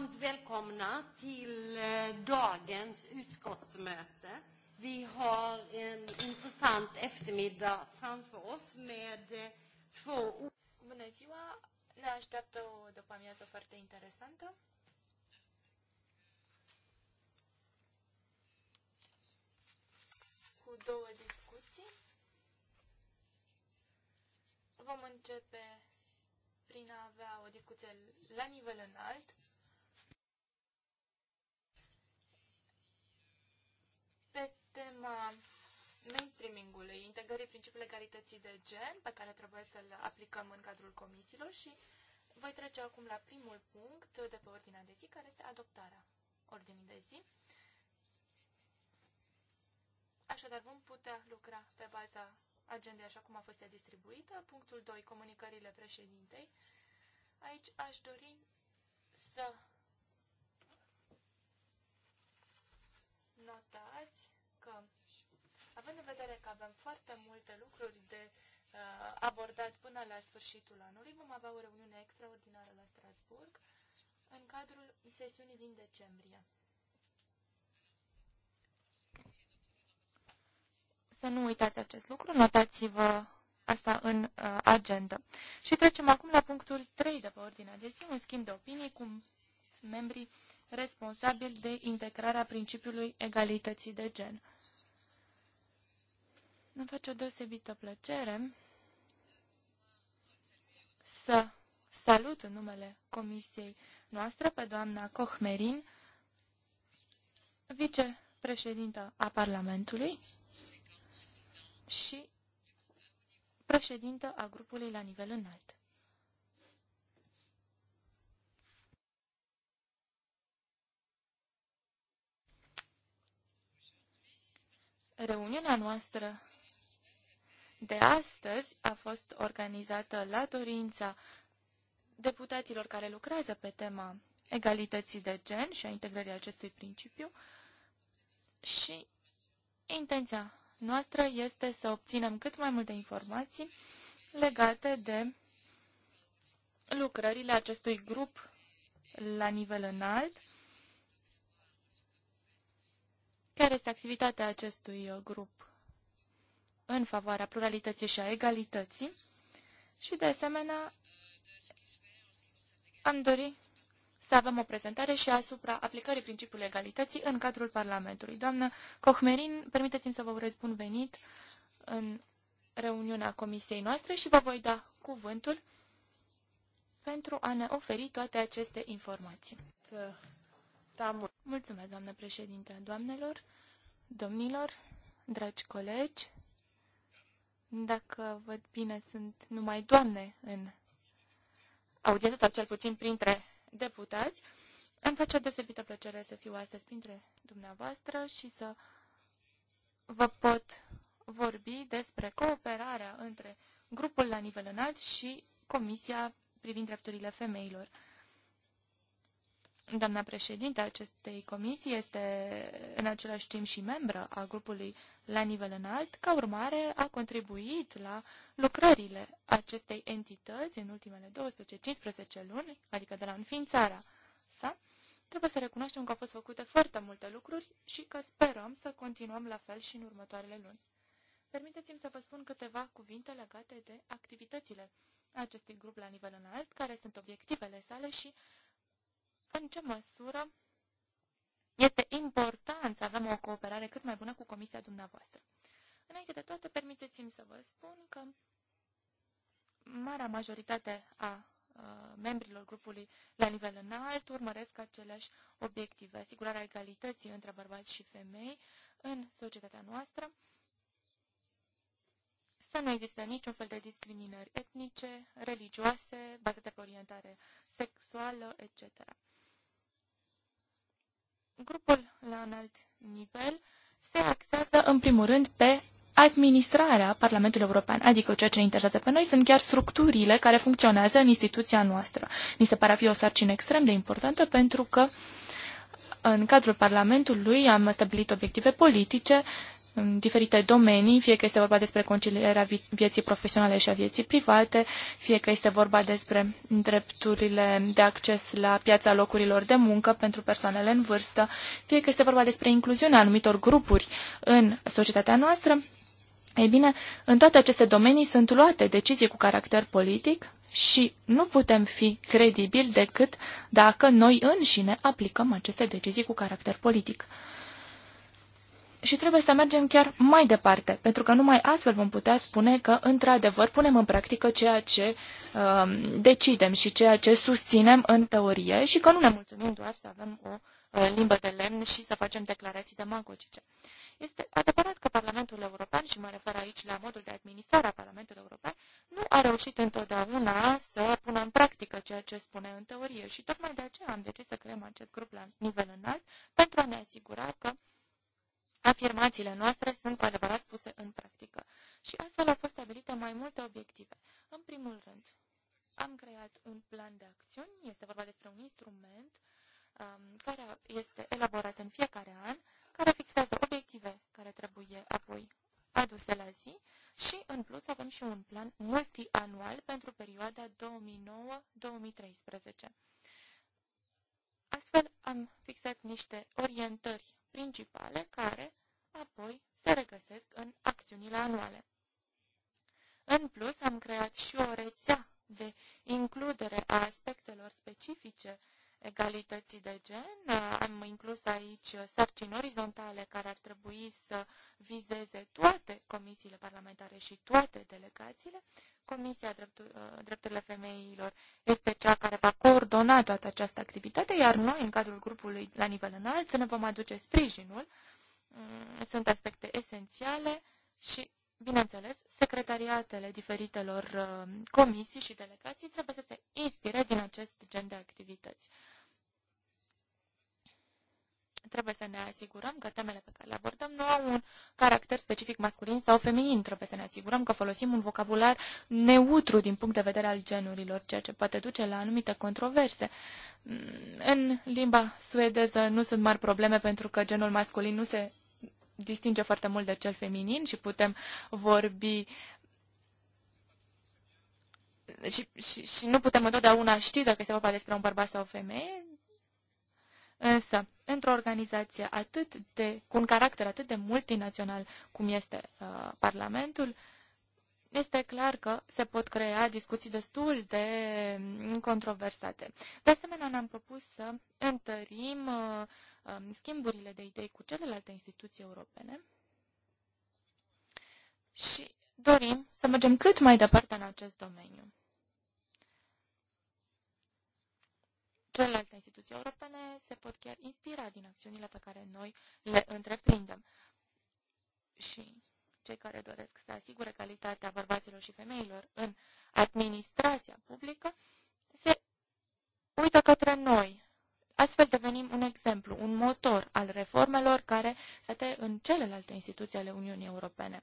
Varmt välkomna till eh, dagens utskottsmöte. Vi har en intressant eftermiddag framför oss med eh, två... Bună ziua! Ne așteaptă o după-amiază foarte interesantă. Cu două discuții. Vom începe prin a avea o discuție la nivel înalt tema uh, mainstreamingului, integrării principiului egalității de gen, pe care trebuie să-l aplicăm în cadrul comisiilor și voi trece acum la primul punct de pe ordinea de zi, care este adoptarea ordinii de zi. Așadar, vom putea lucra pe baza agendei așa cum a fost ea distribuită. Punctul 2, comunicările președintei. Aici aș dori să nota Având în vedere că avem foarte multe lucruri de uh, abordat până la sfârșitul anului, vom avea o reuniune extraordinară la Strasburg în cadrul sesiunii din decembrie. Să nu uitați acest lucru, notați-vă asta în uh, agenda. Și trecem acum la punctul 3 de pe ordinea de zi, un schimb de opinii cu membrii responsabili de integrarea principiului egalității de gen. Îmi face o deosebită plăcere să salut în numele comisiei noastre pe doamna Cohmerin, vicepreședintă a Parlamentului și președintă a grupului la nivel înalt. Reuniunea noastră de astăzi a fost organizată la dorința deputaților care lucrează pe tema egalității de gen și a integrării acestui principiu și intenția noastră este să obținem cât mai multe informații legate de lucrările acestui grup la nivel înalt, care este activitatea acestui grup în favoarea pluralității și a egalității și, de asemenea, am dori să avem o prezentare și asupra aplicării principiului egalității în cadrul Parlamentului. Doamnă Cohmerin, permiteți-mi să vă urez bun venit în reuniunea comisiei noastre și vă voi da cuvântul pentru a ne oferi toate aceste informații. Mulțumesc, doamnă președinte, doamnelor, domnilor, dragi colegi. Dacă văd bine, sunt numai doamne în audiență, sau cel puțin printre deputați. Îmi face o deosebită plăcere să fiu astăzi printre dumneavoastră și să vă pot vorbi despre cooperarea între grupul la nivel înalt și Comisia privind drepturile femeilor. Doamna președinte acestei comisii este în același timp și membră a grupului la nivel înalt, ca urmare a contribuit la lucrările acestei entități în ultimele 12-15 luni, adică de la înființarea sa. Trebuie să recunoaștem că au fost făcute foarte multe lucruri și că sperăm să continuăm la fel și în următoarele luni. Permiteți-mi să vă spun câteva cuvinte legate de activitățile acestui grup la nivel înalt, care sunt obiectivele sale și în ce măsură este important să avem o cooperare cât mai bună cu comisia dumneavoastră. Înainte de toate, permiteți-mi să vă spun că marea majoritate a membrilor grupului la nivel înalt urmăresc aceleași obiective. Asigurarea egalității între bărbați și femei în societatea noastră, să nu există niciun fel de discriminări etnice, religioase, bazate pe orientare sexuală, etc. Grupul la înalt nivel se axează în primul rând pe administrarea Parlamentului European, adică ceea ce ne interesează pe noi sunt chiar structurile care funcționează în instituția noastră. Mi se pare a fi o sarcină extrem de importantă pentru că uh, în cadrul Parlamentului am stabilit obiective politice în diferite domenii, fie că este vorba despre concilierea vieții profesionale și a vieții private, fie că este vorba despre drepturile de acces la piața locurilor de muncă pentru persoanele în vârstă, fie că este vorba despre incluziunea anumitor grupuri în societatea noastră, ei bine, în toate aceste domenii sunt luate decizii cu caracter politic și nu putem fi credibili decât dacă noi înșine aplicăm aceste decizii cu caracter politic. Și trebuie să mergem chiar mai departe, pentru că numai astfel vom putea spune că, într-adevăr, punem în practică ceea ce uh, decidem și ceea ce susținem în teorie și că nu ne mulțumim doar să avem o uh, limbă de lemn și să facem declarații de De este adevărat că Parlamentul European, și mă refer aici la modul de administrare a Parlamentului European, nu a reușit întotdeauna să pună în practică ceea ce spune în teorie și tocmai de aceea am decis să creăm acest grup la nivel înalt pentru a ne asigura că afirmațiile noastre sunt cu adevărat puse în practică. Și astfel au fost stabilite mai multe obiective. În primul rând, am creat un plan de acțiuni, este vorba despre un instrument um, care este elaborat în fiecare an care fixează obiective care trebuie apoi aduse la zi și, în plus, avem și un plan multianual pentru perioada 2009-2013. Astfel, am fixat niște orientări principale care apoi se regăsesc în acțiunile anuale. În plus, am creat și o rețea de includere a aspectelor specifice egalității de gen. Am inclus aici sarcini orizontale care ar trebui să vizeze toate comisiile parlamentare și toate delegațiile. Comisia uh, Drepturile Femeilor este cea care va coordona toată această activitate, iar noi, în cadrul grupului la nivel înalt, ne vom aduce sprijinul. Mm, sunt aspecte esențiale și Bineînțeles, secretariatele diferitelor uh, comisii și delegații trebuie să se inspire din acest gen de activități. Trebuie să ne asigurăm că temele pe care le abordăm nu au un caracter specific masculin sau feminin. Trebuie să ne asigurăm că folosim un vocabular neutru din punct de vedere al genurilor, ceea ce poate duce la anumite controverse. Mm, în limba suedeză nu sunt mari probleme pentru că genul masculin nu se distinge foarte mult de cel feminin și putem vorbi și, și, și nu putem întotdeauna ști dacă se vorba despre un bărbat sau o femeie, Însă, într-o organizație atât de, cu un caracter atât de multinațional cum este uh, Parlamentul, este clar că se pot crea discuții destul de mm, controversate. De asemenea, ne-am propus să întărim uh, um, schimburile de idei cu celelalte instituții europene și dorim să mergem cât mai departe în acest domeniu. celelalte instituții europene se pot chiar inspira din acțiunile pe care noi le întreprindem. Și cei care doresc să asigure calitatea bărbaților și femeilor în administrația publică se uită către noi. Astfel devenim un exemplu, un motor al reformelor care se în celelalte instituții ale Uniunii Europene.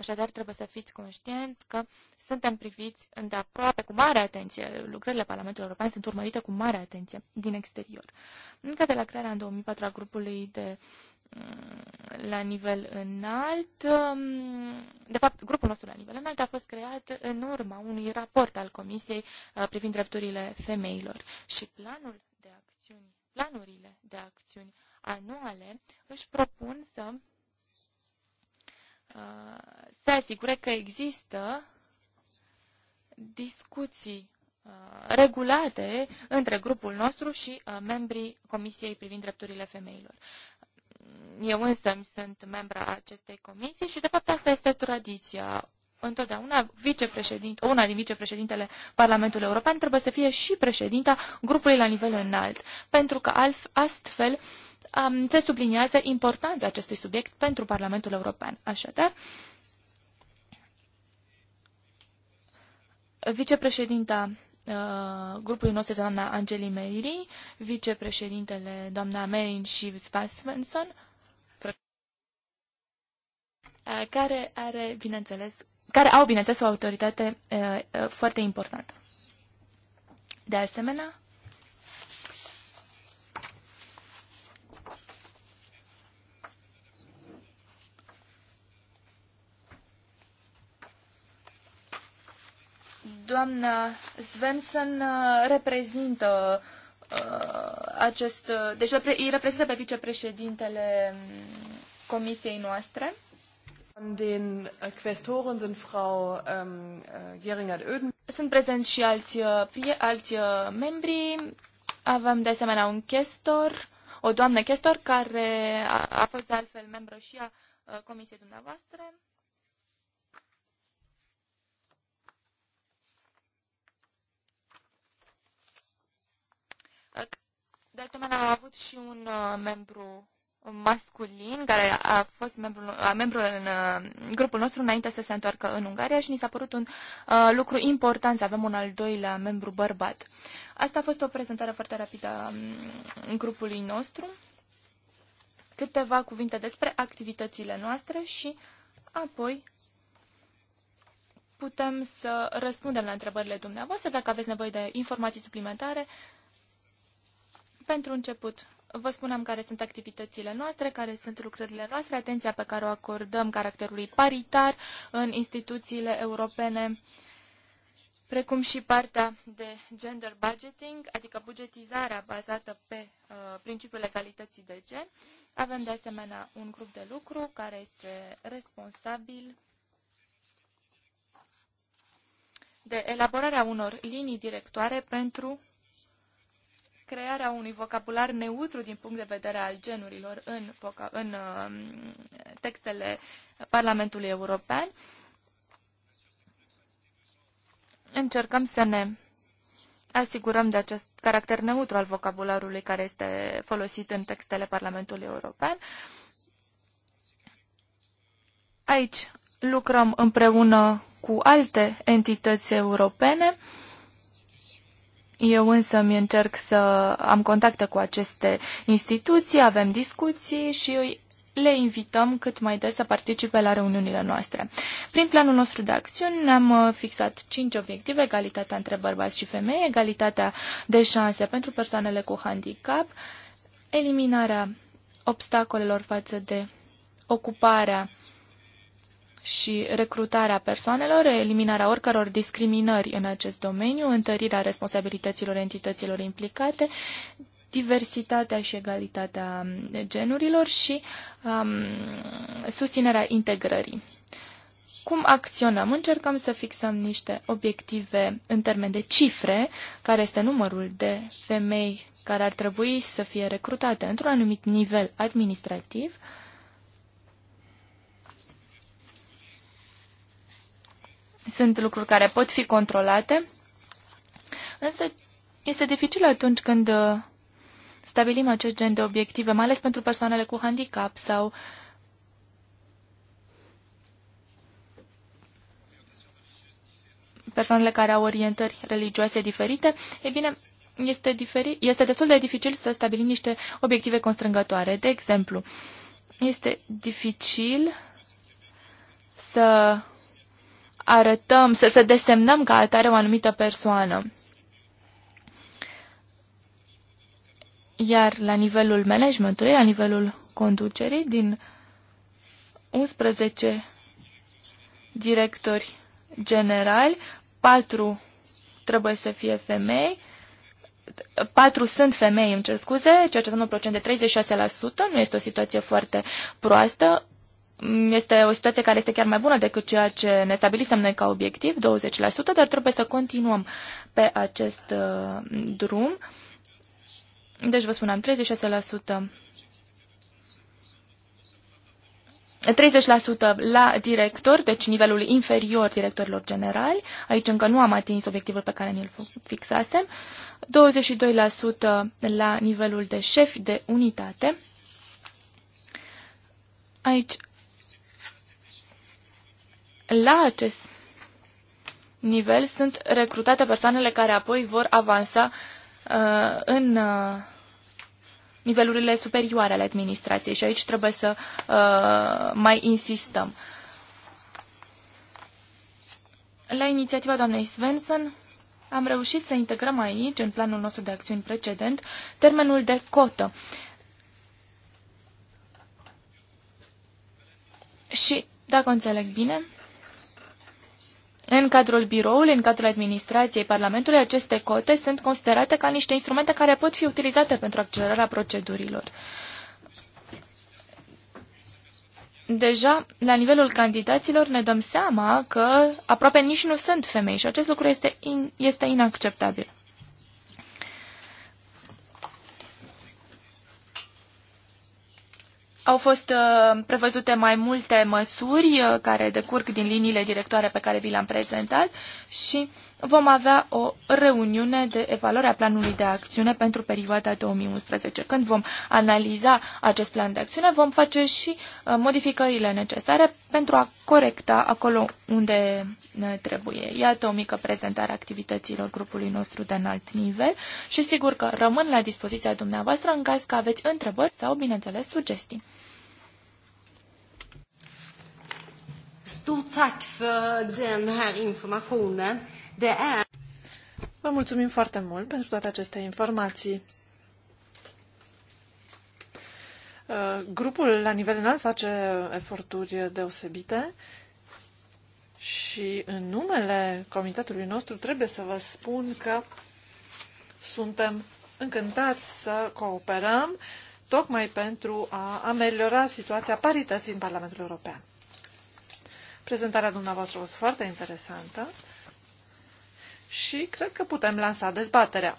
Așadar, trebuie să fiți conștienți că suntem priviți îndeaproape cu mare atenție. Lucrările Parlamentului European sunt urmărite cu mare atenție din exterior. Încă de la crearea în 2004 a grupului de mm, la nivel înalt. Mm, de fapt, grupul nostru la nivel înalt a fost creat în urma unui raport al Comisiei uh, privind drepturile femeilor și planul de acțiuni, planurile de acțiuni anuale își propun să Uh, se asigure că există discuții uh, regulate între grupul nostru și uh, membrii Comisiei privind drepturile femeilor. Eu însă sunt membra acestei comisii și, de fapt, asta este tradiția întotdeauna vicepreședinte, una din vicepreședintele Parlamentului European trebuie să fie și președinta grupului la nivel înalt, pentru că uh, um, se subliniază importanța acestui subiect pentru Parlamentul European. Așadar, vicepreședinta uh, grupului nostru este doamna Angeli Meiri, vicepreședintele doamna Merin și Svensson, uh, care are, bineînțeles, care au, bineînțeles, o autoritate uh, uh foarte importantă. De asemenea, Doamna Svensson uh, reprezintă uh, acest... Uh, deci îi reprezintă pe vicepreședintele um, comisiei noastre. Den Questoren sind Frau ähm, äh, Geringer-Öden. Sunt prezenți și alți, uh, alți membri. Avem de asemenea un chestor, o doamnă chestor, care a, a fost de altfel membră și a comisiei dumneavoastră. De asemenea, am avut și un uh, membru masculin care a fost membru, membru în uh, grupul nostru înainte să se întoarcă în Ungaria și ni s-a părut un uh, lucru important să avem un al doilea membru bărbat. Asta a fost o prezentare foarte rapidă în um, grupului nostru. Câteva cuvinte despre activitățile noastre și apoi putem să răspundem la întrebările dumneavoastră. Dacă aveți nevoie de informații suplimentare, uh, pentru început, vă spunem care sunt activitățile noastre, care sunt lucrările noastre, atenția pe care o acordăm caracterului paritar în instituțiile europene, precum și partea de gender budgeting, adică bugetizarea bazată pe uh, principiul egalității de gen. Avem de asemenea un grup de lucru care este responsabil de elaborarea unor linii directoare pentru crearea unui vocabular neutru din punct de vedere al genurilor în, în um, textele Parlamentului European. Încercăm să ne asigurăm de acest caracter neutru al vocabularului care este folosit în textele Parlamentului European. Aici lucrăm împreună cu alte entități europene. Eu însă mi încerc să am contacte cu aceste instituții, avem discuții și le invităm cât mai des să participe la reuniunile noastre. Prin planul nostru de acțiuni ne-am uh, fixat cinci obiective, egalitatea între bărbați și femei, egalitatea de șanse pentru persoanele cu handicap, eliminarea obstacolelor față de ocuparea și recrutarea persoanelor, eliminarea oricăror discriminări în acest domeniu, întărirea responsabilităților entităților implicate, diversitatea și egalitatea genurilor și um, susținerea integrării. Cum acționăm? Încercăm să fixăm niște obiective în termen de cifre, care este numărul de femei care ar trebui să fie recrutate într-un anumit nivel administrativ, uh, Sunt lucruri care pot fi controlate, însă este dificil atunci când uh, stabilim acest gen de obiective, mai ales pentru persoanele cu handicap sau persoanele care au orientări religioase diferite, e bine, este, diferi, este destul de dificil să stabilim niște obiective constrângătoare. De exemplu, este dificil să arătăm, să, să desemnăm ca atare o anumită persoană. Iar la nivelul managementului, la nivelul conducerii, din 11 directori generali, 4 trebuie să fie femei, patru sunt femei, îmi cer scuze, ceea ce înseamnă un procent de 36%, nu este o situație foarte proastă, este o situație care este chiar mai bună decât ceea ce ne stabilisem noi ca obiectiv, 20%, dar trebuie să continuăm pe acest uh, drum. Deci vă spuneam, 36%. 30% la director, deci nivelul inferior directorilor generali. Aici încă nu am atins obiectivul pe care ni-l fixasem. 22% la nivelul de șef de unitate. Aici la acest nivel sunt recrutate persoanele care apoi vor avansa uh, în uh, nivelurile superioare ale administrației și aici trebuie să uh, mai insistăm. La inițiativa doamnei Svensson am reușit să integrăm aici, în planul nostru de acțiuni precedent, termenul de cotă. Și, dacă înțeleg bine, în cadrul biroului, în cadrul administrației Parlamentului, aceste cote sunt considerate ca niște instrumente care pot fi utilizate pentru accelerarea procedurilor. Deja, la nivelul candidaților, ne dăm seama că aproape nici nu sunt femei și acest lucru este, in, este inacceptabil. Au fost uh, prevăzute mai multe măsuri uh, care decurg din liniile directoare pe care vi le-am prezentat și vom avea o reuniune de evaluare a planului de acțiune pentru perioada 2011. Când vom analiza acest plan de acțiune, vom face și uh, modificările necesare pentru a corecta acolo unde trebuie. Iată o mică prezentare a activităților grupului nostru de înalt nivel și sigur că rămân la dispoziția dumneavoastră în caz că aveți întrebări sau, bineînțeles, sugestii. Stort tack för den här informationen. Vă mulțumim foarte mult pentru toate aceste informații. Uh, grupul la nivel înalt face eforturi deosebite și în numele comitetului nostru trebuie să vă spun că suntem încântați să cooperăm tocmai pentru a ameliora situația parității în Parlamentul European. Prezentarea dumneavoastră a fost foarte interesantă și cred că putem lansa dezbaterea.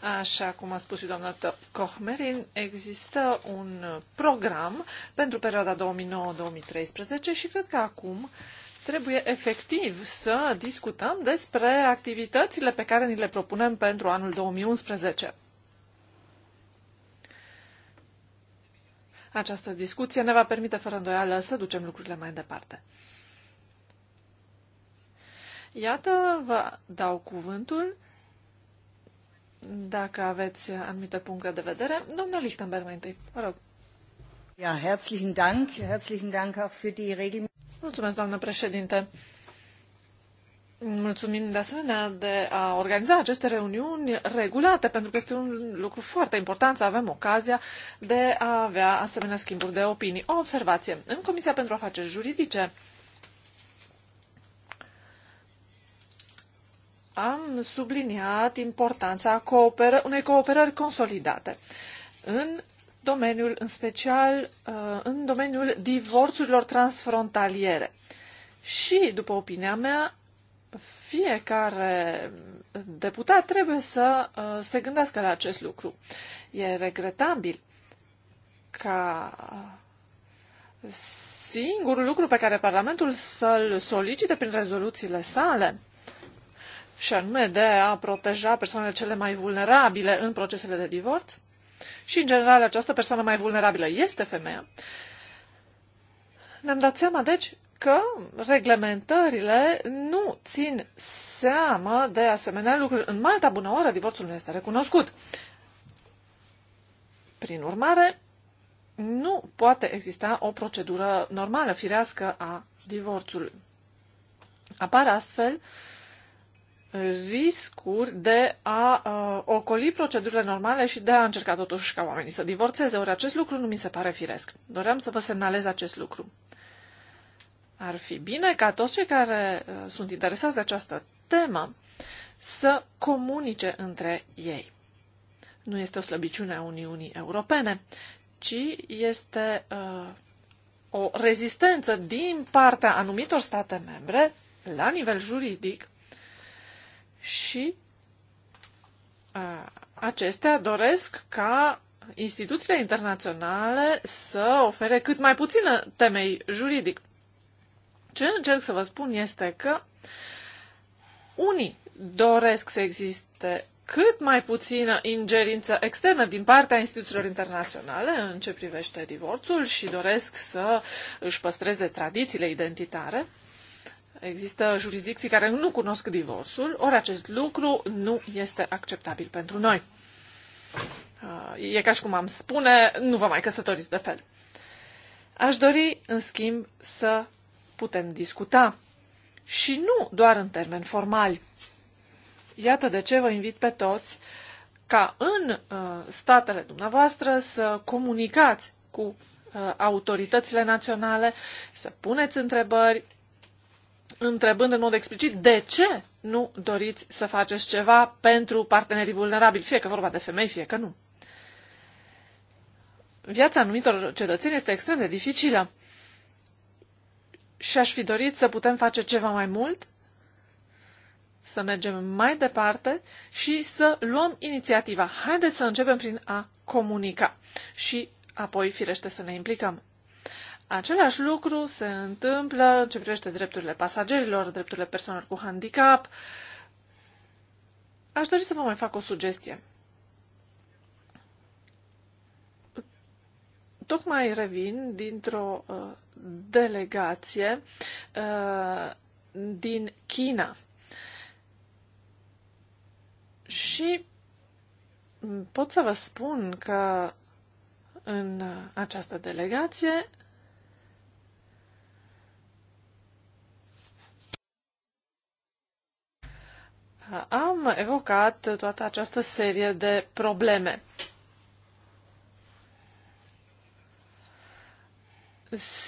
Așa cum a spus și doamna Kochmerin, există un program pentru perioada 2009-2013 și cred că acum trebuie efectiv să discutăm despre activitățile pe care ni le propunem pentru anul 2011. Această discuție ne va permite fără îndoială să ducem lucrurile mai departe. Iată, vă dau cuvântul dacă aveți anumite puncte de vedere. Domnul Lichtenberg, mai întâi, vă rog. Ja, herzlichen Dank, herzlichen Dank auch für die Regel. Mulțumesc, doamnă președinte. Mulțumim de asemenea de a organiza aceste reuniuni regulate, pentru că este un lucru foarte important să avem ocazia de a avea asemenea schimburi de opinii. O observație. În Comisia pentru Afaceri Juridice, am subliniat importanța cooperă, unei cooperări consolidate în domeniul, în special uh, în domeniul divorțurilor transfrontaliere. Și, după opinia mea, fiecare deputat trebuie să uh, se gândească la acest lucru. E regretabil ca singurul lucru pe care Parlamentul să-l solicite prin rezoluțiile sale și anume de a proteja persoanele cele mai vulnerabile în procesele de divorț și, în general, această persoană mai vulnerabilă este femeia, ne-am dat seama, deci, că reglementările nu țin seamă de asemenea lucruri. În Malta, bună oră, divorțul nu este recunoscut. Prin urmare, nu poate exista o procedură normală, firească a divorțului. Apar astfel uh, riscuri de a uh, ocoli procedurile normale și de a încerca totuși ca oamenii să divorțeze. Ori acest lucru nu mi se pare firesc. Doream să vă semnalez acest lucru. Ar fi bine ca toți cei care uh, sunt interesați de această temă să comunice între ei. Nu este o slăbiciune a Uniunii Europene, ci este uh, o rezistență din partea anumitor state membre la nivel juridic și acestea doresc ca instituțiile internaționale să ofere cât mai puțină temei juridic. Ce încerc să vă spun este că unii doresc să existe cât mai puțină ingerință externă din partea instituțiilor internaționale în ce privește divorțul și doresc să își păstreze tradițiile identitare Există jurisdicții care nu cunosc divorțul, ori acest lucru nu este acceptabil pentru noi. Uh, e ca și cum am spune, nu vă mai căsătoriți de fel. Aș dori, în schimb, să putem discuta și nu doar în termeni formali. Iată de ce vă invit pe toți ca în uh, statele dumneavoastră să comunicați cu uh, autoritățile naționale, să puneți întrebări întrebând în mod explicit de ce nu doriți să faceți ceva pentru partenerii vulnerabili, fie că vorba de femei, fie că nu. Viața anumitor cetățeni este extrem de dificilă și aș fi dorit să putem face ceva mai mult, să mergem mai departe și să luăm inițiativa. Haideți să începem prin a comunica și apoi, firește, să ne implicăm. Același lucru se întâmplă ce privește drepturile pasagerilor, drepturile persoanelor cu handicap. Aș dori să vă mai fac o sugestie. Tocmai revin dintr-o uh, delegație uh, din China. Și pot să vă spun că în această delegație am evocat toată această serie de probleme.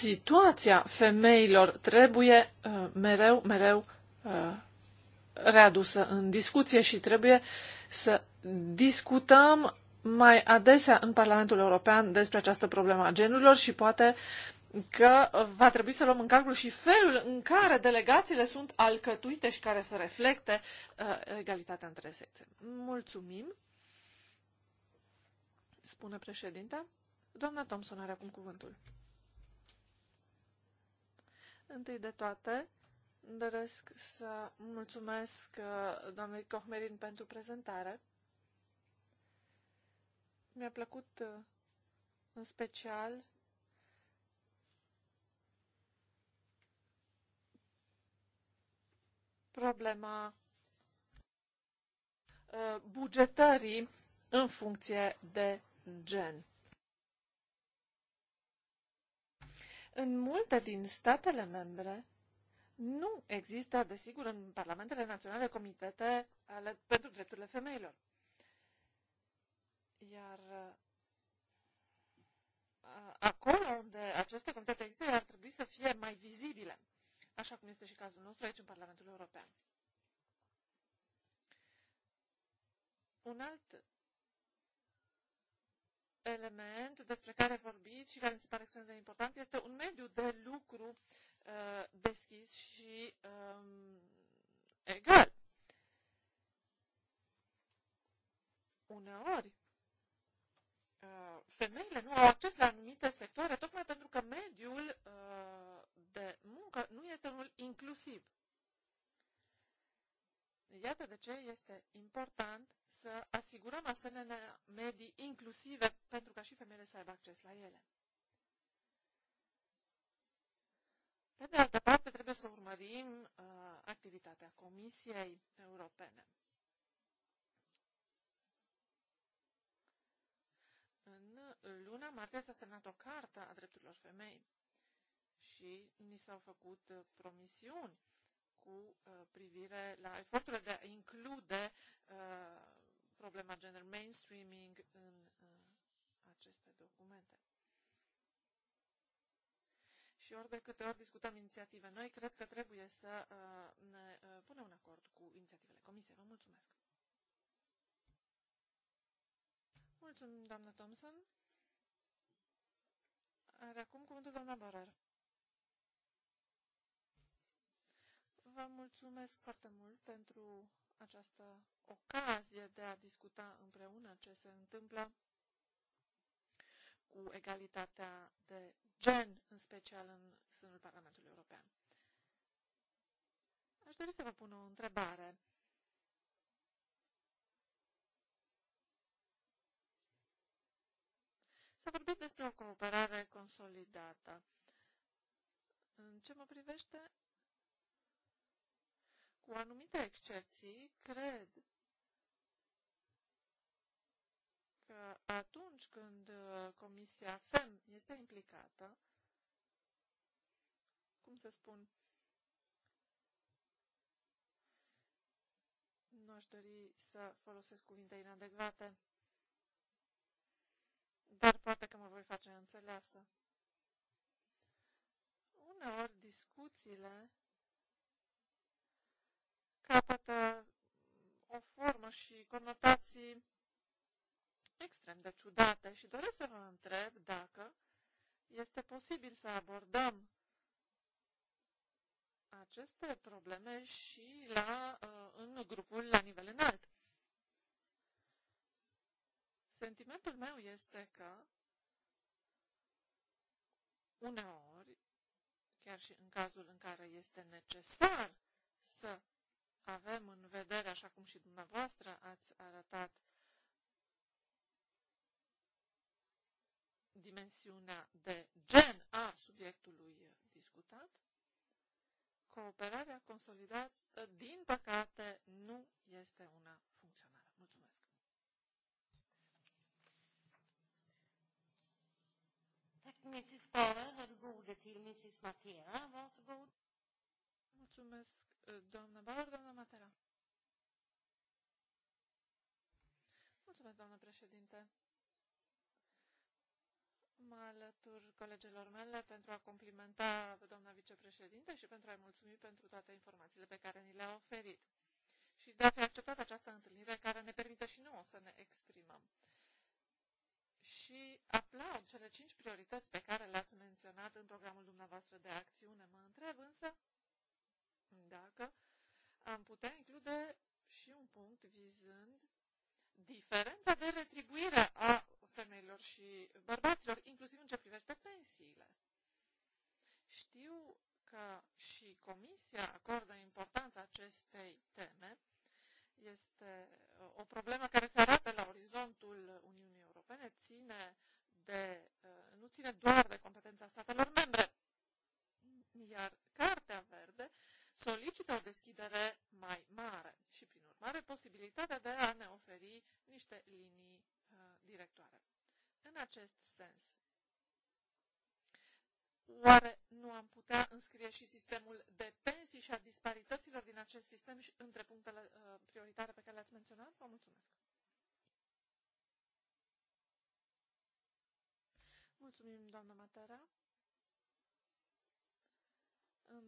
Situația femeilor trebuie uh, mereu, mereu uh, readusă în discuție și trebuie să discutăm mai adesea în Parlamentul European despre această problemă a genurilor și poate că va trebui să luăm în calcul și felul în care delegațiile sunt alcătuite și care să reflecte uh, egalitatea între sexe. Mulțumim, spune președinta. Doamna Thompson are acum cuvântul. Întâi de toate, doresc să mulțumesc uh, doamnei Cohmerin pentru prezentare. Mi-a plăcut uh, în special problema uh, bugetării în funcție de gen. În multe din statele membre nu există, desigur, în parlamentele naționale comitete ale, pentru drepturile femeilor. Iar uh, acolo unde aceste comitete există, ar trebui să fie mai vizibile așa cum este și cazul nostru aici în Parlamentul European. Un alt element despre care vorbiți și care mi se pare extrem de important este un mediu de lucru uh, deschis și um, egal. Uneori, uh, femeile nu au acces la anumite sectoare tocmai pentru că mediul uh, de muncă nu este unul inclusiv. Iată de ce este important să asigurăm asemenea medii inclusive pentru ca și femeile să aibă acces la ele. Pe de altă parte, trebuie să urmărim uh, activitatea Comisiei Europene. În luna martie s-a semnat o cartă a drepturilor femei și ni s-au făcut uh, promisiuni cu uh, privire la eforturile de a include uh, problema gender mainstreaming în aceste documente. Și ori de câte ori discutăm inițiative noi, cred că trebuie să ne punem în acord cu inițiativele Comisiei. Vă mulțumesc! Mulțumim, doamnă Thompson. Are acum cuvântul doamna Borer. Vă mulțumesc foarte mult pentru această ocazie de a discuta împreună ce se întâmplă cu egalitatea de gen, în special în sânul Parlamentului European. Aș dori să vă pun o întrebare. S-a vorbit despre o cooperare consolidată. În ce mă privește, cu anumite excepții, cred că atunci când uh, Comisia FEM este implicată, cum să spun, nu aș dori să folosesc cuvinte inadecvate, dar poate că mă voi face înțeleasă. Uneori discuțiile și conotații extrem de ciudate și doresc să vă întreb dacă este posibil să abordăm aceste probleme și la, uh, în grupul la nivel înalt. Sentimentul meu este că uneori, chiar și în cazul în care este necesar să avem în vedere, așa cum și dumneavoastră ați arătat, dimensiunea de gen a subiectului discutat, cooperarea consolidată, din păcate, nu este una funcțională. Mulțumesc! Mrs. Bauer, har du ordet till Mrs. Matera? Varsågod. Mulțumesc, eh, doamnă Bauer, doamnă Matera. Mulțumesc, doamnă președinte. Mă alătur colegilor mele pentru a complimenta pe doamna vicepreședinte și pentru a-i mulțumi pentru toate informațiile pe care ni le-a oferit și de a fi acceptat această întâlnire care ne permite și nouă să ne exprimăm. Și aplaud cele cinci priorități pe care le-ați menționat în programul dumneavoastră de acțiune. Mă întreb însă dacă am putea include și un punct vizând diferența de retribuire a femeilor și bărbaților, inclusiv în ce privește pensiile. Știu că și Comisia acordă importanța acestei teme. Este uh, o problemă care se arată la orizontul Uniunii Europene, ține de, uh, nu ține doar de competența statelor membre. Iar Cartea Verde solicită o deschidere mai mare și, prin urmare, posibilitatea de a ne oferi niște linii uh, directoare. În acest sens, oare nu am putea înscrie și sistemul de pensii și a disparităților din acest sistem și între punctele uh, prioritare pe care le-ați menționat? Vă mulțumesc! Mulțumim, doamna Matera.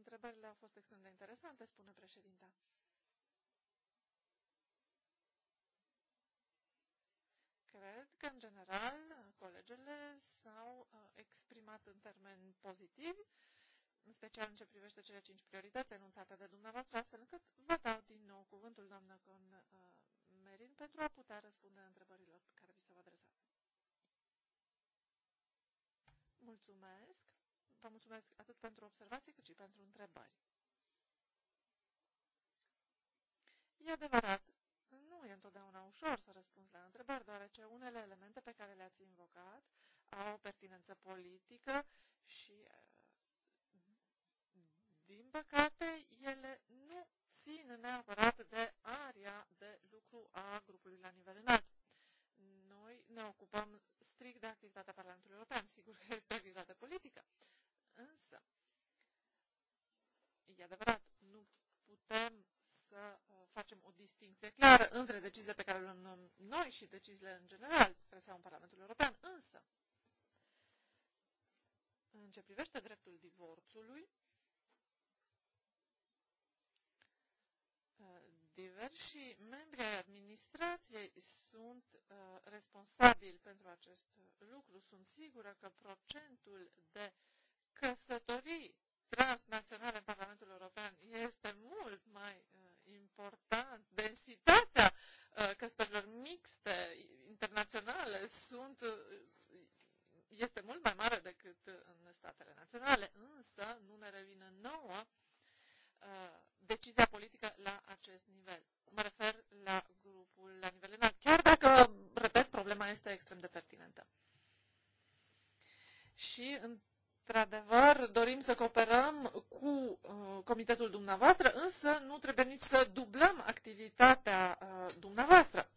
Întrebările au fost extrem de interesante, spune președinta. Cred că, în general, colegele s-au uh, exprimat în termen pozitiv, în special în ce privește cele cinci priorități enunțate de dumneavoastră, astfel încât vă dau din nou cuvântul, doamnă Con uh, Merin, pentru a putea răspunde întrebărilor pe care vi s-au adresat. Mulțumesc! Vă mulțumesc atât pentru observații cât și pentru întrebări. E adevărat, nu e întotdeauna ușor să răspunzi la întrebări, deoarece unele elemente pe care le-ați invocat au o pertinență politică și, eh, din păcate, ele nu țin neapărat de aria de lucru a grupului la nivel înalt. Noi ne ocupăm strict de activitatea Parlamentului European, sigur că este activitate politică, Însă, e adevărat, nu putem să uh, facem o distinție clară între deciziile pe care le luăm noi și deciziile în general care se iau în Parlamentul European. Însă, în ce privește dreptul divorțului, uh, diversi membri ai administrației sunt uh, responsabili pentru acest lucru. Sunt sigură că procentul de căsătorii transnaționale în Parlamentul European este mult mai uh, important. Densitatea uh, căsătorilor mixte internaționale sunt, uh, este mult mai mare decât uh, în statele naționale, însă nu ne revină nouă uh, decizia politică la acest nivel. Mă refer la grupul la nivel înalt, chiar dacă, repet, problema este extrem de pertinentă. Și în Într-adevăr, dorim să cooperăm cu uh, comitetul dumneavoastră, însă nu trebuie nici să dublăm activitatea uh, dumneavoastră.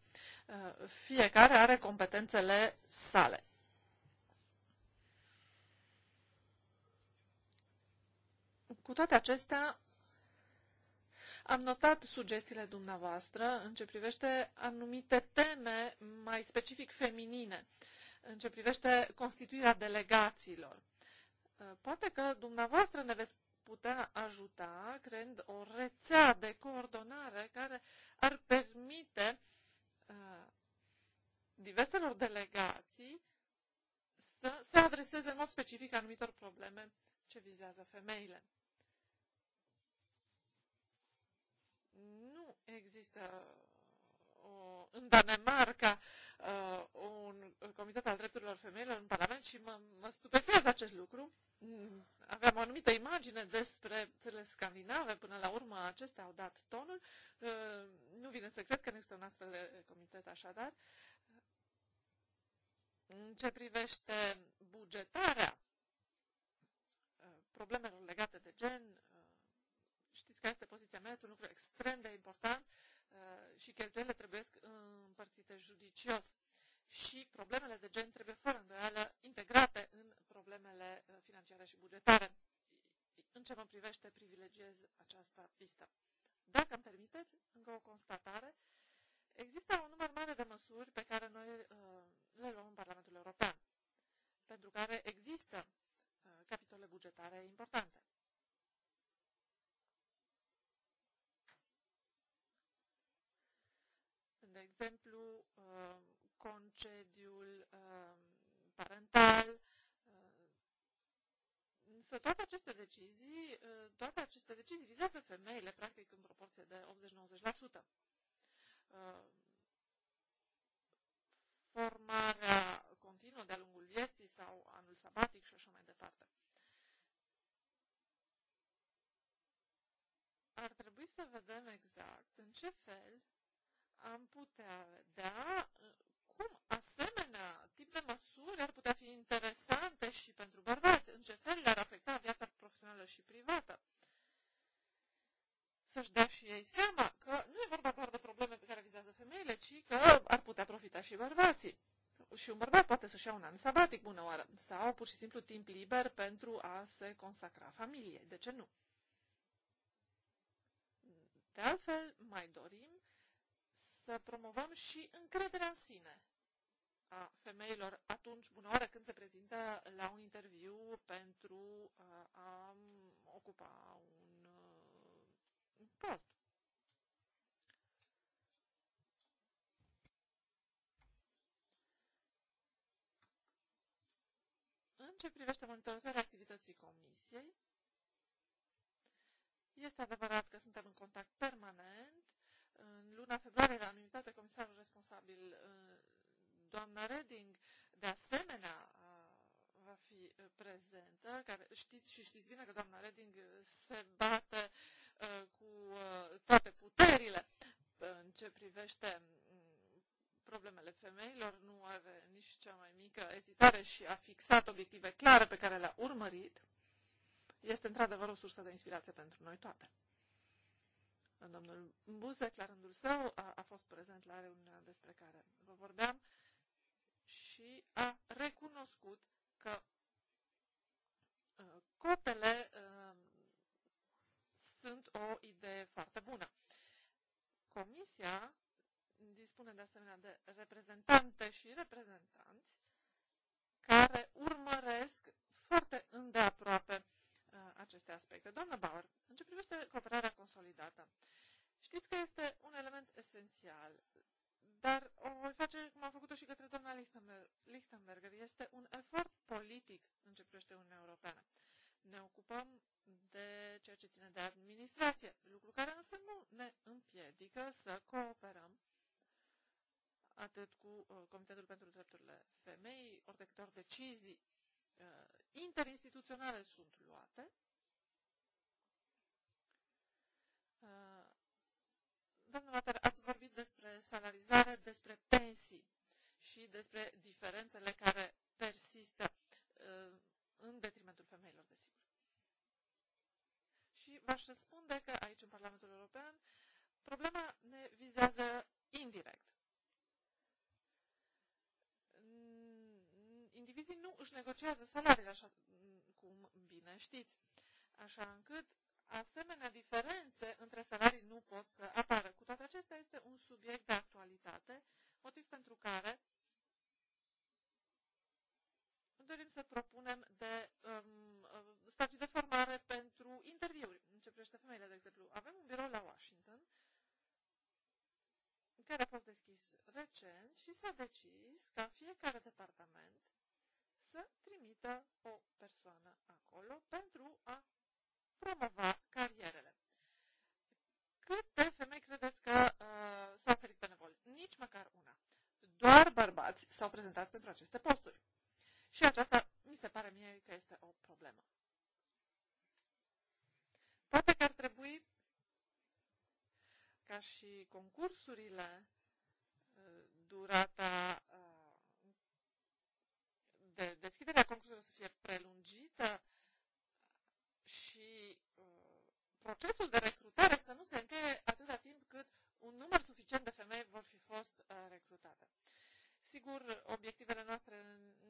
Uh, fiecare are competențele sale. Cu toate acestea, am notat sugestiile dumneavoastră în ce privește anumite teme mai specific feminine, în ce privește constituirea delegațiilor Uh, poate că dumneavoastră ne veți putea ajuta creând o rețea de coordonare care ar permite uh, diverselor delegații să se adreseze în mod specific anumitor probleme ce vizează femeile. Nu există în Danemarca uh, un comitet al drepturilor femeilor în Parlament și mă, mă stupefează acest lucru. Mm, aveam o anumită imagine despre țările scandinave, până la urmă acestea au dat tonul. Uh, nu vine să cred că nu este un astfel de comitet așadar. În ce privește bugetarea uh, problemelor legate de gen, știți care este poziția mea, este un lucru extrem de important Uh, și cheltuielile trebuie împărțite judicios. Și problemele de gen trebuie fără îndoială integrate în problemele uh, financiare și bugetare. În ce mă privește, privilegiez această pistă. Dacă îmi permiteți, încă o constatare, există un număr mare de măsuri pe care noi uh, le luăm în Parlamentul European, pentru care există capitole bugetare importante. exemplu, uh, concediul uh, parental. Uh, însă toate aceste decizii, toate aceste decizii vizează femeile, practic, în proporție de 80-90%. Formarea continuă de-a lungul vieții sau anul sabatic și așa mai departe. Ar trebui să vedem exact în ce fel am putea da, cum asemenea tip de măsuri ar putea fi interesante și pentru bărbați, în ce fel le-ar afecta viața profesională și privată. Să-și dea și ei seama că nu e vorba doar de probleme pe care vizează femeile, ci că ar putea profita și bărbații. Și un bărbat poate să-și ia un an sabatic, bună oară, sau pur și simplu timp liber pentru a se consacra familiei. De ce nu? De altfel, mai dorim să promovăm și încrederea în sine a femeilor atunci, bună oară, când se prezintă la un interviu pentru uh, a ocupa un, uh, un post. În ce privește monitorizarea activității comisiei, este adevărat că suntem în contact permanent în luna februarie a numitat pe comisarul responsabil uh, doamna Reding. De asemenea, va fi uh, prezentă, care știți și știți bine că doamna Reding uh, se bate cu toate puterile în ce privește mm, problemele femeilor, nu are nici cea mai mică ezitare și a fixat obiective clare pe care le-a urmărit, este într-adevăr o sursă de inspirație pentru noi toate. Domnul Buzek, la rândul său, a, a fost prezent la reuniunea despre care vă vorbeam și a recunoscut că uh, cotele uh, sunt o idee foarte bună. Comisia dispune de asemenea de reprezentante și reprezentanți care urmăresc foarte îndeaproape Uh, aceste aspecte. Doamna Bauer, în ce privește cooperarea consolidată, știți că este un element esențial, dar o voi face cum a făcut-o și către doamna Lichtenberger. Lichtenberger. Este un efort politic în ce privește Uniunea Europeană. Ne ocupăm de ceea ce ține de administrație, lucru care însă nu ne împiedică să cooperăm atât cu uh, Comitetul pentru Drepturile Femeii, ori de câte ori decizii uh, interinstituționale sunt luate, uh, Doamna Mater, ați vorbit despre salarizare, despre pensii și despre diferențele care persistă uh, în detrimentul femeilor, desigur. Și v-aș răspunde că aici, în Parlamentul European, problema ne vizează indirect. indivizii nu își negociază salariile așa cum bine știți. Așa încât asemenea diferențe între salarii nu pot să apară. Cu toate acestea, este un subiect de actualitate, motiv pentru care dorim să propunem de um, um stații de formare pentru interviuri. În ce privește femeile, de exemplu, avem un birou la Washington care a fost deschis recent și s-a decis ca fiecare departament să trimită o persoană acolo pentru a promova carierele. Câte femei credeți că uh, s-au oferit pe nevol? Nici măcar una. Doar bărbați s-au prezentat pentru aceste posturi. Și aceasta mi se pare mie că este o problemă. Poate că ar trebui ca și concursurile, uh, durata de deschiderea concursului să fie prelungită și uh, procesul de recrutare să nu se încheie atâta timp cât un număr suficient de femei vor fi fost uh, recrutate. Sigur, obiectivele noastre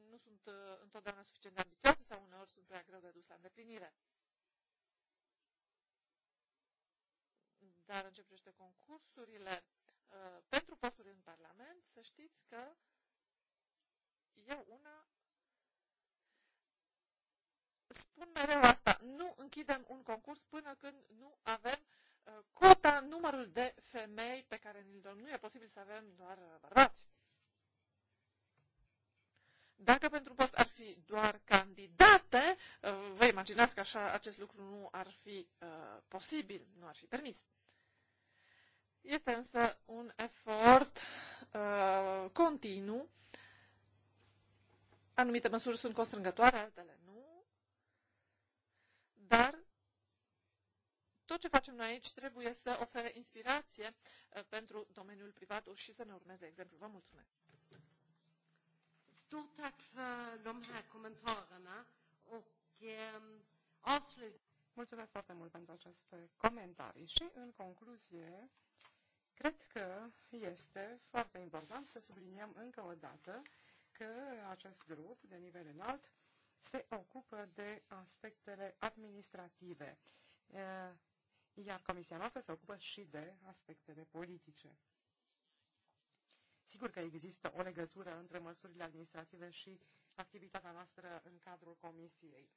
nu sunt uh, întotdeauna suficient de ambițioase sau uneori sunt prea greu de dus la îndeplinire. Dar în ce privește concursurile pentru posturi în Parlament, să știți că eu una spun mereu asta, nu închidem un concurs până când nu avem uh, cota, numărul de femei pe care ni-l dăm. Nu e posibil să avem doar uh, bărbați. Dacă pentru post ar fi doar candidate, uh, vă imaginați că așa acest lucru nu ar fi uh, posibil, nu ar fi permis. Este însă un efort uh, continuu. Anumite măsuri sunt constrângătoare, altele dar tot ce facem noi aici trebuie să ofere inspirație uh, pentru domeniul privat și să ne urmeze exemplu. Vă mulțumesc! Stort tack för de här kommentarerna och eh, avslut. Mulțumesc foarte mult pentru aceste comentarii și, în concluzie, cred că este foarte important să subliniem încă o dată că acest grup de nivel înalt se ocupă de aspectele administrative, iar comisia noastră se ocupă și de aspectele politice. Sigur că există o legătură între măsurile administrative și activitatea noastră în cadrul comisiei.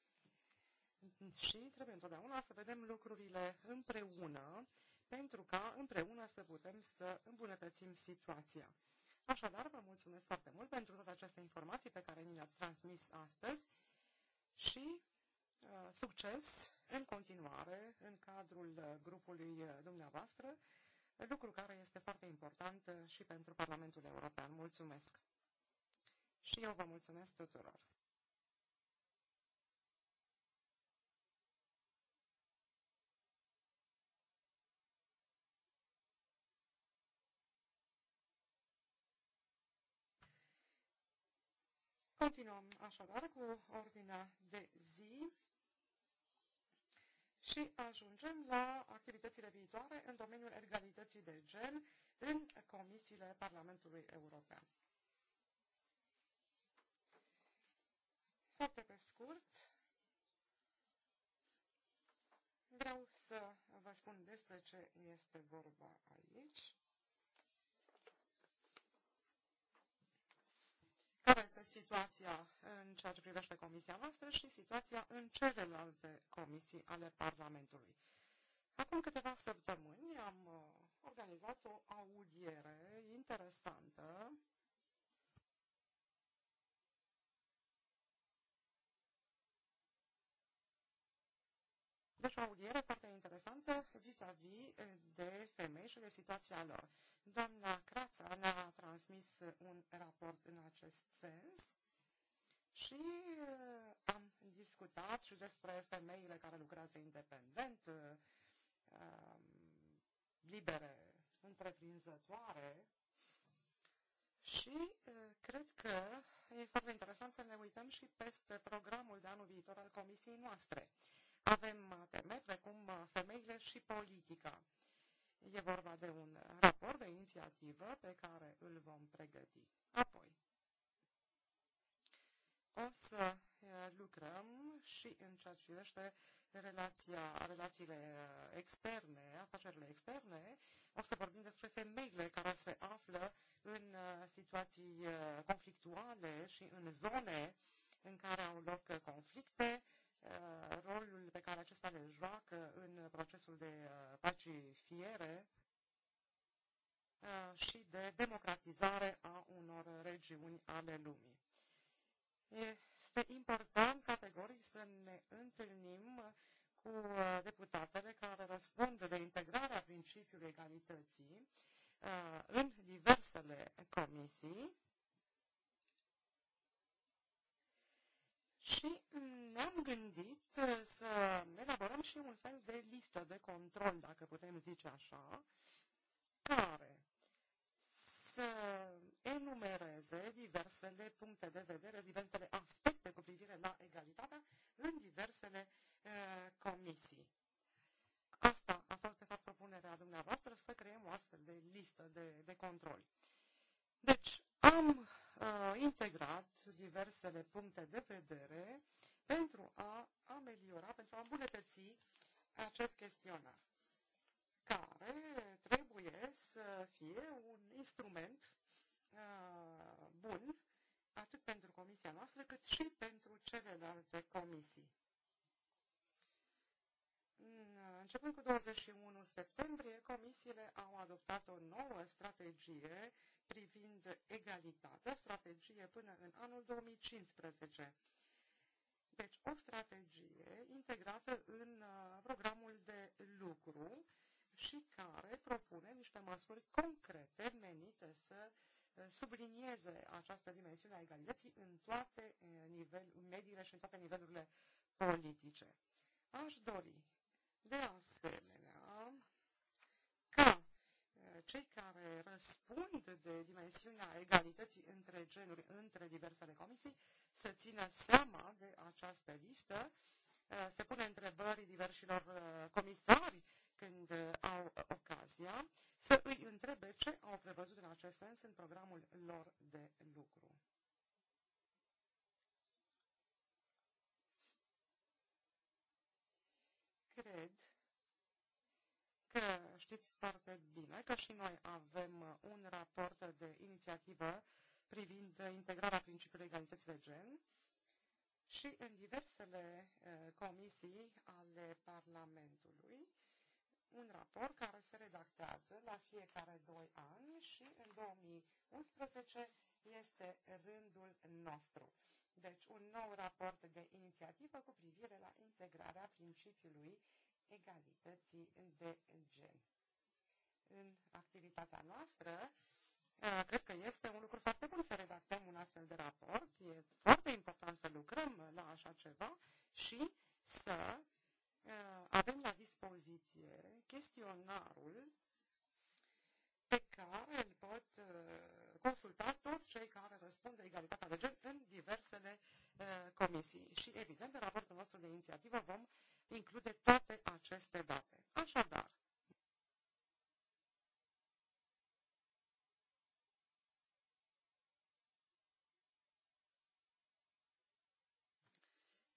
Și trebuie întotdeauna să vedem lucrurile împreună, pentru ca împreună să putem să îmbunătățim situația. Așadar, vă mulțumesc foarte mult pentru toate aceste informații pe care ni le-ați transmis astăzi și uh, succes în continuare în cadrul uh, grupului uh, dumneavoastră, lucru care este foarte important uh, și pentru Parlamentul European. Mulțumesc! Și eu vă mulțumesc tuturor! Continuăm așadar cu ordinea de zi și ajungem la activitățile viitoare în domeniul egalității de gen în comisiile Parlamentului European. Foarte pe scurt, vreau să vă spun despre ce este vorba aici. care este situația în ceea ce privește comisia noastră și situația în celelalte comisii ale Parlamentului. Acum câteva săptămâni am uh, organizat o audiere interesantă Deci o audiere foarte interesantă vis-a-vis -vis eh, de femei și de situația lor. Doamna Crața ne-a transmis eh, un raport în acest sens și eh, am discutat și despre femeile care lucrează independent, libere, întreprinzătoare și cred că e foarte interesant să ne uităm și peste programul de anul viitor al comisiei noastre. Avem teme uh, precum uh, femeile și politica. E vorba de un raport de inițiativă pe care îl vom pregăti. Apoi, o să uh, lucrăm și în ceea ce privește relația, relațiile externe, afacerile externe, o să vorbim despre femeile care se află în situații conflictuale și în zone în care au loc conflicte, Uh, rolul pe care acesta le joacă în procesul de uh, pacifiere uh, și de democratizare a unor regiuni ale lumii. Este important categoric să ne întâlnim cu deputatele care răspund de integrarea principiului egalității în diversele comisii și mm, ne-am gândit uh, să elaborăm și un fel de listă de control, dacă putem zice așa, care să enumereze diversele puncte de vedere, diversele aspecte cu privire la egalitatea în diversele uh, comisii. Asta a fost, de fapt, propunerea dumneavoastră, să creăm o astfel de listă de, de control. Deci, am uh, integrat diversele puncte de vedere pentru a ameliora, pentru a îmbunătăți acest chestionar, care trebuie să fie un instrument uh, bun atât pentru comisia noastră cât și pentru celelalte comisii. Începând cu 21 septembrie, comisiile au adoptat o nouă strategie privind egalitatea, strategie până în anul 2015. Deci o strategie integrată în uh, programul de lucru și care propune niște măsuri concrete menite să uh, sublinieze această dimensiune a egalității în toate uh, nivel, mediile și în toate nivelurile politice. Aș dori, de asemenea, cei care răspund de dimensiunea egalității între genuri între diversele comisii să țină seama de această listă. Eh, se pune întrebări diversilor eh, comisari când eh, au ocazia să îi întrebe ce au prevăzut în acest sens în programul lor de lucru. Cred că știți foarte bine că și noi avem un raport de inițiativă privind integrarea principiului egalității de gen și în diversele eh, comisii ale Parlamentului un raport care se redactează la fiecare doi ani și în 2011 este rândul nostru. Deci un nou raport de inițiativă cu privire la integrarea principiului egalității de gen. În activitatea noastră, eh, cred că este un lucru foarte bun să redactăm un astfel de raport. E foarte important să lucrăm la așa ceva și să eh, avem la dispoziție chestionarul pe care îl pot eh, consulta toți cei care răspund de egalitatea de gen în diversele comisii. Și, evident, în raportul nostru de inițiativă vom include toate aceste date. Așadar,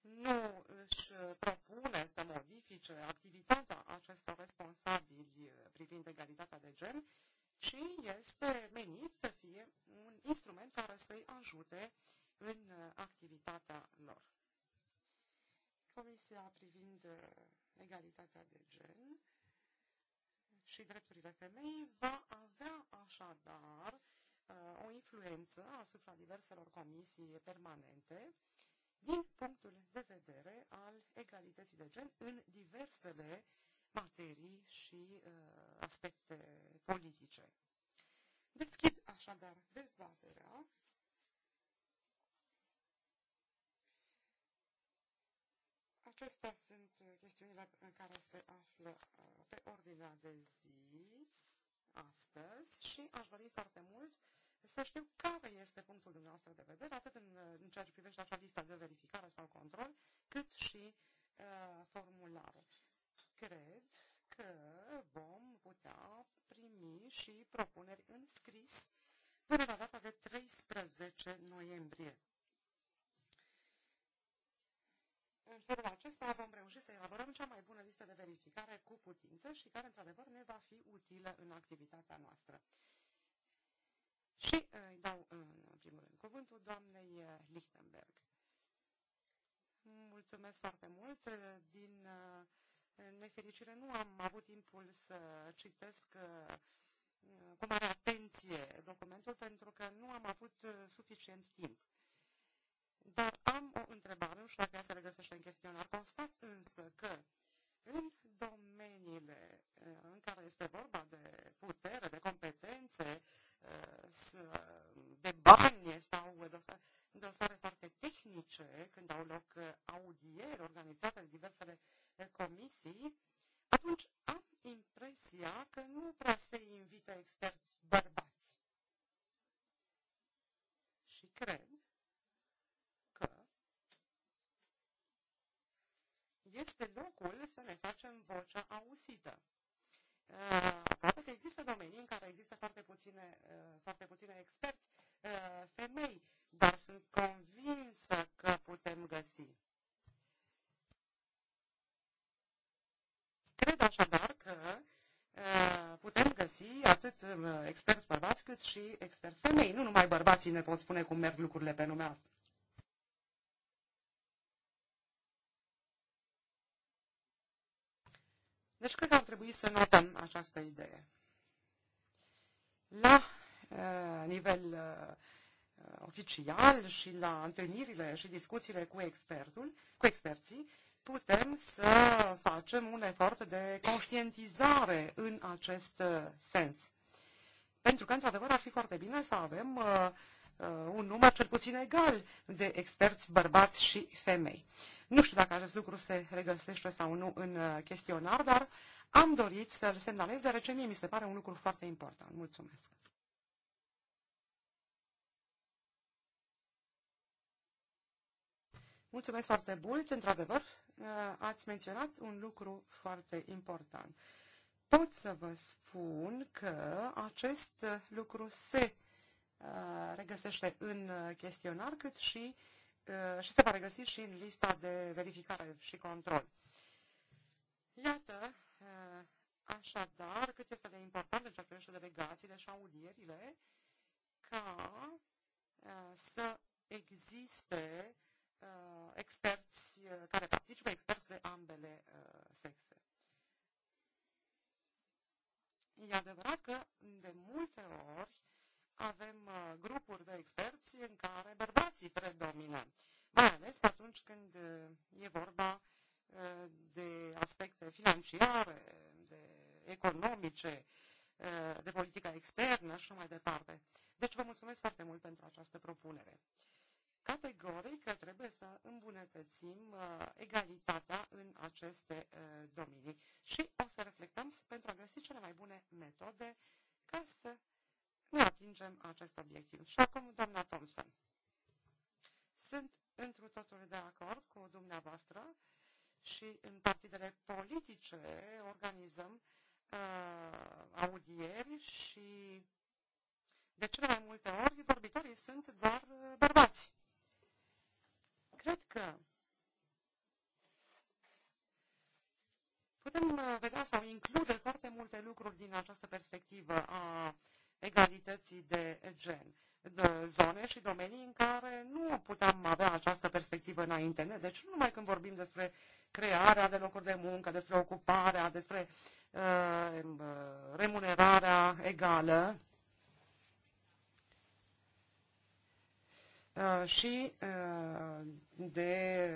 nu își propune să modifice activitatea acestor responsabili eh, privind egalitatea de gen, ci este menit să fie un instrument care să-i ajute în eh, activitatea lor. Comisia privind uh, egalitatea de gen și drepturile femeii va avea așadar uh, o influență asupra diverselor comisii permanente din punctul de vedere al egalității de gen în diversele materii și uh, aspecte politice. Deschid așadar dezbaterea Acestea sunt uh, chestiunile în care se află uh, pe ordinea de zi astăzi și aș dori foarte mult să știu care este punctul dumneavoastră de vedere, atât în, uh, în ceea ce privește acea listă de verificare sau control, cât și uh, formulare. Cred că vom putea primi și propuneri în scris până la data de 13 noiembrie. În felul acesta vom reuși să elaborăm cea mai bună listă de verificare cu putință și care, într-adevăr, ne va fi utilă în activitatea noastră. Și uh, îi dau, uh, în primul rând, cuvântul doamnei uh, Lichtenberg. Mulțumesc foarte mult. Din nefericire nu am avut timpul să citesc cu mare atenție documentul pentru că nu am avut suficient timp. Dar am o întrebare, nu știu dacă se regăsește în chestionar. Constat însă că în domeniile uh, în care este vorba de putere, de competențe, uh, de bani sau dosare foarte tehnice, când au loc uh, audieri organizate de diversele comisii, atunci am impresia că nu prea se invită experți bărbați. Și cred este locul să ne facem vocea auzită. Uh, poate că există domenii în care există foarte puține, uh, foarte puține experți uh, femei, dar sunt convinsă că putem găsi. Cred așadar că putem găsi atât experți bărbați cât și experți femei. Nu numai bărbații ne pot spune cum merg lucrurile pe lumea asta. Deci cred că ar trebui să notăm această idee. La uh, nivel uh, uh, oficial și la întâlnirile și discuțiile cu expertul, cu experții, putem să facem un efort de conștientizare în acest uh, sens. Pentru că, într-adevăr, ar fi foarte bine să avem uh, Uh, un număr cel puțin egal de experți bărbați și femei. Nu știu dacă acest lucru se regăsește sau nu în uh, chestionar, dar am dorit să-l semnalez, deoarece mie mi se pare un lucru foarte important. Mulțumesc! Mulțumesc foarte mult, într-adevăr, uh, ați menționat un lucru foarte important. Pot să vă spun că acest lucru se Uh, regăsește în uh, chestionar, cât și, uh, și se va regăsi și în lista de verificare și control. Iată, așadar, cât este de important în ceea ce delegațiile și audierile, ca să existe experți care participă, experți de ambele sexe. E adevărat că de multe ori avem uh, grupuri de experți în care bărbații predomină, mai ales atunci când uh, e vorba uh, de aspecte financiare, de economice, de politica externă și mai departe. Deci vă mulțumesc foarte mult pentru această propunere. Categoric că trebuie să îmbunătățim egalitatea în aceste domenii și o să reflectăm pentru a găsi cele mai bune metode ca să nu atingem acest obiectiv. Și acum, doamna Thompson, sunt întru totul de acord cu dumneavoastră și în partidele politice organizăm uh, audieri și de cele mai multe ori vorbitorii sunt doar uh, bărbați. Cred că putem uh, vedea sau include foarte multe lucruri din această perspectivă a egalității de gen, de zone și domenii în care nu puteam avea această perspectivă înainte. Deci nu numai când vorbim despre crearea de locuri de muncă, despre ocuparea, despre uh, remunerarea egală, uh, și uh, de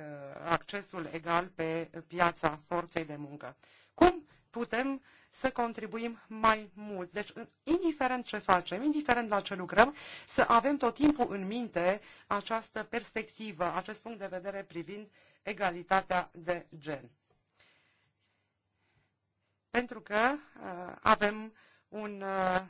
accesul egal pe piața forței de muncă putem să contribuim mai mult. Deci, indiferent ce facem, indiferent la ce lucrăm, să avem tot timpul în minte această perspectivă, acest punct de vedere privind egalitatea de gen. Pentru că uh, avem un uh,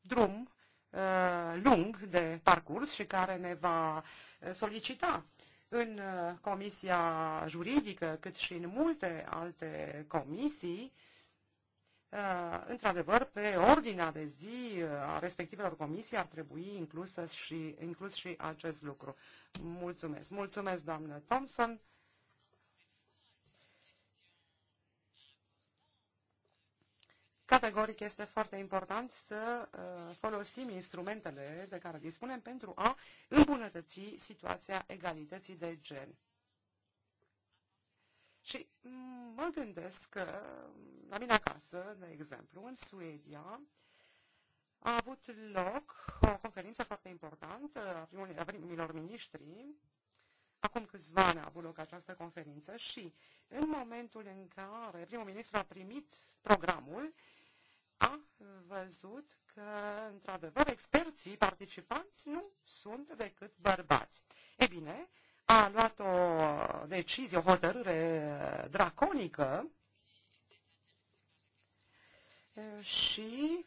drum uh, lung de parcurs și care ne va uh, solicita în uh, Comisia Juridică, cât și în multe alte comisii, uh, într-adevăr, pe ordinea de zi uh, a respectivelor comisii ar trebui inclusă și, inclus și acest lucru. Mulțumesc. Mulțumesc, doamnă Thompson. Categoric este foarte important să uh, folosim instrumentele de care dispunem pentru a îmbunătăți situația egalității de gen. Și mă gândesc că la mine acasă, de exemplu, în Suedia, a avut loc o conferință foarte importantă a primilor, miniștri. Acum câțiva ani a avut loc această conferință și în momentul în care primul ministru a primit programul, a văzut că, într-adevăr, experții participanți nu sunt decât bărbați. E bine, a luat o decizie, o hotărâre draconică și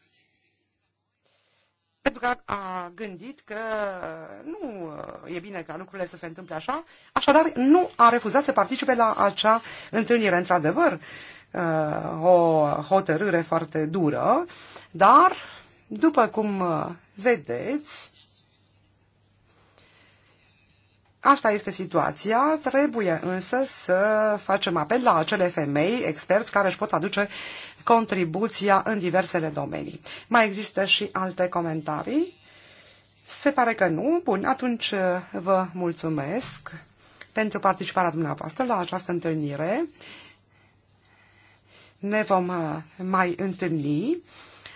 pentru că a gândit că nu e bine ca lucrurile să se întâmple așa, așadar nu a refuzat să participe la acea întâlnire. Într-adevăr, Uh, o hotărâre foarte dură, dar, după cum uh, vedeți, Asta este situația, trebuie însă să facem apel la acele femei, experți, care își pot aduce contribuția în diversele domenii. Mai există și alte comentarii? Se pare că nu. Bun, atunci uh, vă mulțumesc pentru participarea dumneavoastră la această întâlnire ne vom uh, mai întâlni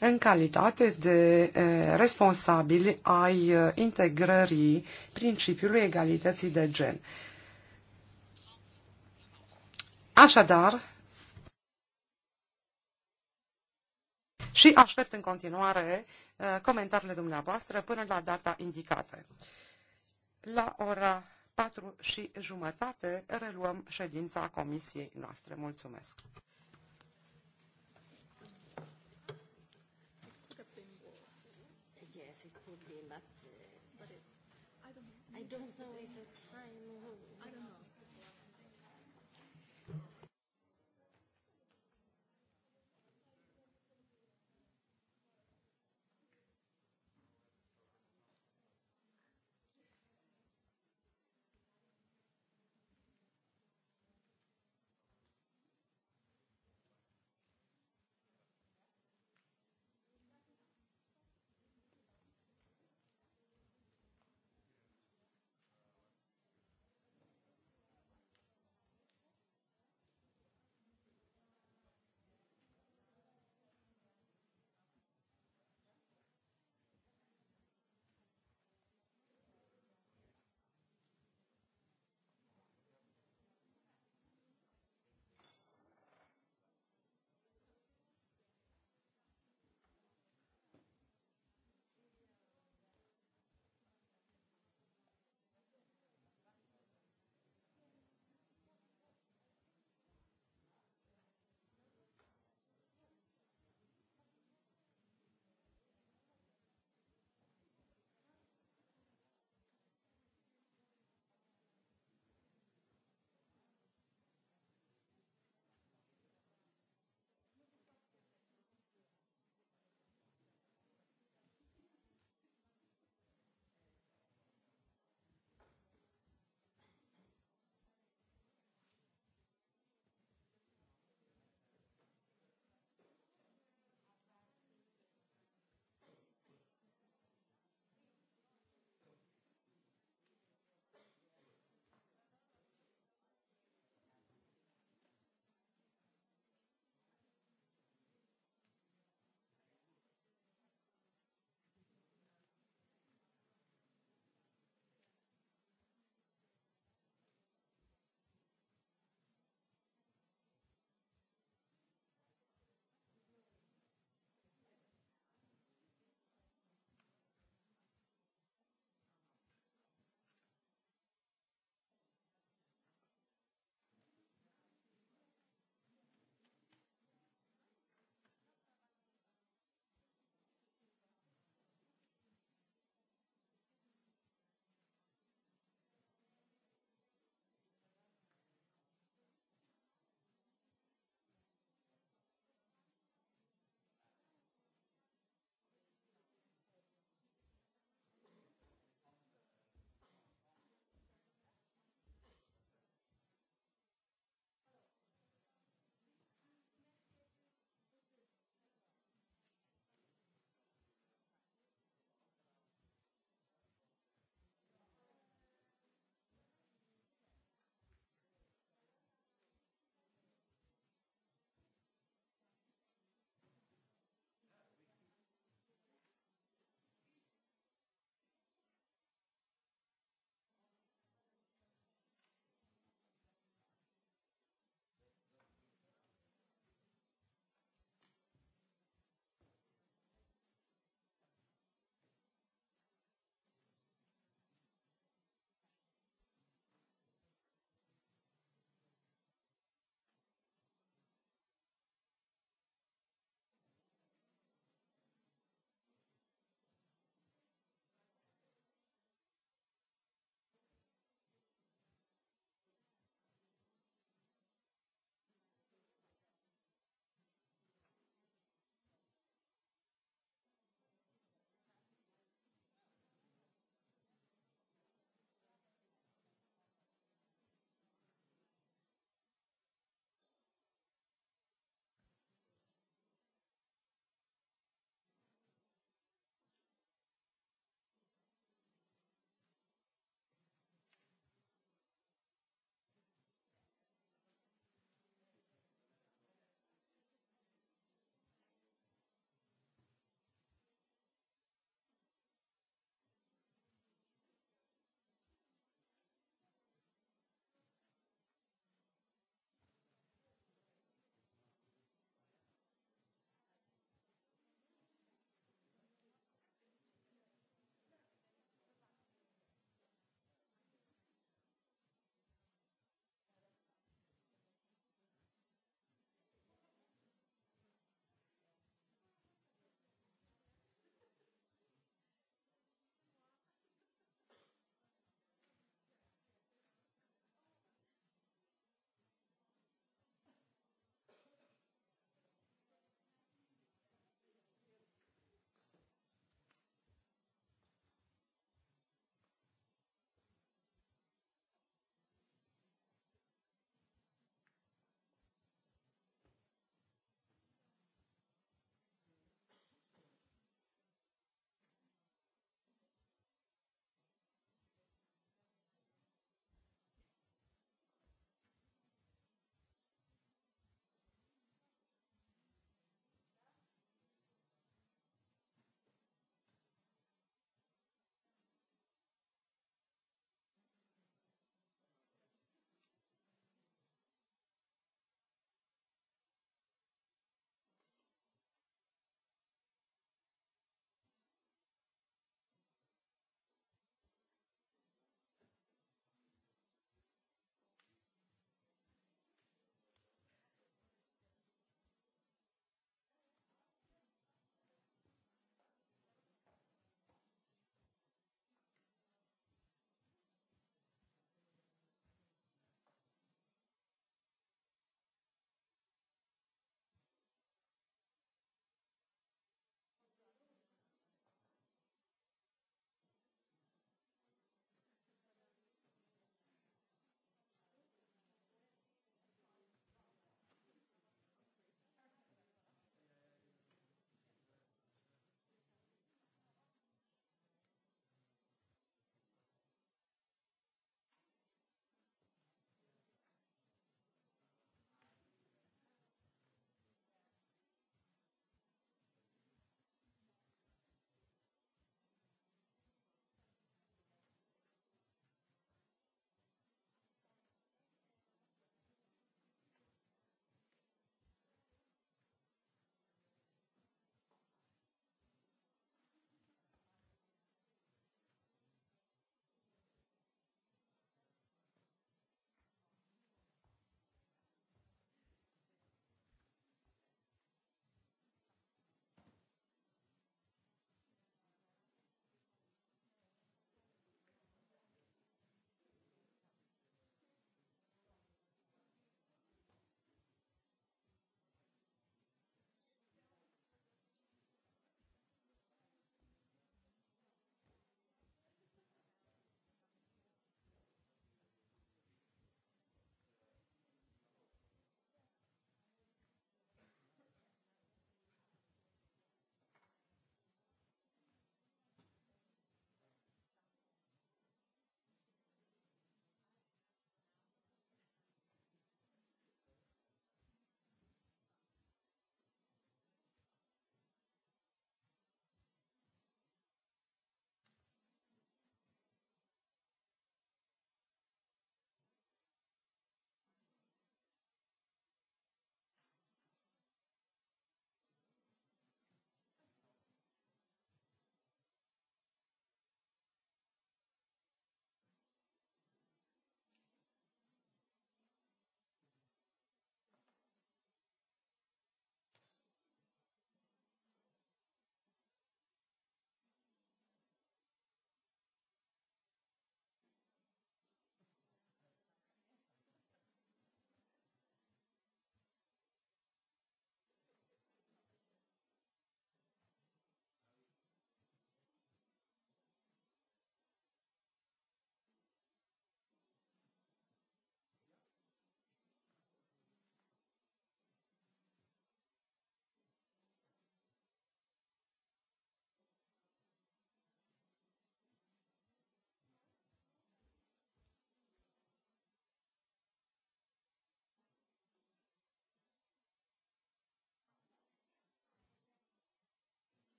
în calitate de uh, responsabili ai uh, integrării principiului egalității de gen. Așadar, și aștept în continuare comentariile dumneavoastră până la data indicată. La ora 4 și jumătate reluăm ședința comisiei noastre. Mulțumesc!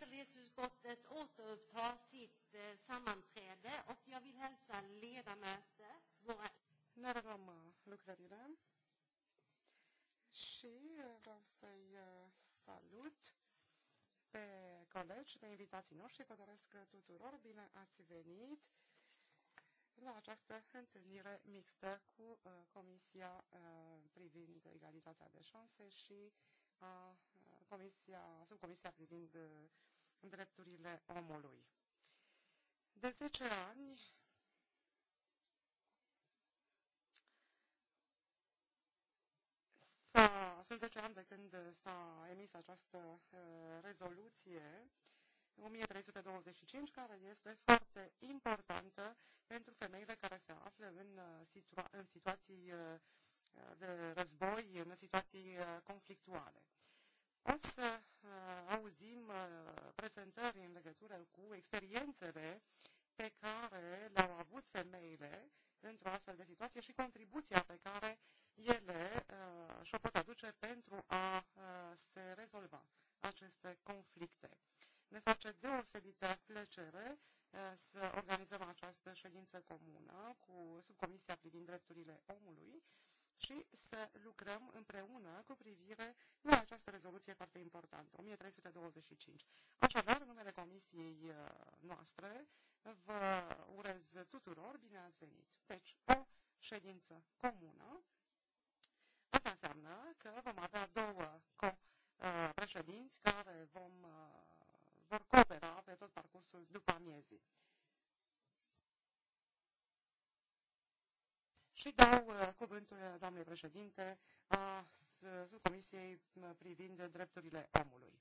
Jämställdhetsutskottet återupptar sitt eh, sammanträde och jag vill hälsa ledamöter, våra... Nära reluăm lucrările și vreau să-i salut pe colegi, pe invitații noștri, vă doresc tuturor bine ați venit la această întâlnire mixtă cu uh, Comisia uh, privind egalitatea de șanse și uh, comisia, subcomisia privind drepturile omului. De 10 ani sunt 10 ani de când s-a emis această uh, rezoluție 1325, care este foarte importantă pentru femeile care se află în, uh, situa- în situații uh, de război, în situații conflictuale. Să uh, auzim uh, prezentări în legătură cu experiențele pe care le-au avut femeile într-o astfel de situație și contribuția pe care ele uh, și-o pot aduce pentru a uh, se rezolva aceste conflicte. Ne face deosebită plăcere uh, să organizăm această ședință comună cu subcomisia privind drepturile omului și să lucrăm împreună cu privire la această rezoluție foarte importantă, 1325. Așadar, în numele comisiei uh, noastre, vă urez tuturor bine ați venit. Deci, o ședință comună. Asta înseamnă că vom avea două co-președinți uh, care vom, uh, vor coopera pe tot parcursul după amiezii. Și dau uh, cuvântul uh, doamnei președinte a subcomisiei uh, privind drepturile omului.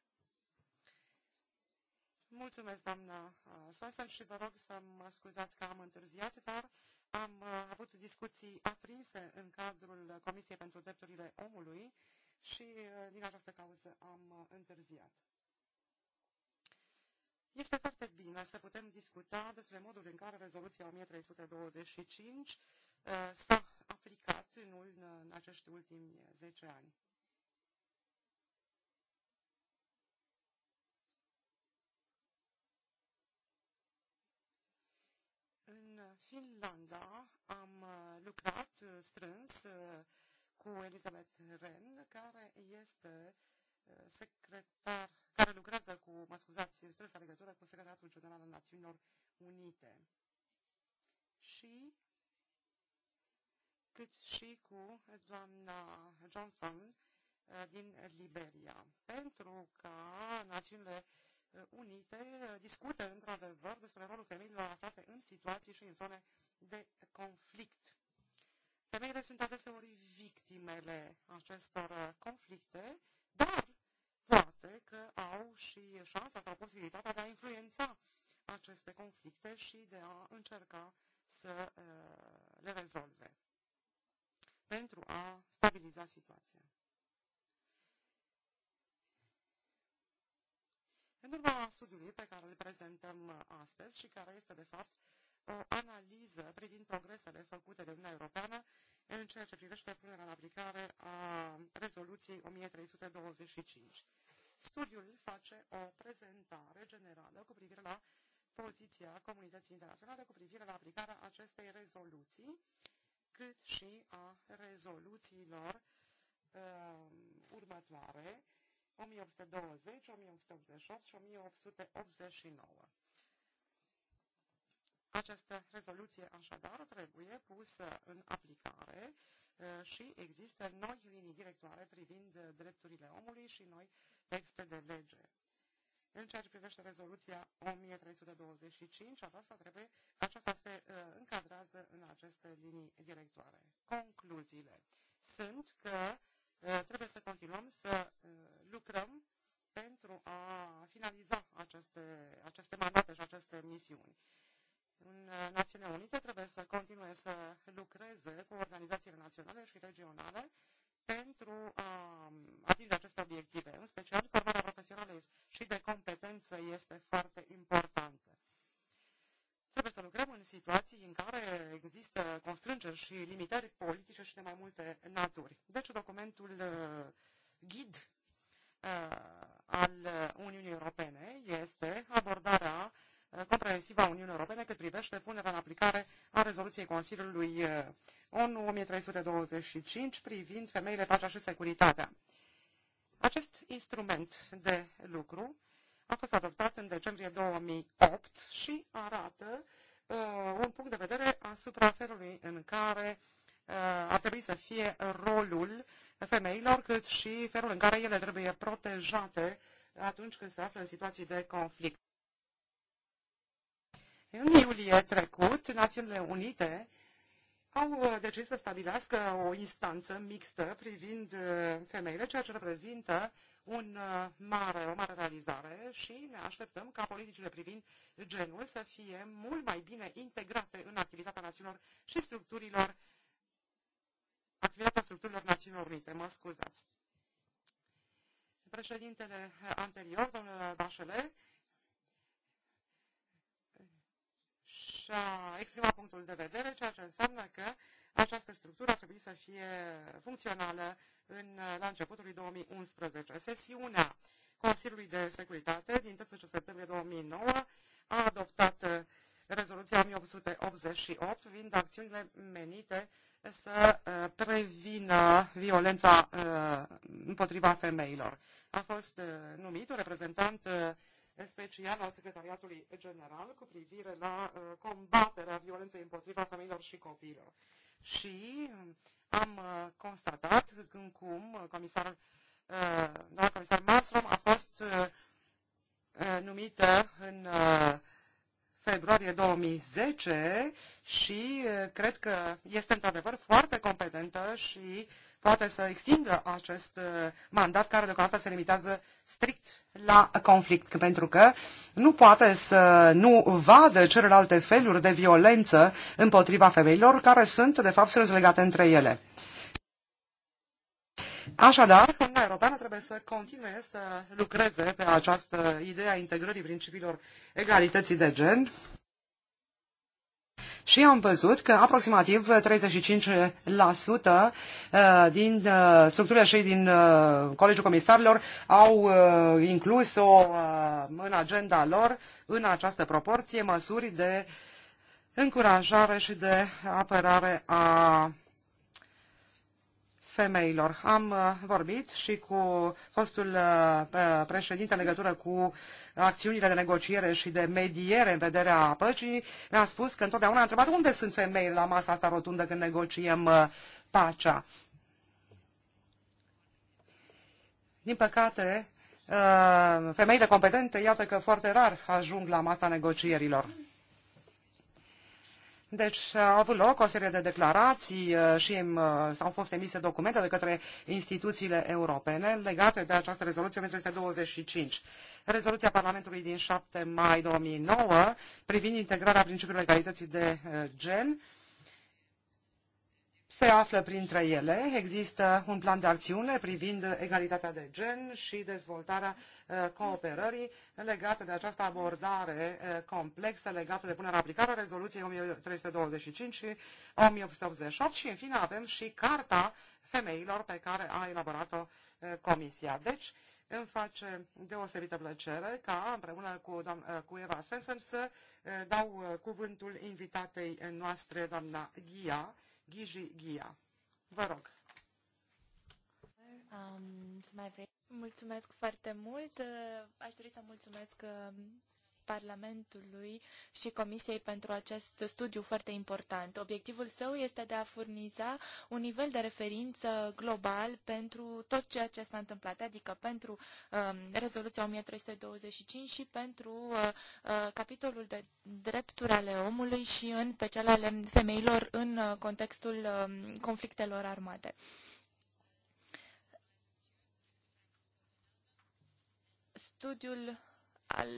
Mulțumesc, doamna uh, Soasă, și vă rog să mă scuzați că am întârziat, dar am uh, avut discuții aprinse în cadrul Comisiei pentru Drepturile Omului și uh, din această cauză am întârziat. Este foarte bine să putem discuta despre modul în care rezoluția 1325 Uh, s-a aplicat în, în acești ultimi 10 ani. În Finlanda am uh, lucrat uh, strâns cu Elizabeth Ren, care este secretar, care lucrează cu, mă scuzați, în strânsă legătură cu Secretarul General al Națiunilor Unite. Și cât și cu doamna Johnson uh, din Liberia, pentru ca Națiunile uh, Unite uh, discută într-adevăr despre rolul femeilor aflate în situații și în zone de conflict. Femeile sunt adeseori victimele acestor conflicte, dar poate că au și șansa sau posibilitatea de a influența aceste conflicte și de a încerca să le rezolve pentru a stabiliza situația. În urma studiului pe care îl prezentăm uh, astăzi și care este, de fapt, o analiză privind progresele făcute de Uniunea Europeană în ceea ce privește punerea în aplicare a rezoluției 1325. Studiul face o prezentare generală cu privire la poziția comunității internaționale cu privire la aplicarea acestei rezoluții cât și a rezoluțiilor uh, următoare 1820, 1888 și 1889. Această rezoluție, așadar, trebuie pusă în aplicare uh, și există noi linii directoare privind drepturile omului și noi texte de lege. În ceea ce privește rezoluția 1325, aceasta trebuie, aceasta se uh, încadrează în aceste linii directoare. Concluziile sunt că uh, trebuie să continuăm să uh, lucrăm pentru a finaliza aceste, aceste mandate și aceste misiuni. În uh, Națiunile Unite trebuie să continue să lucreze cu organizațiile naționale și regionale pentru a um, atinge aceste obiective. În special, formarea profesională și de competență este foarte importantă. Trebuie să lucrăm în situații în care există constrângeri și limitări politice și de mai multe naturi. Deci, documentul uh, ghid uh, al Uniunii Europene este abordarea uh, Eh, comprehensivă a Uniunii Europene cât privește punerea în aplicare a rezoluției Consiliului eh, ONU 1325 privind femeile, pacea și securitatea. Acest instrument de lucru a fost adoptat în decembrie 2008 și arată uh, un punct de vedere asupra felului în care uh, ar trebui să fie rolul femeilor, cât și felul în care ele trebuie protejate atunci când se află în situații de conflict. În iulie trecut, Națiunile Unite au uh, decis să stabilească o instanță mixtă privind uh, femeile, ceea ce reprezintă un uh, mare, o mare realizare și ne așteptăm ca politicile privind genul să fie mult mai bine integrate în activitatea națiunilor și structurilor, activitatea structurilor Națiunilor Unite. Mă scuzați. Președintele anterior, domnul Bachelet, și-a exprimat punctul de vedere, ceea ce înseamnă că această structură ar trebui să fie funcțională în, la începutul lui 2011. Sesiunea Consiliului de Securitate din 13 septembrie 2009 a adoptat uh, rezoluția 1888 vind acțiunile menite să uh, prevină violența uh, împotriva femeilor. A fost numit un reprezentant special al Secretariatului General cu privire la uh, combaterea violenței împotriva femeilor și copiilor. Și uh, am uh, constatat cum comisarul, doamna comisar Malmström a fost numită în februarie 2010 și cred că este într-adevăr foarte competentă și uh, poate să extindă acest uh, mandat care deocamdată se limitează strict la conflict, pentru că nu poate să nu vadă celelalte feluri de violență împotriva femeilor care sunt, de fapt, legate între ele. Așadar, Uniunea Europeană trebuie să continue să lucreze pe această idee a integrării principiilor egalității de gen și am văzut că aproximativ 35% uh, din uh, structurile și din uh, Colegiul Comisarilor au inclus-o în agenda lor, în această proporție, măsuri de încurajare și de apărare a femeilor. Am uh, vorbit și cu fostul uh, președinte în legătură cu acțiunile de negociere și de mediere în vederea păcii. Mi-a spus că întotdeauna a întrebat unde sunt femeile la masa asta rotundă când negociem uh, pacea. Din păcate, femeile competente, iată că foarte rar ajung la masa negocierilor. Deci uh, au avut loc o serie de declarații uh, și uh, au fost emise documente de către instituțiile europene legate de această rezoluție 1325. Rezoluția Parlamentului din 7 mai 2009 privind integrarea principiului egalității de gen se află printre ele. Există un plan de acțiune privind egalitatea de gen și dezvoltarea uh, cooperării legate de această abordare uh, complexă legată de punerea aplicare a rezoluției 1325 și 1888 și în fine avem și Carta Femeilor pe care a elaborat-o uh, Comisia. Deci, îmi face deosebită plăcere ca împreună cu, cu Eva Sensen să dau cuvântul invitatei noastre, doamna Ghia, Gigi Ghia. Vă rog. Mulțumesc foarte mult. Aș dori să mulțumesc Parlamentului și Comisiei pentru acest studiu foarte important. Obiectivul său este de a furniza un nivel de referință global pentru tot ceea ce s-a întâmplat, adică pentru um, rezoluția 1325 și pentru uh, uh, capitolul de drepturi ale omului și în special ale femeilor în uh, contextul um, conflictelor armate. studiul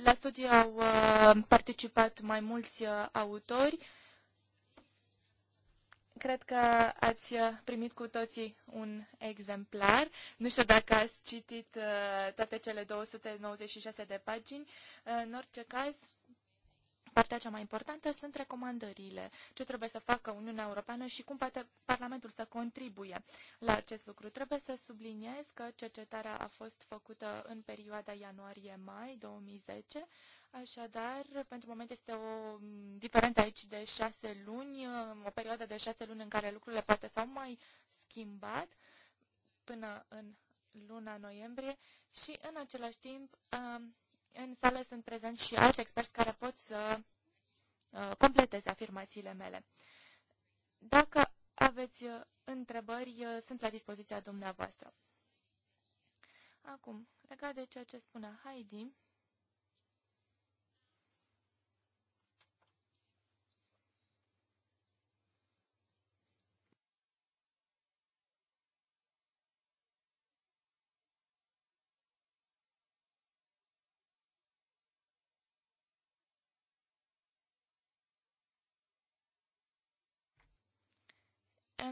la studiu au uh, participat mai mulți uh, autori. Cred că ați uh, primit cu toții un exemplar. Nu știu dacă ați citit toate cele 296 de pagini. În orice caz, Partea cea mai importantă sunt recomandările, ce trebuie să facă Uniunea Europeană și cum poate Parlamentul să contribuie la acest lucru. Trebuie să subliniez că cercetarea a fost făcută în perioada ianuarie-mai 2010, așadar, pentru moment este o diferență aici de șase luni, o perioadă de șase luni în care lucrurile poate s-au mai schimbat până în luna noiembrie și în același timp în sală sunt prezenți și alți experți care pot să uh, completeze afirmațiile mele. Dacă aveți uh, întrebări, uh, sunt la dispoziția dumneavoastră. Acum, legat de ceea ce spunea Heidi,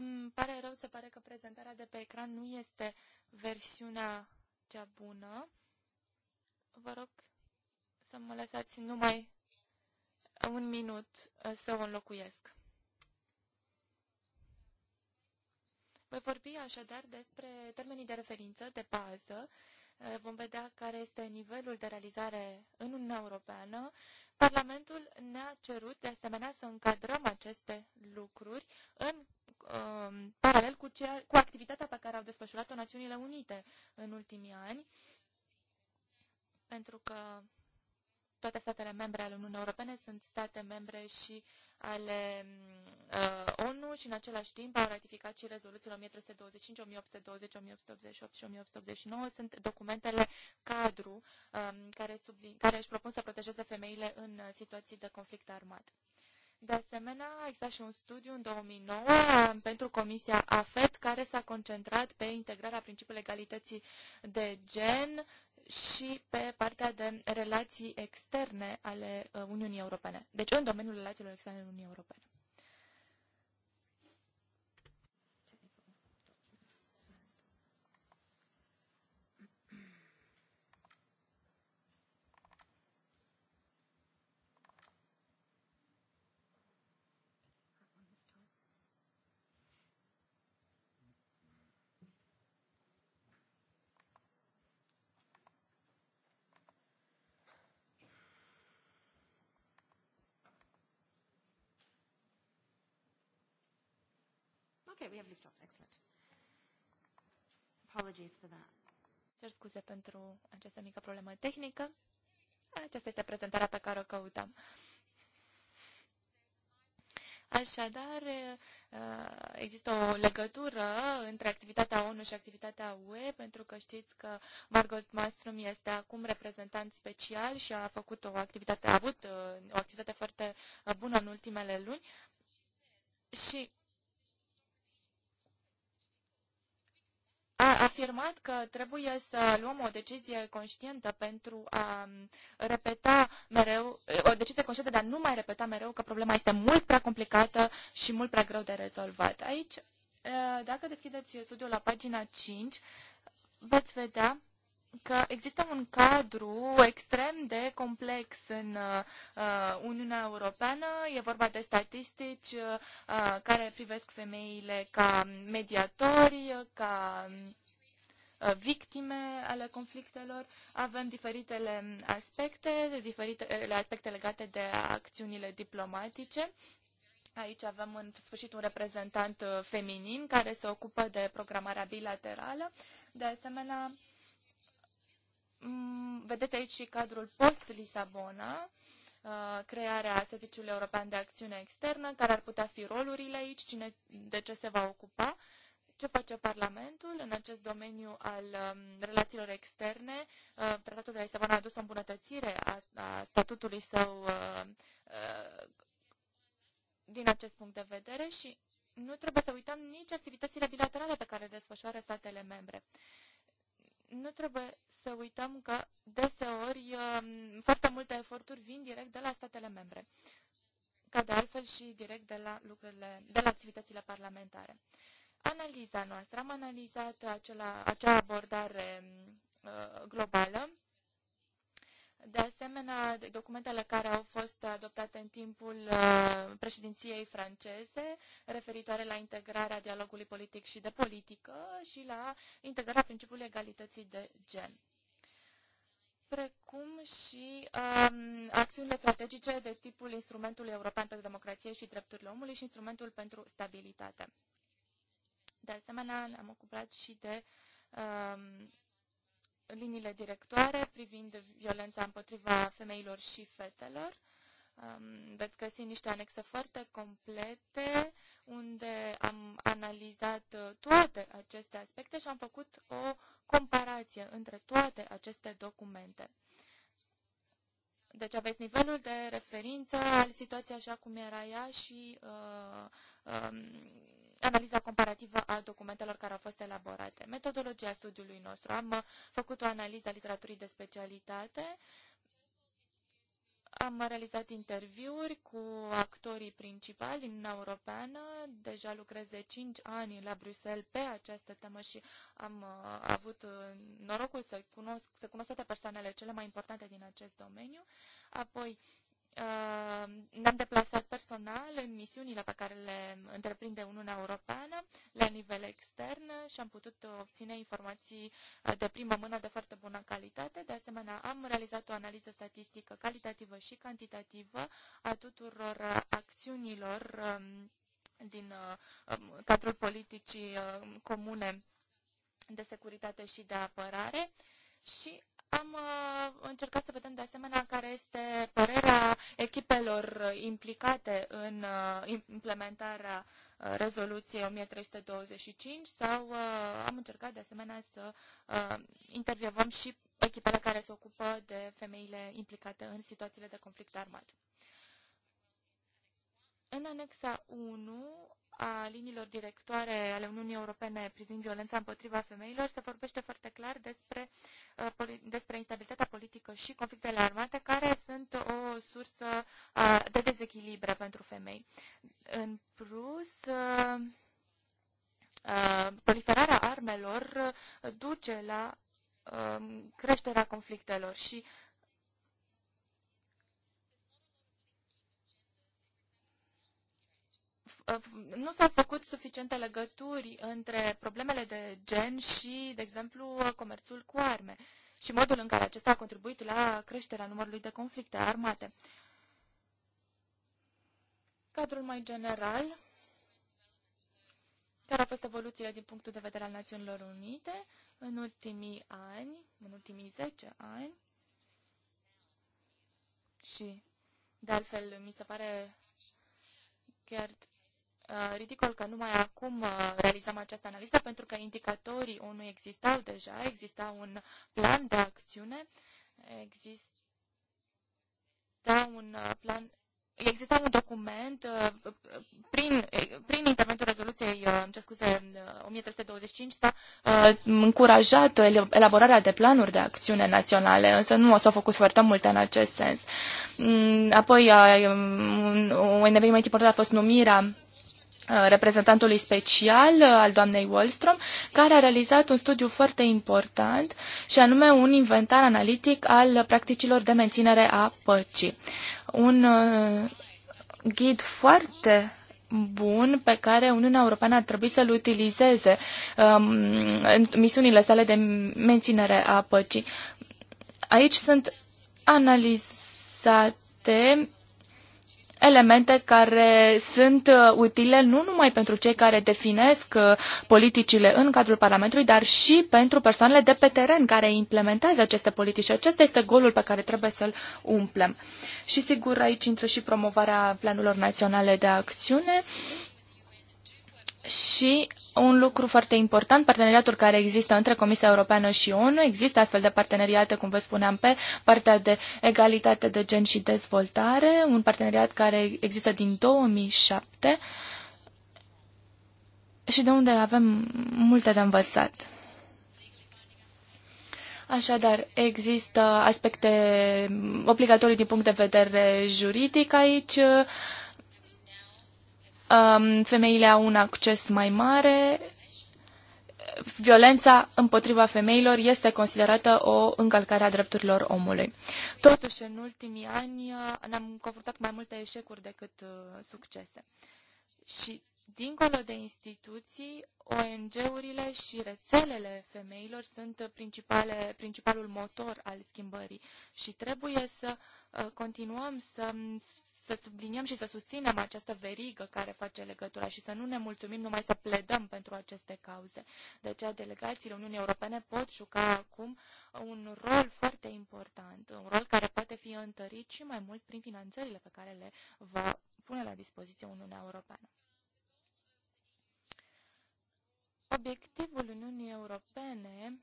Îmi pare rău, se pare că prezentarea de pe ecran nu este versiunea cea bună. Vă rog să mă lăsați numai un minut uh, să o înlocuiesc. Voi vorbi așadar despre termenii de referință, de bază. Uh, vom vedea care este nivelul de realizare în Uniunea Europeană. Parlamentul ne-a cerut de asemenea să încadrăm aceste lucruri în Um, paralel cu, cea, cu activitatea pe care au desfășurat-o Națiunile Unite în ultimii ani, pentru că toate statele membre ale Uniunii Europene sunt state membre și ale uh, ONU și în același timp au ratificat și rezoluțiile 1325, 1820, 1888 și 1889. Sunt documentele cadru um, care, sublin, care își propun să protejeze femeile în uh, situații de conflict armat. De asemenea, existat și un studiu în 2009 um, pentru Comisia AFET care s-a concentrat pe integrarea principiului egalității de gen și pe partea de relații externe ale uh, Uniunii Europene. Deci în domeniul relațiilor externe ale Uniunii Europene. Okay, we have lift off. Excellent. Apologies for that. Cer scuze pentru această mică problemă tehnică. Aceasta este prezentarea pe care o căutam. Așadar, eh, există o legătură între activitatea ONU și activitatea UE, pentru că știți că Margot Mastrum este acum reprezentant special și a făcut o activitate, a avut eh, o activitate foarte bună în ultimele luni. Și a afirmat că trebuie să luăm o decizie conștientă pentru a um, repeta mereu, o decizie conștientă, dar nu mai repeta mereu că problema este mult prea complicată și mult prea greu de rezolvat. Aici, dacă deschideți studiul la pagina 5, veți vedea că există un cadru extrem de complex în uh, Uniunea Europeană. E vorba de statistici uh, care privesc femeile ca mediatori, ca uh, victime ale conflictelor. Avem diferitele aspecte, diferitele aspecte legate de acțiunile diplomatice. Aici avem în sfârșit un reprezentant uh, feminin care se ocupă de programarea bilaterală. De asemenea, Mm, vedeți aici și cadrul post-Lisabona, uh, crearea Serviciului European de Acțiune Externă, care ar putea fi rolurile aici, cine, de ce se va ocupa, ce face Parlamentul în acest domeniu al um, relațiilor externe. Uh, Tratatul de Lisabona a adus o îmbunătățire a, a statutului său uh, uh, din acest punct de vedere și nu trebuie să uităm nici activitățile bilaterale pe care le desfășoară statele membre nu trebuie să uităm că deseori um, foarte multe eforturi vin direct de la statele membre, ca de altfel și direct de la, lucrurile, de la activitățile parlamentare. Analiza noastră, am analizat acela, acea abordare uh, globală de asemenea, documentele care au fost adoptate în timpul uh, președinției franceze, referitoare la integrarea dialogului politic și de politică și la integrarea principiului egalității de gen precum și um, acțiunile strategice de tipul instrumentului european pentru democrație și drepturile omului și instrumentul pentru stabilitate. De asemenea, ne-am ocupat și de um, liniile directoare privind violența împotriva femeilor și fetelor. veți găsi niște anexe foarte complete unde am analizat uh, toate aceste aspecte și am făcut o comparație între toate aceste documente. Deci aveți nivelul de referință al situației așa cum era ea și uh, um, analiza comparativă a documentelor care au fost elaborate. Metodologia studiului nostru. Am uh, făcut o analiză a literaturii de specialitate, am realizat interviuri cu actorii principali din Uniunea Europeană. Deja lucrez de 5 ani la Bruxelles pe această temă și am uh, avut uh, norocul să cunosc, să cunosc toate persoanele cele mai importante din acest domeniu. Apoi Uh, ne-am deplasat personal în misiunile pe care le întreprinde Uniunea Europeană la nivel extern și am putut obține informații uh, de primă mână de foarte bună calitate. De asemenea, am realizat o analiză statistică calitativă și cantitativă a tuturor uh, acțiunilor um, din um, cadrul politicii comune de securitate și de apărare și am uh, încercat să vedem de asemenea care este părerea echipelor uh, implicate în uh, implementarea rezoluției 1325 sau am încercat de asemenea să intervievăm și echipele care se ocupă de femeile implicate în situațiile de conflict armat. În anexa 1 a liniilor directoare ale Uniunii Europene privind violența împotriva femeilor, se vorbește foarte clar despre, uh, despre instabilitatea politică și conflictele armate, care sunt o sursă uh, de dezechilibre pentru femei. În plus, uh, proliferarea armelor duce la creșterea conflictelor și nu s-au făcut suficiente legături între problemele de gen și, de exemplu, comerțul cu arme și modul în care acesta a contribuit la creșterea numărului de conflicte armate. Cadrul mai general, care au fost evoluțiile din punctul de vedere al Națiunilor Unite în ultimii ani, în ultimii 10 ani, și, de altfel, mi se pare chiar Uh, ridicol că numai acum uh, realizăm această analiză, pentru că indicatorii unui existau deja, exista un plan de acțiune, exista un uh, plan Exista un document prin, prin interventul rezoluției, îmi scuze, 1325 s-a încurajat elaborarea de planuri de acțiune naționale, însă nu s-au făcut foarte multe în acest sens. Mm, apoi, un eveniment important a fost numirea Uh, reprezentantului special uh, al doamnei Wallström, care a realizat un studiu foarte important și anume un inventar analitic al practicilor de menținere a păcii. Un uh, ghid foarte bun pe care Uniunea Europeană ar trebui să-l utilizeze um, în misiunile sale de menținere a păcii. Aici sunt analizate elemente care sunt uh, utile nu numai pentru cei care definesc uh, politicile în cadrul Parlamentului, dar și pentru persoanele de pe teren care implementează aceste politici. Acesta este golul pe care trebuie să-l umplem. Și sigur, aici intră și promovarea planurilor naționale de acțiune și un lucru foarte important, parteneriatul care există între Comisia Europeană și ONU, există astfel de parteneriate, cum vă spuneam, pe partea de egalitate de gen și dezvoltare, un parteneriat care există din 2007 și de unde avem multe de învățat. Așadar, există aspecte obligatorii din punct de vedere juridic aici, Um, femeile au un acces mai mare, violența împotriva femeilor este considerată o încălcare a drepturilor omului. Totuși, în ultimii ani uh, ne-am confruntat cu mai multe eșecuri decât uh, succese. Și dincolo de instituții, ONG-urile și rețelele femeilor sunt principale, principalul motor al schimbării și trebuie să uh, continuăm să să subliniem și să susținem această verigă care face legătura și să nu ne mulțumim numai să pledăm pentru aceste cauze. De aceea, delegațiile Uniunii Europene pot juca acum un rol foarte important, un rol care poate fi întărit și mai mult prin finanțările pe care le va pune la dispoziție Uniunea Europeană. Obiectivul Uniunii Europene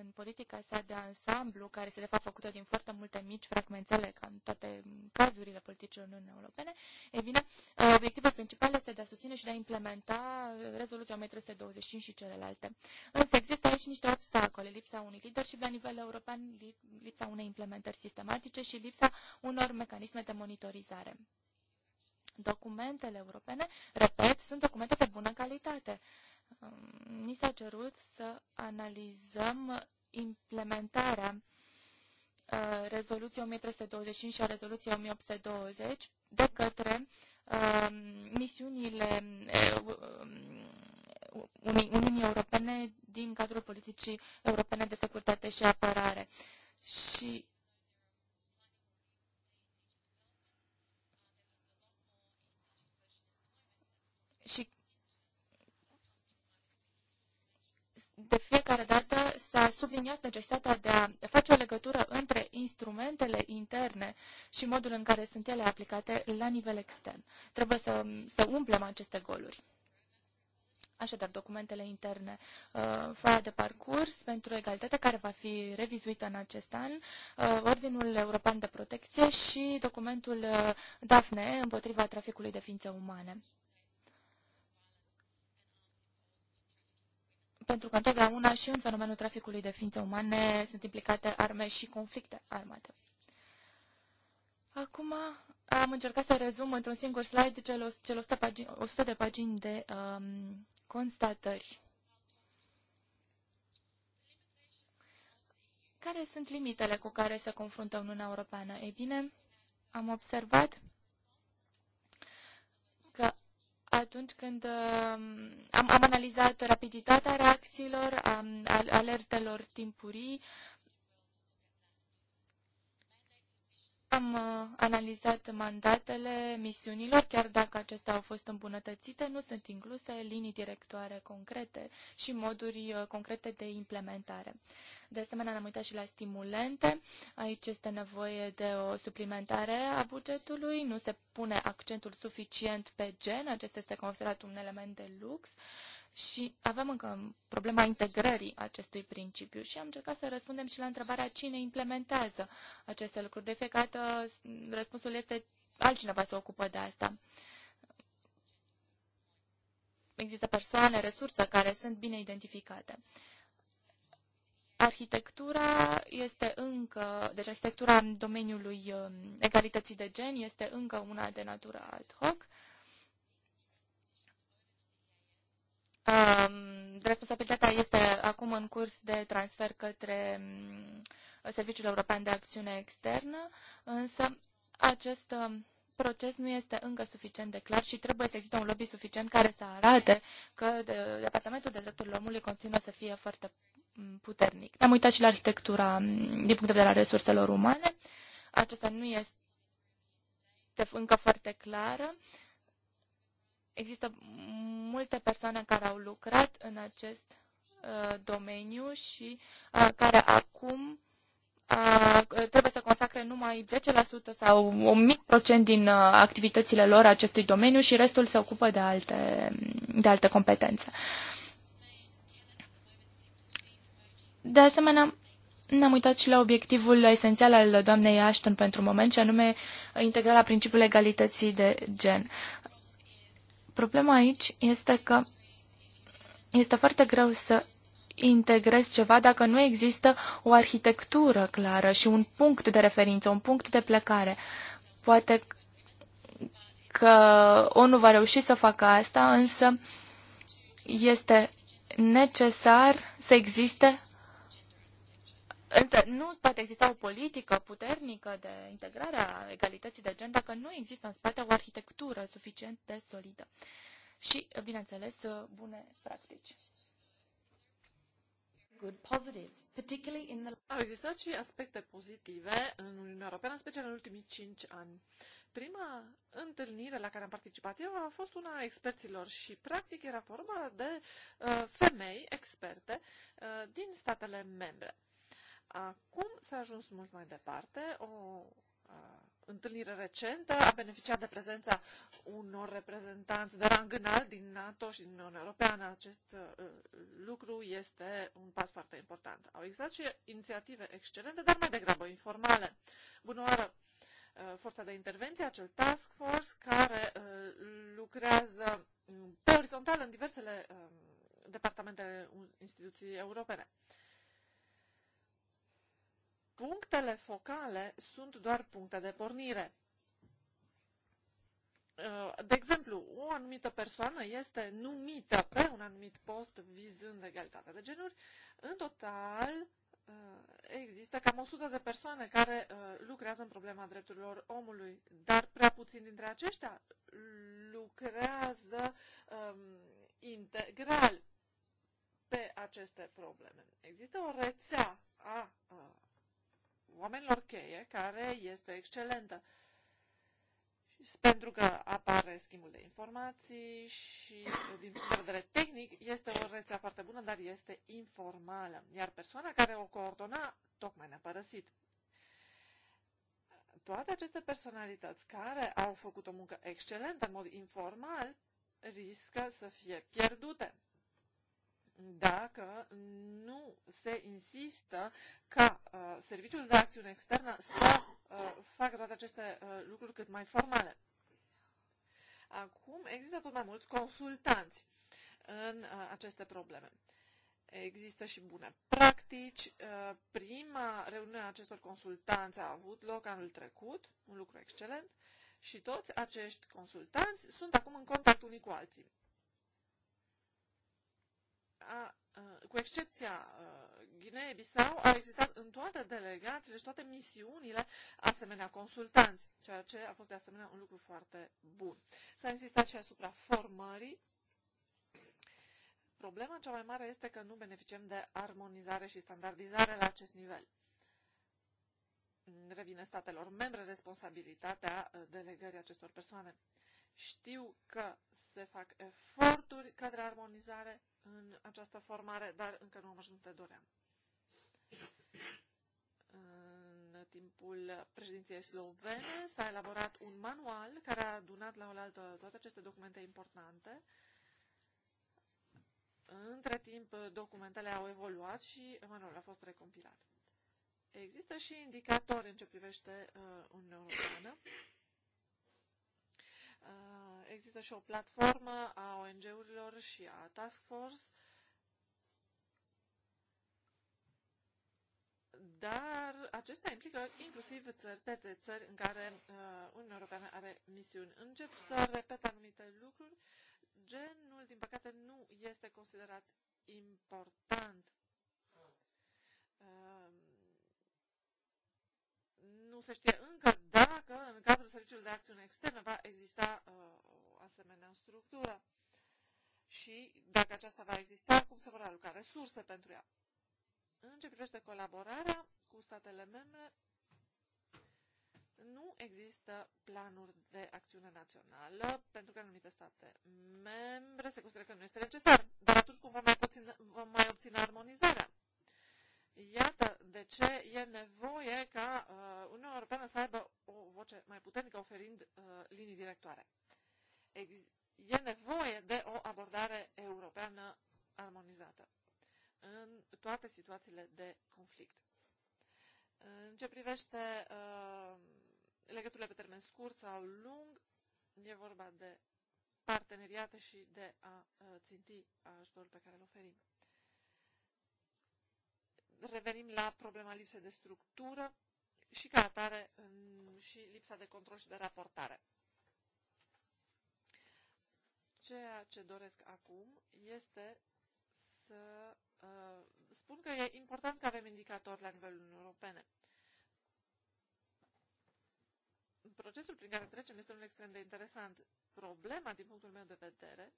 în politica asta de ansamblu, care este de fapt făcută din foarte multe mici fragmentele, ca în toate cazurile politicilor Uniunii Europene, e bine, uh, obiectivul principal este de a susține și de a implementa uh, rezoluția 1325 și celelalte. Însă există aici niște obstacole, lipsa unui leadership la nivel european, lipsa unei implementări sistematice și lipsa unor mecanisme de monitorizare. Documentele europene, repet, sunt documente de bună calitate. Uh, ni s-a cerut să analizăm implementarea uh, rezoluției 1325 și a rezoluției 1820 de către um, misiunile uh, um, Uniunii Europene din cadrul politicii europene de securitate și apărare. Și de fiecare dată s-a subliniat necesitatea de a face o legătură între instrumentele interne și modul în care sunt ele aplicate la nivel extern. Trebuie să, să umplem aceste goluri. Așadar, documentele interne, uh, foaia de parcurs pentru egalitate, care va fi revizuită în acest an, uh, Ordinul European de Protecție și documentul uh, DAFNE împotriva traficului de ființe umane. pentru că întotdeauna și în fenomenul traficului de ființe umane sunt implicate arme și conflicte armate. Acum am încercat să rezum într-un singur slide cele 100, pagini, 100 de pagini de um, constatări. Care sunt limitele cu care se confruntă Uniunea Europeană? Ei bine, am observat atunci când um, am, am analizat rapiditatea reacțiilor, am, alertelor timpurii, Am uh, analizat mandatele misiunilor, chiar dacă acestea au fost îmbunătățite, nu sunt incluse linii directoare concrete și moduri uh, concrete de implementare. De asemenea, ne-am uitat și la stimulente. Aici este nevoie de o suplimentare a bugetului, nu se pune accentul suficient pe gen, acesta este considerat un element de lux și avem încă problema integrării acestui principiu și am încercat să răspundem și la întrebarea cine implementează aceste lucruri. De fiecare dată mm, răspunsul este altcineva se ocupă de asta. Există persoane, resurse care sunt bine identificate. Arhitectura este încă, deci arhitectura în domeniului mm, egalității de gen este încă una de natură ad hoc Responsabilitatea este acum în curs de transfer către mm, Serviciul European de Acțiune Externă, însă acest mm, proces nu este încă suficient de clar și trebuie să existe un lobby suficient care să arate că Departamentul de Drepturile Omului continuă să fie foarte mm, puternic. Ne-am uitat și la arhitectura din punct de vedere a resurselor umane. acesta nu este încă foarte clară. Există multe persoane care au lucrat în acest uh, domeniu și uh, care acum uh, trebuie să consacre numai 10% sau un mic procent din uh, activitățile lor acestui domeniu și restul se ocupă de alte, de alte competențe. De asemenea, ne-am uitat și la obiectivul esențial al doamnei Ashton pentru moment, și anume integrarea principiului egalității de gen. Problema aici este că este foarte greu să integrezi ceva dacă nu există o arhitectură clară și un punct de referință, un punct de plecare. Poate că ONU va reuși să facă asta, însă este necesar să existe Însă nu poate exista o politică puternică de integrare a egalității de gen dacă nu există în spate o arhitectură suficient de solidă și, bineînțeles, bune practici. Good positives, particularly in the... Au existat și aspecte pozitive în Uniunea Europeană, în special în ultimii cinci ani. Prima întâlnire la care am participat eu a fost una a experților și practic era vorba de uh, femei experte uh, din statele membre. Acum s-a ajuns mult mai departe. O a, întâlnire recentă a beneficiat de prezența unor reprezentanți de rang înalt din NATO și din Uniunea Europeană. Acest a, lucru este un pas foarte important. Au existat și inițiative excelente, dar mai degrabă informale. Bună oară! Forța de intervenție, acel task force care lucrează mm, pe orizontal în diversele departamentele instituției europene punctele focale sunt doar puncte de pornire. Uh, de exemplu, o anumită persoană este numită pe un anumit post vizând egalitatea de genuri. În total, uh, există cam 100 de persoane care uh, lucrează în problema drepturilor omului, dar prea puțin dintre aceștia lucrează um, integral pe aceste probleme. Există o rețea a, a oamenilor cheie, care este excelentă. Pentru că apare schimbul de informații și, din punct de vedere tehnic, este o rețea foarte bună, dar este informală. Iar persoana care o coordona tocmai ne-a părăsit. Toate aceste personalități care au făcut o muncă excelentă în mod informal riscă să fie pierdute dacă nu se insistă ca Uh, Serviciul de Acțiune Externă să uh, facă toate aceste uh, lucruri cât mai formale. Acum există tot mai mulți consultanți în aceste probleme. Există și bune practici. prima reuniune a acestor consultanți a avut loc anul trecut, un lucru excelent, și toți acești consultanți sunt acum în contact unii cu alții. A, cu excepția Guinee-Bissau au existat în toate delegațiile și toate misiunile asemenea consultanți, ceea ce a fost de asemenea un lucru foarte bun. S-a insistat și asupra formării. Problema cea mai mare este că nu beneficiem de armonizare și standardizare la acest nivel. Revine statelor membre responsabilitatea uh, delegării acestor persoane. Știu că se fac eforturi către armonizare în această formare, dar încă nu am ajuns de doream. timpul președinției slovene s-a elaborat un manual care a adunat la oaltă toate aceste documente importante. Între timp, documentele au evoluat și manualul a fost recompilat. Există și indicatori în ce privește uh, Uniunea Europeană. Uh, există și o platformă a ONG-urilor și a Task Force uh, dar acesta implică inclusiv țări, terțe țări în care uh, Uniunea Europeană are misiuni. Încep să repet anumite lucruri. Genul, din păcate, nu este considerat important. Uh, nu se știe încă dacă în cadrul Serviciului de Acțiune Externă va exista uh, o asemenea structură și dacă aceasta va exista, cum se vor aloca resurse pentru ea. În ce privește colaborarea cu statele membre, nu există planuri de acțiune națională, pentru că în anumite state membre se consideră că nu este necesar, dar atunci cum vom mai obține, vom mai obține armonizarea? Iată de ce e nevoie ca uh, Uniunea Europeană să aibă o voce mai puternică oferind uh, linii directoare. Ex- e nevoie de o abordare europeană armonizată în toate situațiile de conflict. În ce privește uh, legăturile pe termen scurt sau lung, e vorba de parteneriate și de a uh, ținti ajutorul pe care îl oferim. Revenim la problema lipsei de structură și ca atare în, și lipsa de control și de raportare. Ceea ce doresc acum este să Uh, spun că e important că avem indicatori la nivelul Uniunii Europene. Procesul prin care trecem este unul extrem de interesant. Problema, din punctul meu de vedere,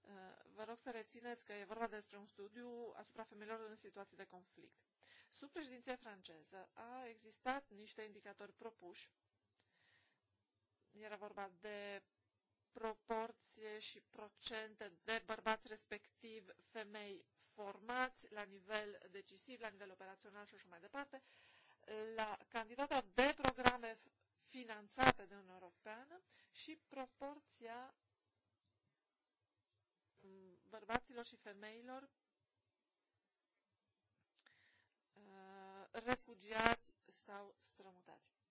uh, vă rog să rețineți că e vorba despre un studiu asupra femeilor în situații de conflict. Sub președinția franceză a existat niște indicatori propuși. Era vorba de proporție și procente de bărbați respectiv femei formați la nivel decisiv, la nivel operațional și așa mai departe, la cantitatea de programe finanțate de Uniunea Europeană și proporția mm, bărbaților și femeilor uh, refugiați sau strămutați.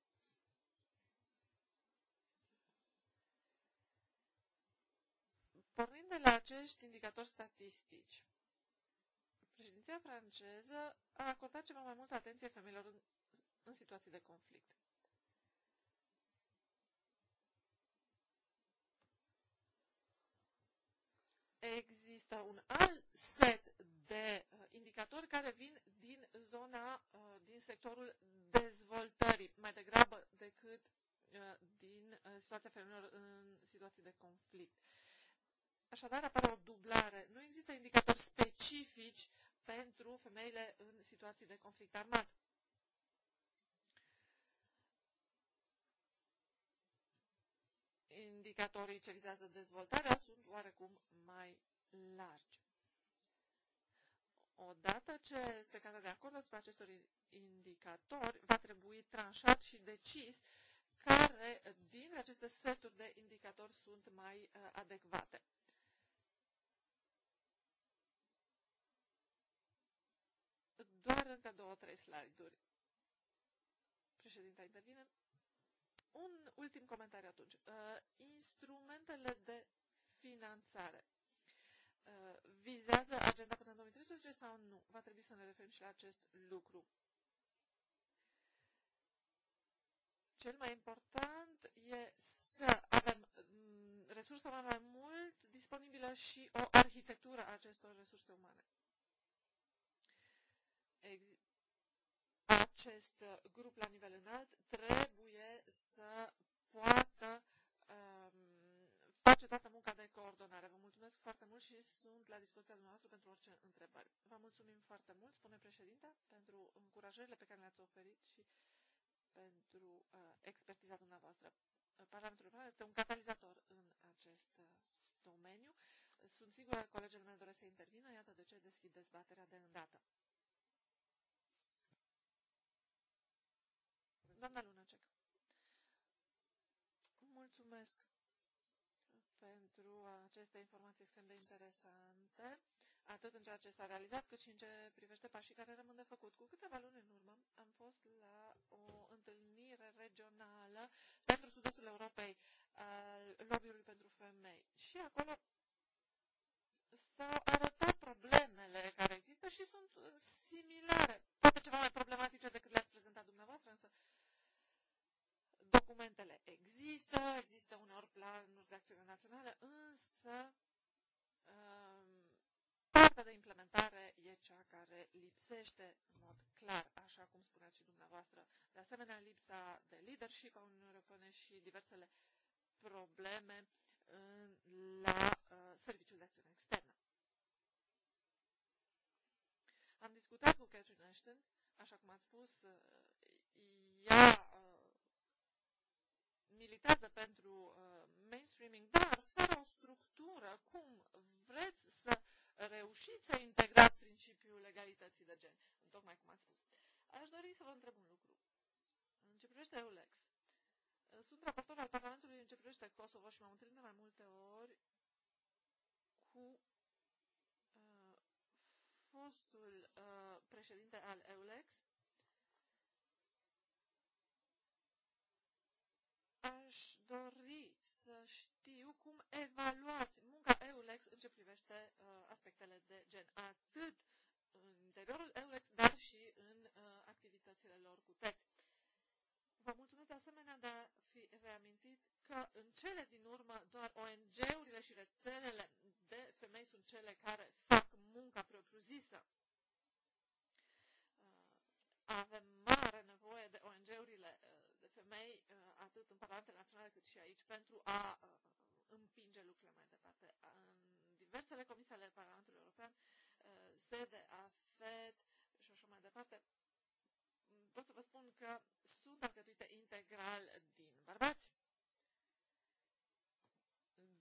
Pornind de la acești indicatori statistici, președinția franceză a acordat ceva mai multă atenție femeilor în, în situații de conflict. Există un alt set de uh, indicatori care vin din zona, uh, din sectorul dezvoltării, mai degrabă decât uh, din situația femeilor în situații de conflict. Așadar, apare o dublare. Nu există indicatori specifici pentru femeile în situații de conflict armat. Indicatorii ce vizează dezvoltarea sunt oarecum mai largi. Odată ce se cade de acord asupra acestor indicatori, va trebui tranșat și decis care din aceste seturi de indicatori sunt mai uh, adecvate. Doar încă două, trei slide-uri. Președinta intervine. Un ultim comentariu atunci. Uh, instrumentele de finanțare uh, vizează agenda până în 2013 sau nu? Va trebui să ne referim și la acest lucru. Cel mai important e să avem mm, resurse mai, mai mult disponibilă și o arhitectură a acestor resurse umane acest uh, grup la nivel înalt trebuie să poată um, face toată munca de coordonare. Vă mulțumesc foarte mult și sunt la dispoziția dumneavoastră pentru orice întrebări. Vă mulțumim foarte mult, spune președinta, pentru încurajările pe care le-ați oferit și pentru uh, expertiza dumneavoastră. Parlamentul European este un catalizator în acest uh, domeniu. Sunt sigură că colegele mele doresc să intervină, iată de ce deschid dezbaterea de îndată. Doamna Lunacek. Mulțumesc pentru aceste informații extrem de interesante, atât în ceea ce s-a realizat, cât și în ce privește pașii care rămân de făcut. Cu câteva luni în urmă am fost la o întâlnire regională pentru sud-estul Europei al lobby-ului pentru femei și acolo s-au arătat problemele care există și sunt similare, poate ceva mai problematice decât le-ați prezentat dumneavoastră, însă Documentele există, există uneori planuri de acțiune națională, însă um, partea de implementare e cea care lipsește în mod clar, așa cum spuneați și dumneavoastră. De asemenea, lipsa de leadership a Uniunii Europene și diversele probleme în, la uh, Serviciul de Acțiune Externă. Am discutat cu Catherine Ashton, așa cum ați spus, uh, ea militează pentru uh, mainstreaming, dar fără o structură, cum vreți să reușiți să integrați principiul legalității de gen, tocmai cum ați spus. Aș dori să vă întreb un lucru. În ce privește EULEX, uh, sunt raportor al Parlamentului în ce privește Kosovo și m-am întâlnit de mai multe ori cu uh, fostul uh, președinte al EULEX aș dori să știu cum evaluați munca EULEX în ce privește uh, aspectele de gen, atât în interiorul EULEX, dar și în uh, activitățile lor cu teți. Vă mulțumesc de asemenea de a fi reamintit că în cele din urmă doar ONG-urile și rețelele de femei sunt cele care fac munca propriu-zisă. Uh, avem mare nevoie de ONG-urile uh, femei, uh, atât în Parlamentul Național cât și aici, pentru a uh, împinge lucrurile mai departe. În diversele comisii ale Parlamentului European, uh, sede, AFET și așa mai departe, pot să vă spun că sunt alcătuite integral din bărbați.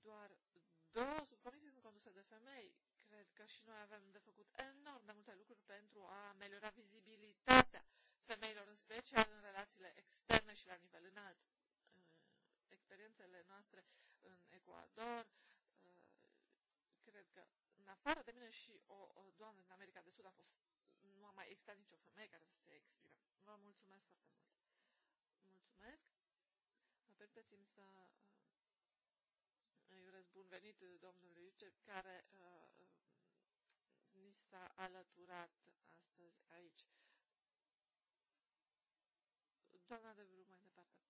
Doar două subcomisii sunt conduse de femei. Cred că și noi avem de făcut enorm de multe lucruri pentru a ameliora vizibilitatea în special în relațiile externe și la nivel înalt. Uh, experiențele noastre în Ecuador, uh, cred că în afară de mine și o, o doamnă din America de Sud a fost, nu a mai existat nicio femeie care să se exprime. Vă mulțumesc foarte mult. Mulțumesc. Permiteți-mi să uh, îi urez bun venit domnului Iuce, care uh, ni s-a alăturat astăzi aici. Doamna de Brum, mai departe.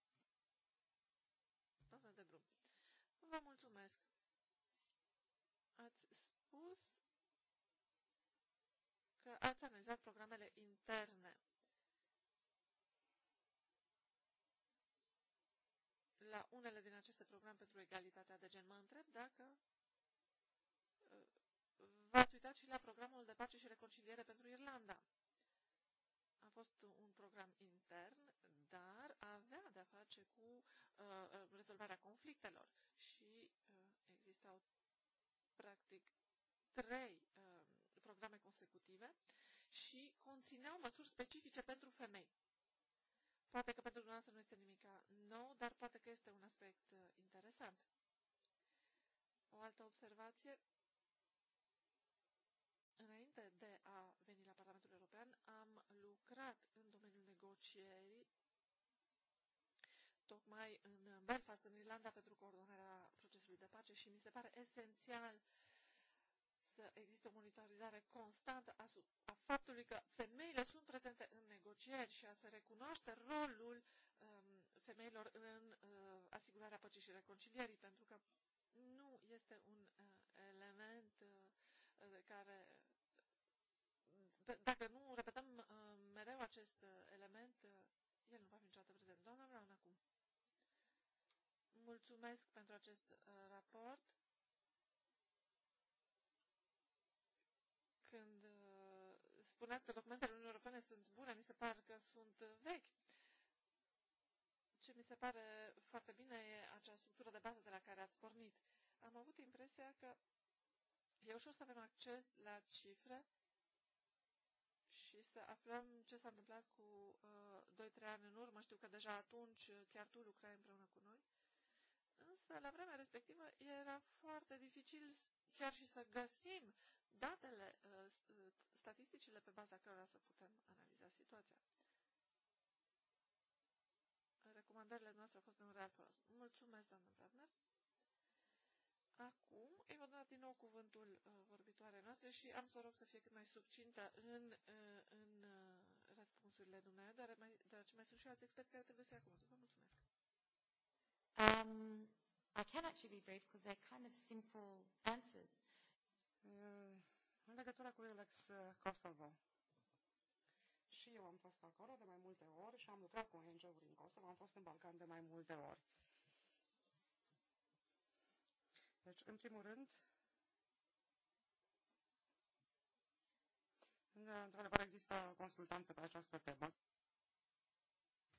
Doamna de Brum, vă mulțumesc. Ați spus că ați analizat programele interne la unele din aceste programe pentru egalitatea de gen. Mă întreb dacă uh, v-ați uitat și la programul de pace și reconciliere pentru Irlanda fost un program intern, dar avea de-a face cu uh, uh, rezolvarea conflictelor și uh, existau practic trei uh, programe consecutive și conțineau măsuri specifice pentru femei. Poate că pentru dumneavoastră nu este nimic nou, dar poate că este un aspect uh, interesant. O altă observație, înainte de a negocieri tocmai în Belfast, în Irlanda, pentru coordonarea procesului de pace și mi se pare esențial să existe o monitorizare constantă a faptului că femeile sunt prezente în negocieri și a se recunoaște rolul um, femeilor în uh, asigurarea păcii și reconcilierii, pentru că nu este un uh, element uh, care, pe, dacă nu mereu acest uh, element, uh, el nu va fi niciodată prezent. Doamna Brown, acum. Mulțumesc pentru acest uh, raport. Când uh, spuneați că documentele Uniunii Europene sunt bune, mi se pare că sunt uh, vechi. Ce mi se pare foarte bine e acea structură de bază de la care ați pornit. Am avut impresia că e ușor să avem acces la cifre și să aflăm ce s-a întâmplat cu uh, 2-3 ani în urmă. Știu că deja atunci uh, chiar tu lucrai împreună cu noi. Însă, la vremea respectivă, era foarte dificil chiar și să găsim datele, uh, uh, statisticile pe baza cărora să putem analiza situația. Recomandările noastre au fost în real folos. Mulțumesc, doamnă Bradner. Acum, îi vă da din nou cuvântul uh, vorbitoare noastre și am să rog să fie cât mai succintă în, uh, în uh, răspunsurile dumneavoastră, dar mai, deoarece mai sunt și alți experți care trebuie să ia cuvântul. Vă mulțumesc. Um, I can actually be brief, because they're kind of simple answers. Uh, în legătură cu Relax Kosovo. Și eu am fost acolo de mai multe ori și am lucrat cu ONG-uri în Kosovo, am fost în Balcan de mai multe ori. Deci, în primul rând, da, într-adevăr există consultanță pe această temă.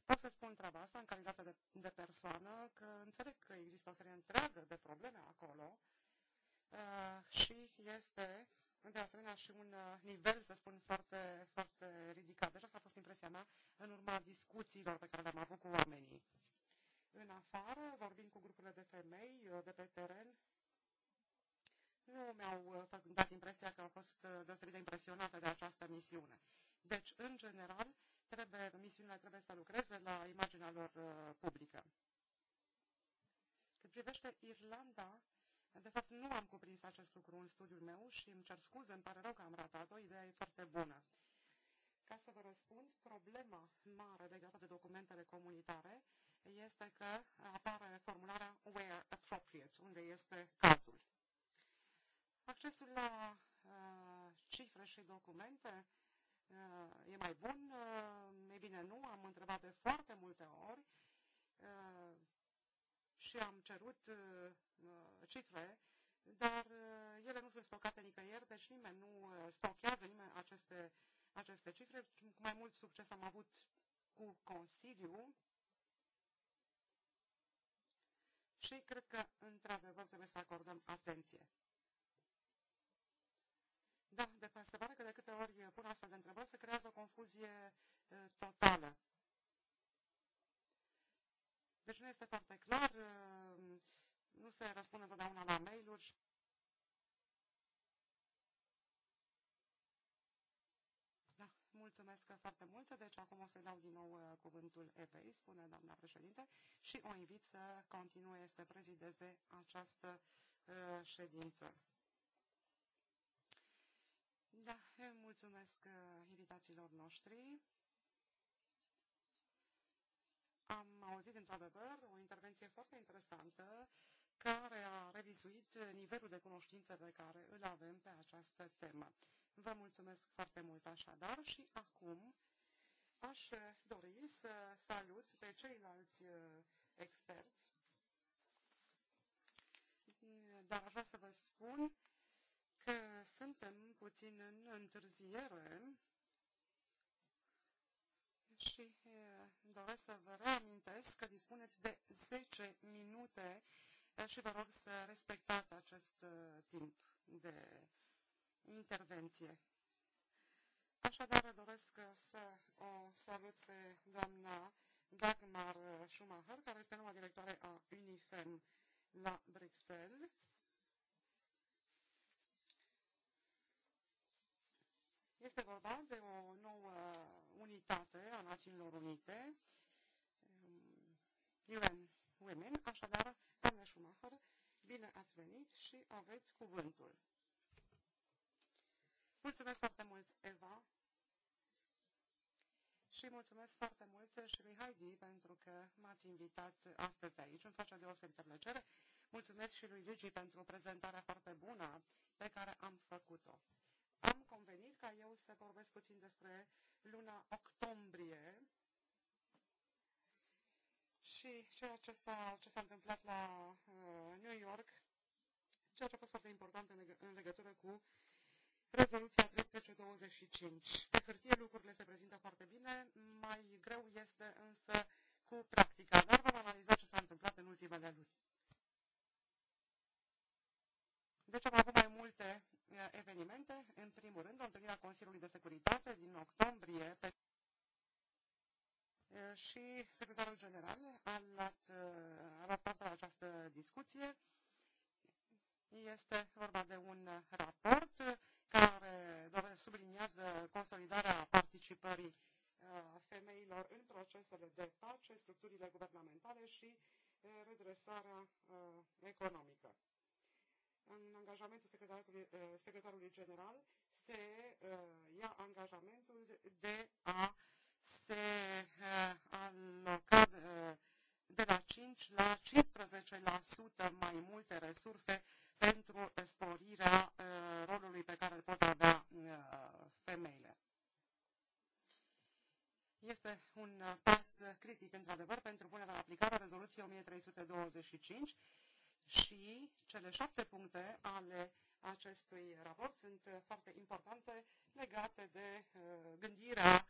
Pot să spun treaba asta în calitate de, de persoană, că înțeleg că există o serie întreagă de probleme acolo uh, și este, de asemenea, și un uh, nivel, să spun, foarte, foarte ridicat. Deci asta a fost impresia mea în urma discuțiilor pe care le-am avut cu oamenii în afară, vorbim cu grupurile de femei uh, de pe teren. Nu mi-au uh, dat impresia că am fost uh, deosebit de impresionată de această misiune. Deci, în general, trebuie, misiunile trebuie să lucreze la imaginea lor publică. Cât privește Irlanda, de fapt, nu am cuprins acest lucru în studiul meu și îmi cer scuze, îmi pare rău că am ratat-o, ideea e foarte bună. Ca să vă răspund, problema mare legată de documentele comunitare este că apare formularea where appropriate, unde este cazul. Accesul la uh, cifre și documente uh, e mai bun? Uh, e bine, nu. Am întrebat de foarte multe ori uh, și am cerut uh, uh cifre, dar uh, ele nu sunt stocate nicăieri, deci nimeni nu uh, stochează nimeni aceste, aceste cifre. Mai mult succes am avut cu Consiliu, și cred că, într-adevăr, trebuie să acordăm atenție. Da, de, se pare că de câte ori pun astfel de întrebări, se creează o confuzie totală. Deci nu este foarte clar, nu se răspunde întotdeauna la mail-uri Mulțumesc foarte mult. Deci acum o să dau din nou uh, cuvântul EPEI, spune doamna președinte, și o invit să continue să prezideze această uh, ședință. Da, mulțumesc uh, invitațiilor noștri. Am auzit, într-adevăr, o intervenție foarte interesantă care a revizuit nivelul de cunoștințe pe care îl avem pe această temă. Vă mulțumesc foarte mult așadar și acum aș dori să salut pe ceilalți uh, experți. Dar vreau să vă spun că suntem puțin în întârziere și uh, doresc să vă reamintesc că dispuneți de 10 minute uh, și vă rog să respectați acest timp de intervenție. Așadar, doresc să o salut pe doamna Dagmar Schumacher, care este noua directoare a UNIFEN la Bruxelles. Este vorba de o nouă unitate a Națiunilor Unite, UN Women, așadar, doamna Schumacher, bine ați venit și aveți cuvântul. Mulțumesc foarte mult, Eva, și mulțumesc foarte mult și lui Heidi pentru că m-ați invitat astăzi aici. Îmi face o deosebită plăcere. Mulțumesc și lui Luigi pentru prezentarea foarte bună pe care am făcut-o. Am convenit ca eu să vorbesc puțin despre luna octombrie și ceea ce s-a, ce s-a întâmplat la uh, New York, ceea ce a fost foarte important în, leg- în legătură cu Rezoluția 1325. Pe hârtie lucrurile se prezintă foarte bine, mai greu este însă cu practica, dar vom analiza ce s-a întâmplat în ultimele luni. Deci am avut mai multe eh, evenimente. În primul rând, o întâlnire a Consiliului de Securitate din octombrie pe eh, și secretarul general a luat, eh, a luat parte la această discuție. Este vorba de un raport care subliniază consolidarea participării uh, femeilor în procesele de pace, structurile guvernamentale și uh, redresarea uh, economică. În angajamentul secretarului, secretarului general se ia angajamentul de a se aloca de la 5 la 15% mai multe resurse pentru sporirea uh, rolului pe care îl pot avea uh, femeile. Este un uh, pas critic, într-adevăr, pentru punerea în aplicare a rezoluției 1325 și cele șapte puncte ale acestui raport sunt foarte importante legate de gândirea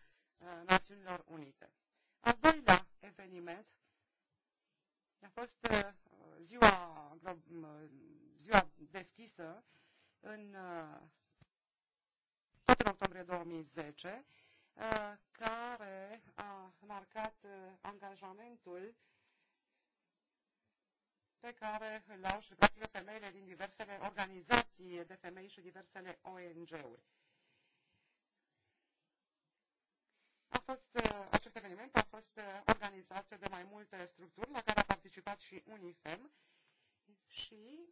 Națiunilor Unite. Al doilea eveniment a fost ziua ziua deschisă în, uh, tot în octombrie 2010, uh, care a marcat uh, angajamentul pe care îl au și practică femeile din diversele organizații de femei și diversele ONG-uri. A fost, acest eveniment a fost organizat de mai multe structuri la care a participat și UNIFEM, și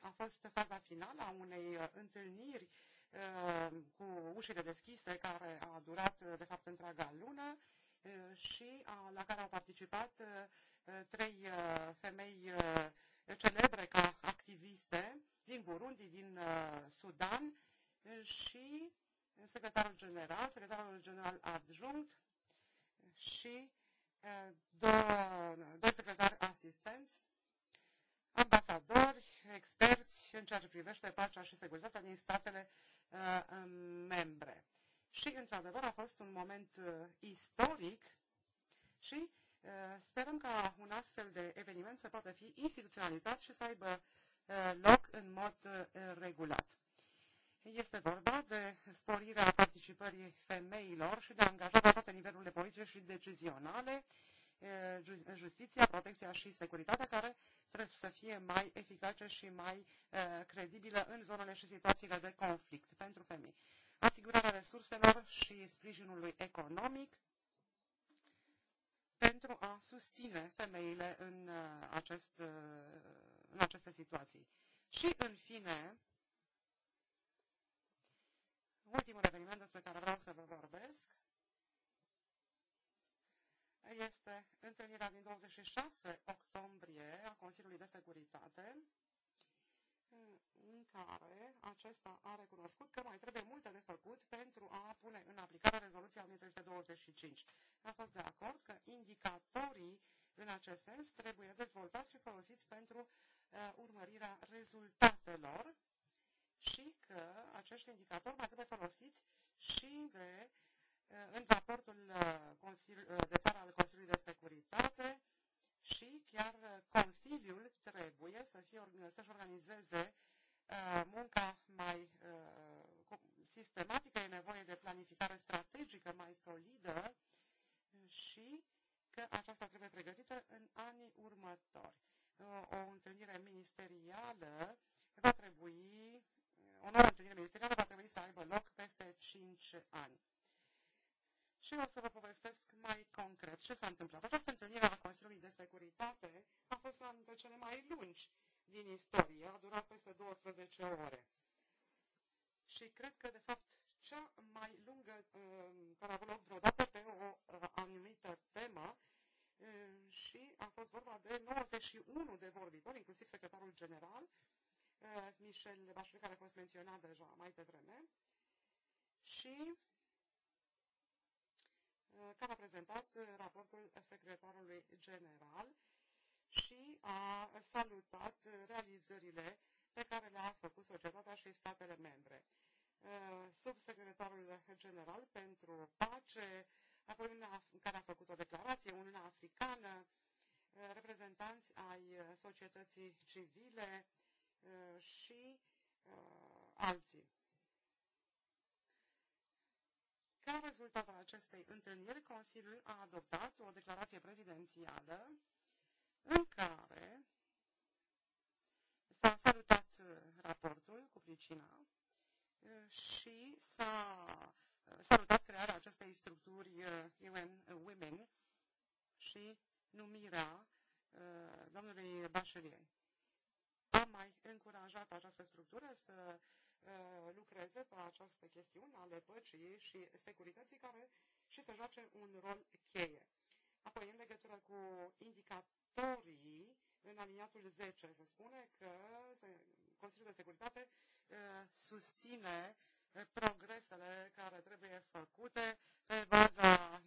a fost faza finală a unei uh, întâlniri uh, cu ușile deschise, care a durat, uh, de fapt, întreaga lună și a, la care au participat trei femei celebre ca activiste din Burundi, din Sudan și secretarul general, secretarul general adjunct și două, două secretari asistenți ambasadori, experți în ceea ce privește pacea și securitatea din statele uh, membre. Și, într-adevăr, a fost un moment uh, istoric și uh, sperăm ca un astfel de eveniment să poată fi instituționalizat și să aibă uh, loc în mod uh, regulat. Este vorba de sporirea participării femeilor și de angajarea toate nivelurile politice și decizionale, uh, justiția, protecția și securitatea, care să fie mai eficace și mai uh, credibilă în zonele și situațiile de conflict pentru femei. Asigurarea resurselor și sprijinului economic pentru a susține femeile în, uh, acest, uh, în aceste situații. Și, în fine, ultimul eveniment despre care vreau să vă vorbesc este întâlnirea din 26 octombrie a Consiliului de Securitate, în care acesta a recunoscut că mai trebuie multe de făcut pentru a pune în aplicare rezoluția 1325. A fost de acord că indicatorii în acest sens trebuie dezvoltați și folosiți pentru uh, urmărirea rezultatelor și că acești indicatori mai trebuie folosiți și de uh, Uh, în raportul uh, uh, de țară al Consiliului de Securitate și chiar Consiliul trebuie să fie, să-și organizeze munca mai sistematică, e nevoie de planificare strategică mai solidă și că aceasta trebuie pregătită în anii următori. O întâlnire ministerială va trebui, o nouă întâlnire ministerială va trebui să aibă loc peste 5 ani și o să vă povestesc mai concret ce s-a întâmplat. Această întâlnire a Consiliului de Securitate a fost una dintre cele mai lungi din istorie, a durat peste 12 ore. Și cred că, de fapt, cea mai lungă uh, care a avut loc vreodată pe o uh, anumită temă uh, și a fost vorba de 91 de vorbitori, inclusiv secretarul general, Michel Bachelet, care a fost menționat deja mai devreme, și Uh, care a prezentat uh, raportul secretarului general și a salutat uh, realizările pe care le-a făcut societatea și statele membre. Subsecretarul general pentru pace, apoi Uniunea, care a făcut o declarație, Uniunea Africană, reprezentanți ai societății civile și alții. Ca rezultat al acestei întâlniri, Consiliul a adoptat o declarație prezidențială în care s-a salutat uh, raportul cu pricina uh, și s-a uh, salutat crearea acestei structuri UN Women și numirea domnului Bachelet. Am mai încurajat această structură să Uh, lucreze pe această chestiune ale păcii și securității care și să joace un rol cheie. Apoi, în legătură cu indicatorii, în aliniatul 10 se spune că Consiliul de Securitate uh, susține uh, progresele care trebuie făcute pe baza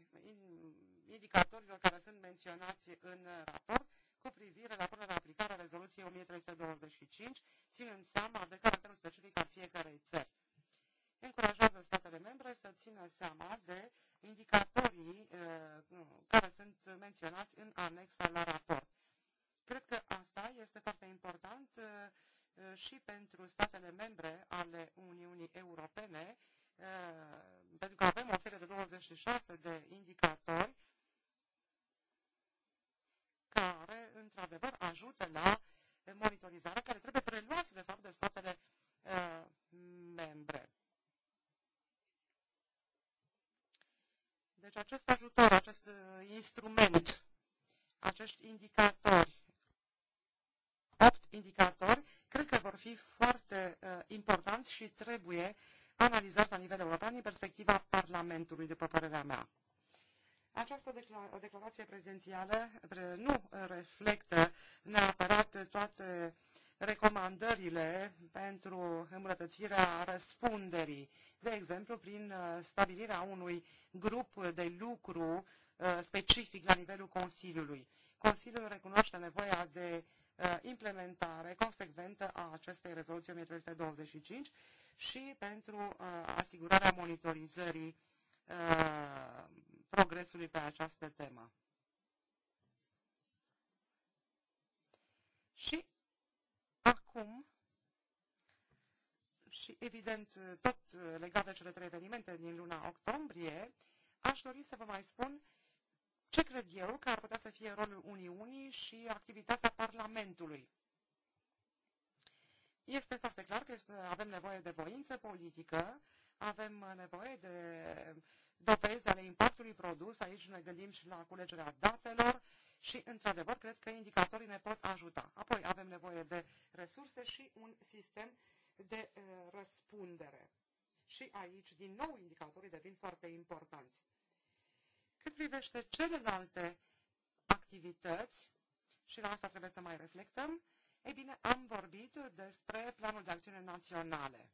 indicatorilor care sunt menționați în raport cu privire la punerea în aplicare a rezoluției 1325, ținând seama de caracterul specific al fiecarei țări. Încurajează statele membre să țină seama de indicatorii uh, care sunt menționați în anexa la raport. Cred că asta este foarte important uh, și pentru statele membre ale Uniunii Europene, pentru că avem o serie de 26 de indicatori într-adevăr, ajute la monitorizare, care trebuie preluați, de fapt, de statele uh, membre. Deci acest ajutor, acest uh, instrument, acești indicatori, opt indicatori, cred că vor fi foarte uh, importanți și trebuie analizați la nivel european din perspectiva Parlamentului, după părerea mea. Această decla declarație prezidențială nu reflectă neapărat toate recomandările pentru îmbunătățirea răspunderii, de exemplu prin uh, stabilirea unui grup de lucru uh, specific la nivelul Consiliului. Consiliul recunoaște nevoia de uh, implementare consecventă a acestei rezoluții 1325 și pentru asigurarea monitorizării progresului pe această temă. Și acum, și evident tot legat de cele trei evenimente din luna octombrie, aș dori să vă mai spun ce cred eu că ar putea să fie rolul Uniunii și activitatea Parlamentului. Este foarte clar că avem nevoie de voință politică, avem nevoie de dovezi ale impactului produs, aici ne gândim și la culegerea datelor și, într-adevăr, cred că indicatorii ne pot ajuta. Apoi avem nevoie de resurse și un sistem de uh, răspundere. Și aici, din nou, indicatorii devin foarte importanți. Cât privește celelalte activități, și la asta trebuie să mai reflectăm, ei bine, am vorbit despre planul de acțiune naționale.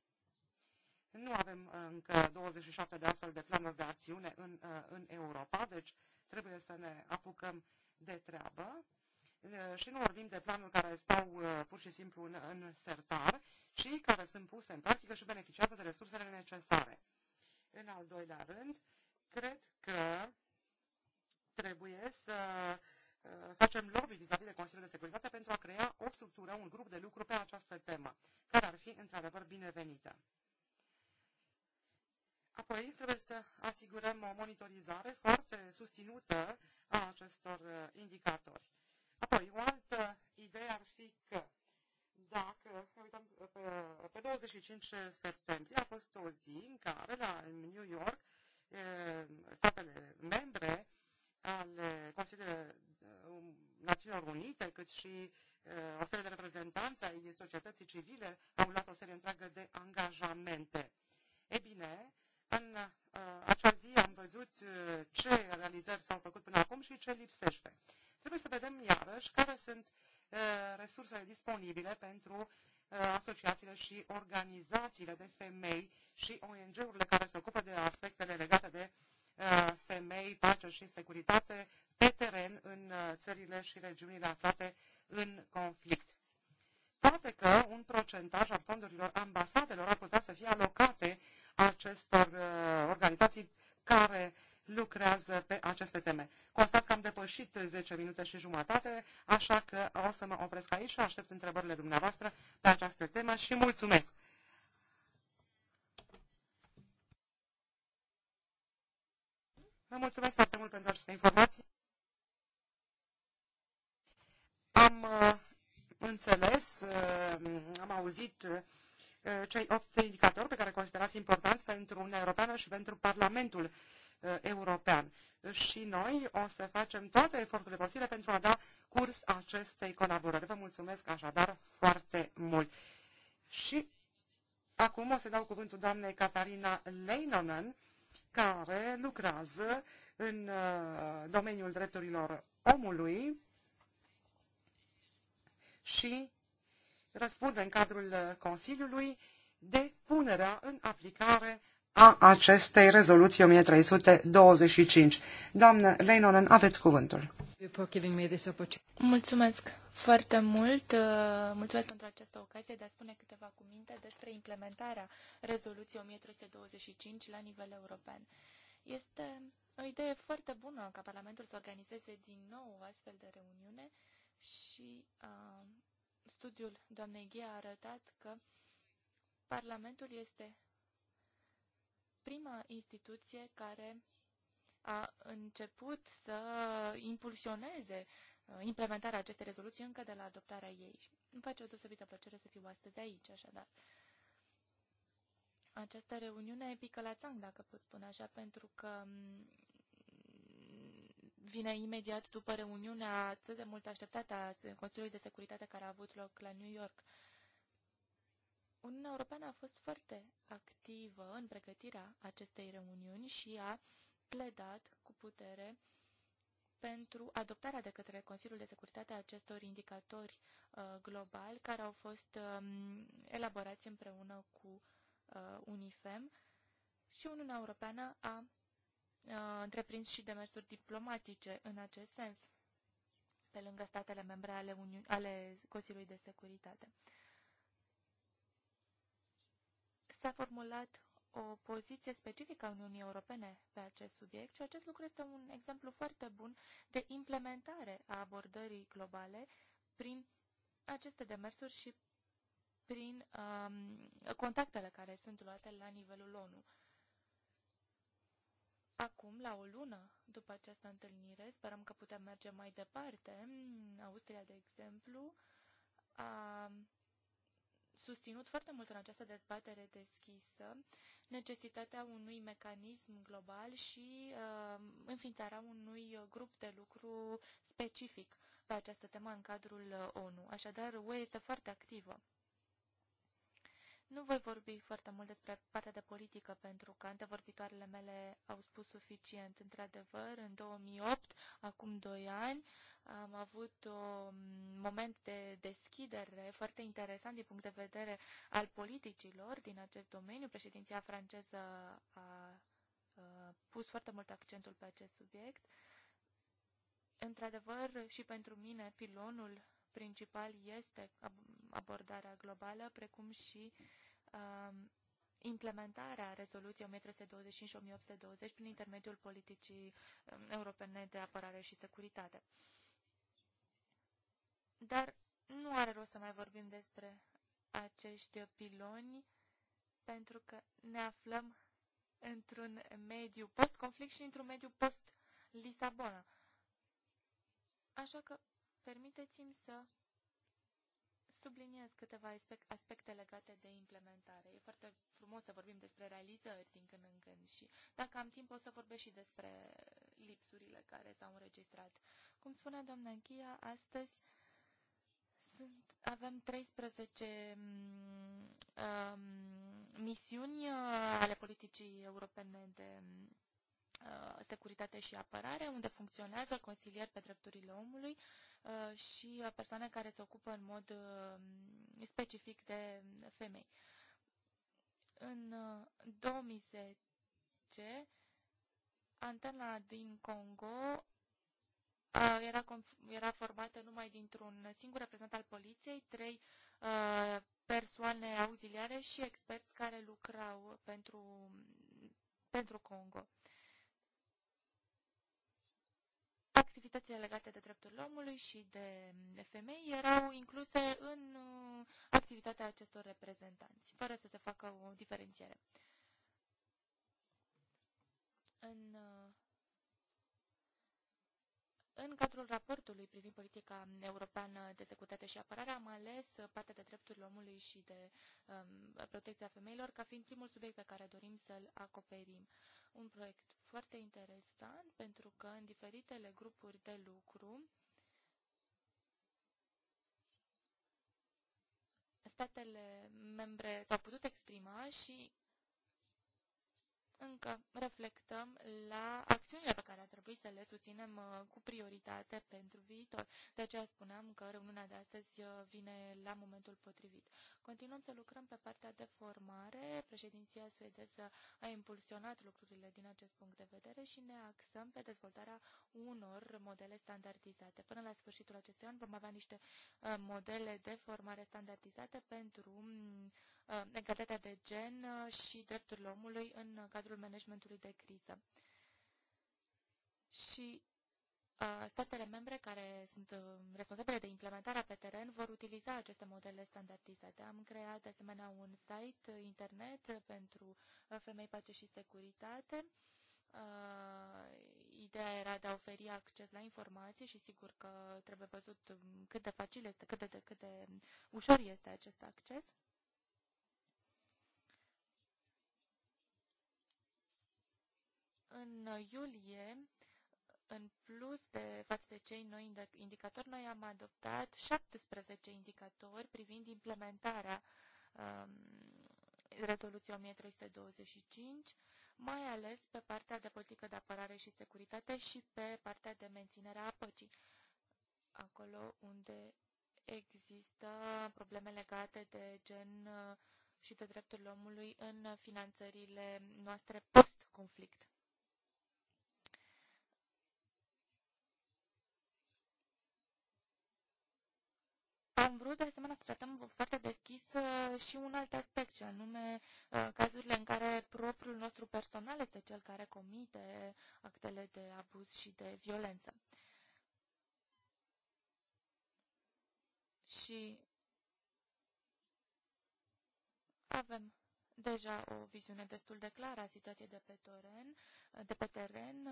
Nu avem uh, încă 27 de astfel de planuri de acțiune în, uh, în Europa, deci trebuie să ne apucăm de treabă uh, și nu vorbim de planuri care stau pur și simplu în, în sertar, ci care sunt puse în practică și beneficiază de resursele necesare. În al doilea rând, cred că trebuie să facem lobby vis-a-vis de Consiliul de Securitate pentru a crea o structură, un grup de lucru pe această temă, care ar fi într-adevăr binevenită. Apoi trebuie să asigurăm o monitorizare foarte susținută a acestor uh, indicatori. Apoi, o altă idee ar fi că dacă uităm, uh, pe, uh, pe 25 septembrie a fost o zi în care la New York statele membre ale Consiliului Națiunilor Unite, cât și o serie de reprezentanți ai societății civile au luat o serie întreagă de angajamente. E bine, în uh, acea zi am văzut uh, ce realizări s-au făcut până acum și ce lipsește. Trebuie să vedem iarăși care sunt uh, resursele disponibile pentru asociațiile și organizațiile de femei și ONG-urile care se ocupă de aspectele legate de femei, pace și securitate pe teren în țările și regiunile aflate în conflict poate că un procentaj al fondurilor ambasadelor ar putea să fie alocate acestor uh, organizații care lucrează pe aceste teme. Constat că am depășit 10 minute și jumătate, așa că o să mă opresc aici și aștept întrebările dumneavoastră pe această temă și mulțumesc! Vă mulțumesc foarte mult pentru aceste informații. Am uh, înțeles, uh, am auzit uh, cei opt indicatori pe care considerați importanți pentru Uniunea Europeană și pentru Parlamentul uh, European. Și noi o să facem toate eforturile posibile pentru a da curs acestei colaborări. Vă mulțumesc așadar foarte mult. Și acum o să dau cuvântul doamnei Catarina Leinonen, care lucrează în domeniul drepturilor omului și răspunde în cadrul uh, Consiliului de punerea în aplicare a acestei rezoluții 1325. Doamnă Leinonen, aveți cuvântul. Mulțumesc foarte mult. Uh, mulțumesc pentru această ocazie de a spune câteva cuvinte despre implementarea rezoluției 1325 la nivel european. Este o idee foarte bună ca Parlamentul să organizeze din nou o astfel de reuniune și uh, studiul doamnei Ghea a arătat că Parlamentul este prima instituție care a început să impulsioneze implementarea acestei rezoluții încă de la adoptarea ei. Îmi face o deosebită plăcere să fiu astăzi aici, așadar. Această reuniune e pică la țang, dacă pot spune așa, pentru că vine imediat după reuniunea atât de mult așteptată a Consiliului de Securitate care a avut loc la New York. Uniunea Europeană a fost foarte activă în pregătirea acestei reuniuni și a pledat cu putere pentru adoptarea de către Consiliul de Securitate a acestor indicatori uh, globali care au fost uh, elaborați împreună cu uh, UNIFEM și Uniunea Europeană a Uh, întreprins și demersuri diplomatice în acest sens, pe lângă statele membre ale, Uni- ale Consiliului de Securitate. S-a formulat o poziție specifică a Uniunii Europene pe acest subiect și acest lucru este un exemplu foarte bun de implementare a abordării globale prin aceste demersuri și prin um, contactele care sunt luate la nivelul ONU. Acum, la o lună după această întâlnire, sperăm că putem merge mai departe. Austria, de exemplu, a susținut foarte mult în această dezbatere deschisă necesitatea unui mecanism global și uh, înființarea unui grup de lucru specific pe această temă în cadrul uh, ONU. Așadar, UE este foarte activă nu voi vorbi foarte mult despre partea de politică, pentru că antevorbitoarele mele au spus suficient. Într-adevăr, în 2008, acum 2 ani, am avut un moment de deschidere foarte interesant din punct de vedere al politicilor din acest domeniu. Președinția franceză a pus foarte mult accentul pe acest subiect. Într-adevăr, și pentru mine, pilonul principal este abordarea globală, precum și um, implementarea rezoluției 1325 și 1820 prin intermediul politicii um, europene de apărare și securitate. Dar nu are rost să mai vorbim despre acești piloni, pentru că ne aflăm într-un mediu post-conflict și într-un mediu post-Lisabona. Așa că permiteți-mi să subliniez câteva aspecte legate de implementare. E foarte frumos să vorbim despre realizări din când în când și dacă am timp o să vorbesc și despre lipsurile care s-au înregistrat. Cum spunea doamna Ghia, astăzi sunt, avem 13 um, mm, misiuni uh, ale politicii europene de uh, securitate și apărare, unde funcționează consilier pe drepturile omului, uh, Uh, și persoane care se ocupă în mod uh, specific de femei. În 2010, uh, antena din Congo era, era formată numai dintr-un singur reprezentant al poliției, trei persoane auxiliare și experți care lucrau pentru, pentru Congo. activitățile legate de drepturile omului și de femei erau incluse în uh, activitatea acestor reprezentanți, fără să se facă o diferențiere. În, uh, în cadrul raportului privind politica europeană de securitate și apărare am ales partea de drepturile omului și de um, protecția femeilor ca fiind primul subiect pe care dorim să-l acoperim. Uh, un proiect foarte interesant pentru că în diferitele grupuri de lucru statele membre s-au putut exprima și încă reflectăm la acțiunile pe care ar trebui să le susținem uh, cu prioritate pentru viitor. De aceea spuneam că reuniunea de astăzi uh, vine la momentul potrivit. Continuăm să lucrăm pe partea de formare. Președinția suedeză a impulsionat lucrurile din acest punct de vedere și ne axăm pe dezvoltarea unor modele standardizate. Până la sfârșitul acestui an vom avea niște uh, modele de formare standardizate pentru mm, Uh, egalitatea de gen uh, și drepturile omului în cadrul managementului de criză. Și uh, statele membre care sunt responsabile de implementarea pe teren vor utiliza aceste modele standardizate. Am creat de asemenea un site internet pentru femei, pace și securitate. Ideea era de a oferi acces la informații și sigur că trebuie văzut um, cât de facil este, cât de, cât de um, ușor este acest acces. În iulie, în plus de față de cei noi indicatori, noi am adoptat 17 indicatori privind implementarea um, rezoluției 1325, mai ales pe partea de politică de apărare și securitate și pe partea de menținere a păcii, acolo unde există probleme legate de gen uh, și de drepturile omului în finanțările noastre post-conflict. vrut de asemenea, să tratăm foarte deschis uh, și un alt aspect, și anume uh, cazurile în care propriul nostru personal este cel care comite actele de abuz și de violență. Și avem deja o viziune destul de clară a situației de pe teren de pe teren.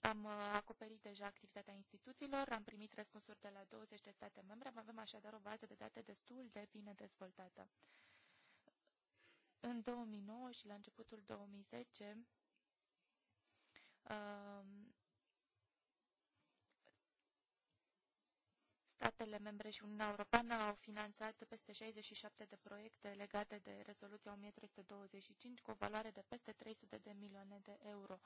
Am acoperit deja activitatea instituțiilor, am primit răspunsuri de la 20 de state membre, avem așadar o bază de date destul de bine dezvoltată. În 2009 și la începutul 2010, Statele membre și Uniunea Europeană au finanțat peste 67 de proiecte legate de rezoluția 1325 cu o valoare de peste 300 de milioane de euro.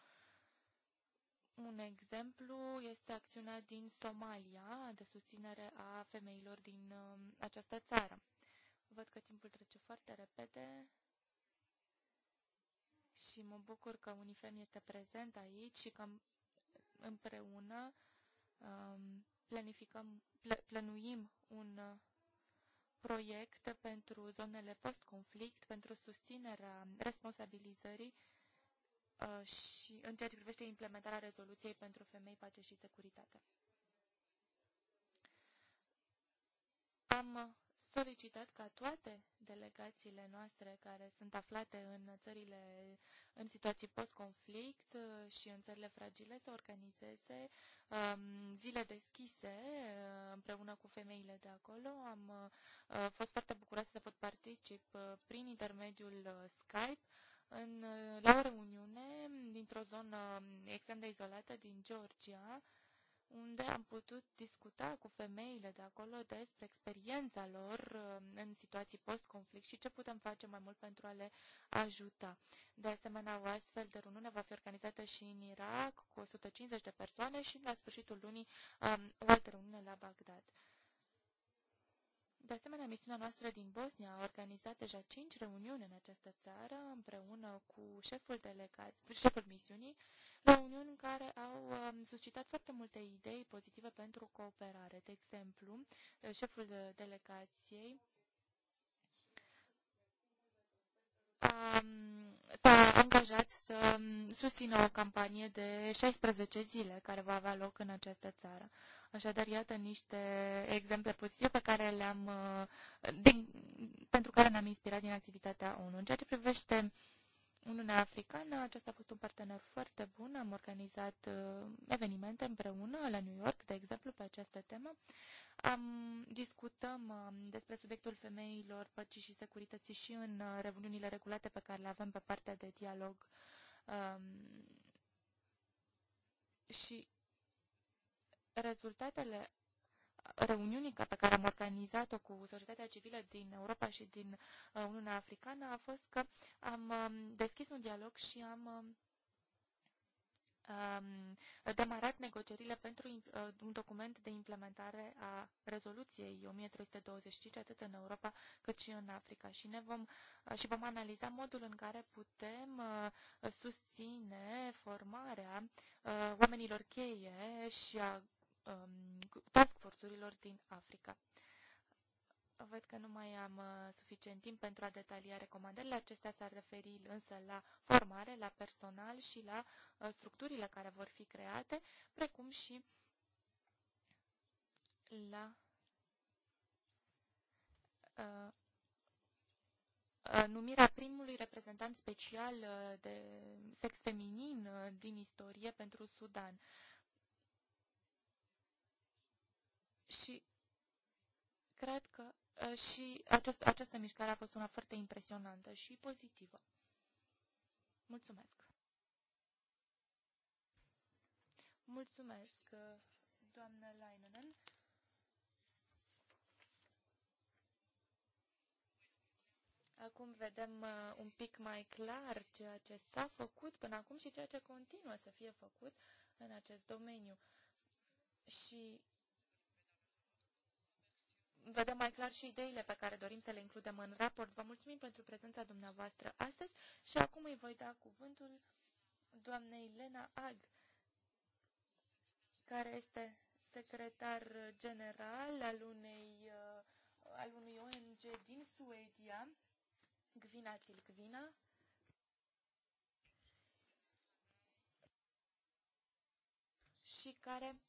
Un exemplu este acțiunea din Somalia de susținere a femeilor din um, această țară. Văd că timpul trece foarte repede și mă bucur că Unifem este prezent aici și că împreună um, planificăm, plănuim un uh, proiect pentru zonele post-conflict, pentru susținerea responsabilizării uh, și în ceea ce privește implementarea rezoluției pentru femei, pace și securitate. Am uh, solicitat ca toate delegațiile noastre care sunt aflate în țările în situații post-conflict uh, și în țările fragile să organizeze um, zile deschise uh, împreună cu femeile de acolo. Am uh, uh, fost foarte bucuroasă să pot particip uh, prin intermediul Skype în, la o reuniune dintr-o zonă um, extrem de izolată din Georgia, unde am putut discuta cu femeile de acolo despre experiența lor uh, în situații post-conflict și ce putem face mai mult pentru a le ajuta. De asemenea, o astfel de reuniune va fi organizată și în Irak cu 150 de persoane și la sfârșitul lunii um, o altă reuniune la Bagdad. De asemenea, misiunea noastră din Bosnia a organizat deja cinci reuniuni în această țară împreună cu șeful delegat, șeful misiunii reuniuni în care au um, suscitat foarte multe idei pozitive pentru cooperare. De exemplu, șeful delegației um, s-a angajat să um, susțină o campanie de 16 zile care va avea loc în această țară. Așadar, iată niște exemple pozitive pe care le-am, uh, din, pentru care ne-am inspirat din activitatea ONU. În ceea ce privește Uniunea Africană. Acesta a fost un partener foarte bun. Am organizat uh, evenimente împreună la New York, de exemplu, pe această temă. Am, discutăm um, despre subiectul femeilor, păcii și securității și în uh, reuniunile regulate pe care le avem pe partea de dialog. Um, și rezultatele reuniunii pe care am organizat-o cu societatea civilă din Europa și din uh, Uniunea Africană a fost că am um, deschis un dialog și am um, um, demarat negocierile pentru uh, un document de implementare a rezoluției 1325 atât în Europa cât și în Africa și ne vom uh, și vom analiza modul în care putem susține formarea oamenilor cheie și a Um, task forțurilor din Africa. Văd că nu mai am uh, suficient timp pentru a detalia recomandările. Acestea s-ar referi însă la formare, la personal și la uh, structurile care vor fi create, precum și la uh, numirea primului reprezentant special de sex feminin din istorie pentru Sudan. Și cred că ă, și această, această mișcare a fost una foarte impresionantă și pozitivă. Mulțumesc! Mulțumesc, ă, doamnă Lainenen. Acum vedem ă, un pic mai clar ceea ce s-a făcut până acum și ceea ce continuă să fie făcut în acest domeniu. Și vedem mai clar și ideile pe care dorim să le includem în raport. Vă mulțumim pentru prezența dumneavoastră astăzi și acum îi voi da cuvântul doamnei Lena Ag, care este secretar general al, unei, uh, al unui ONG din Suedia, Gvina Tilgvina. și care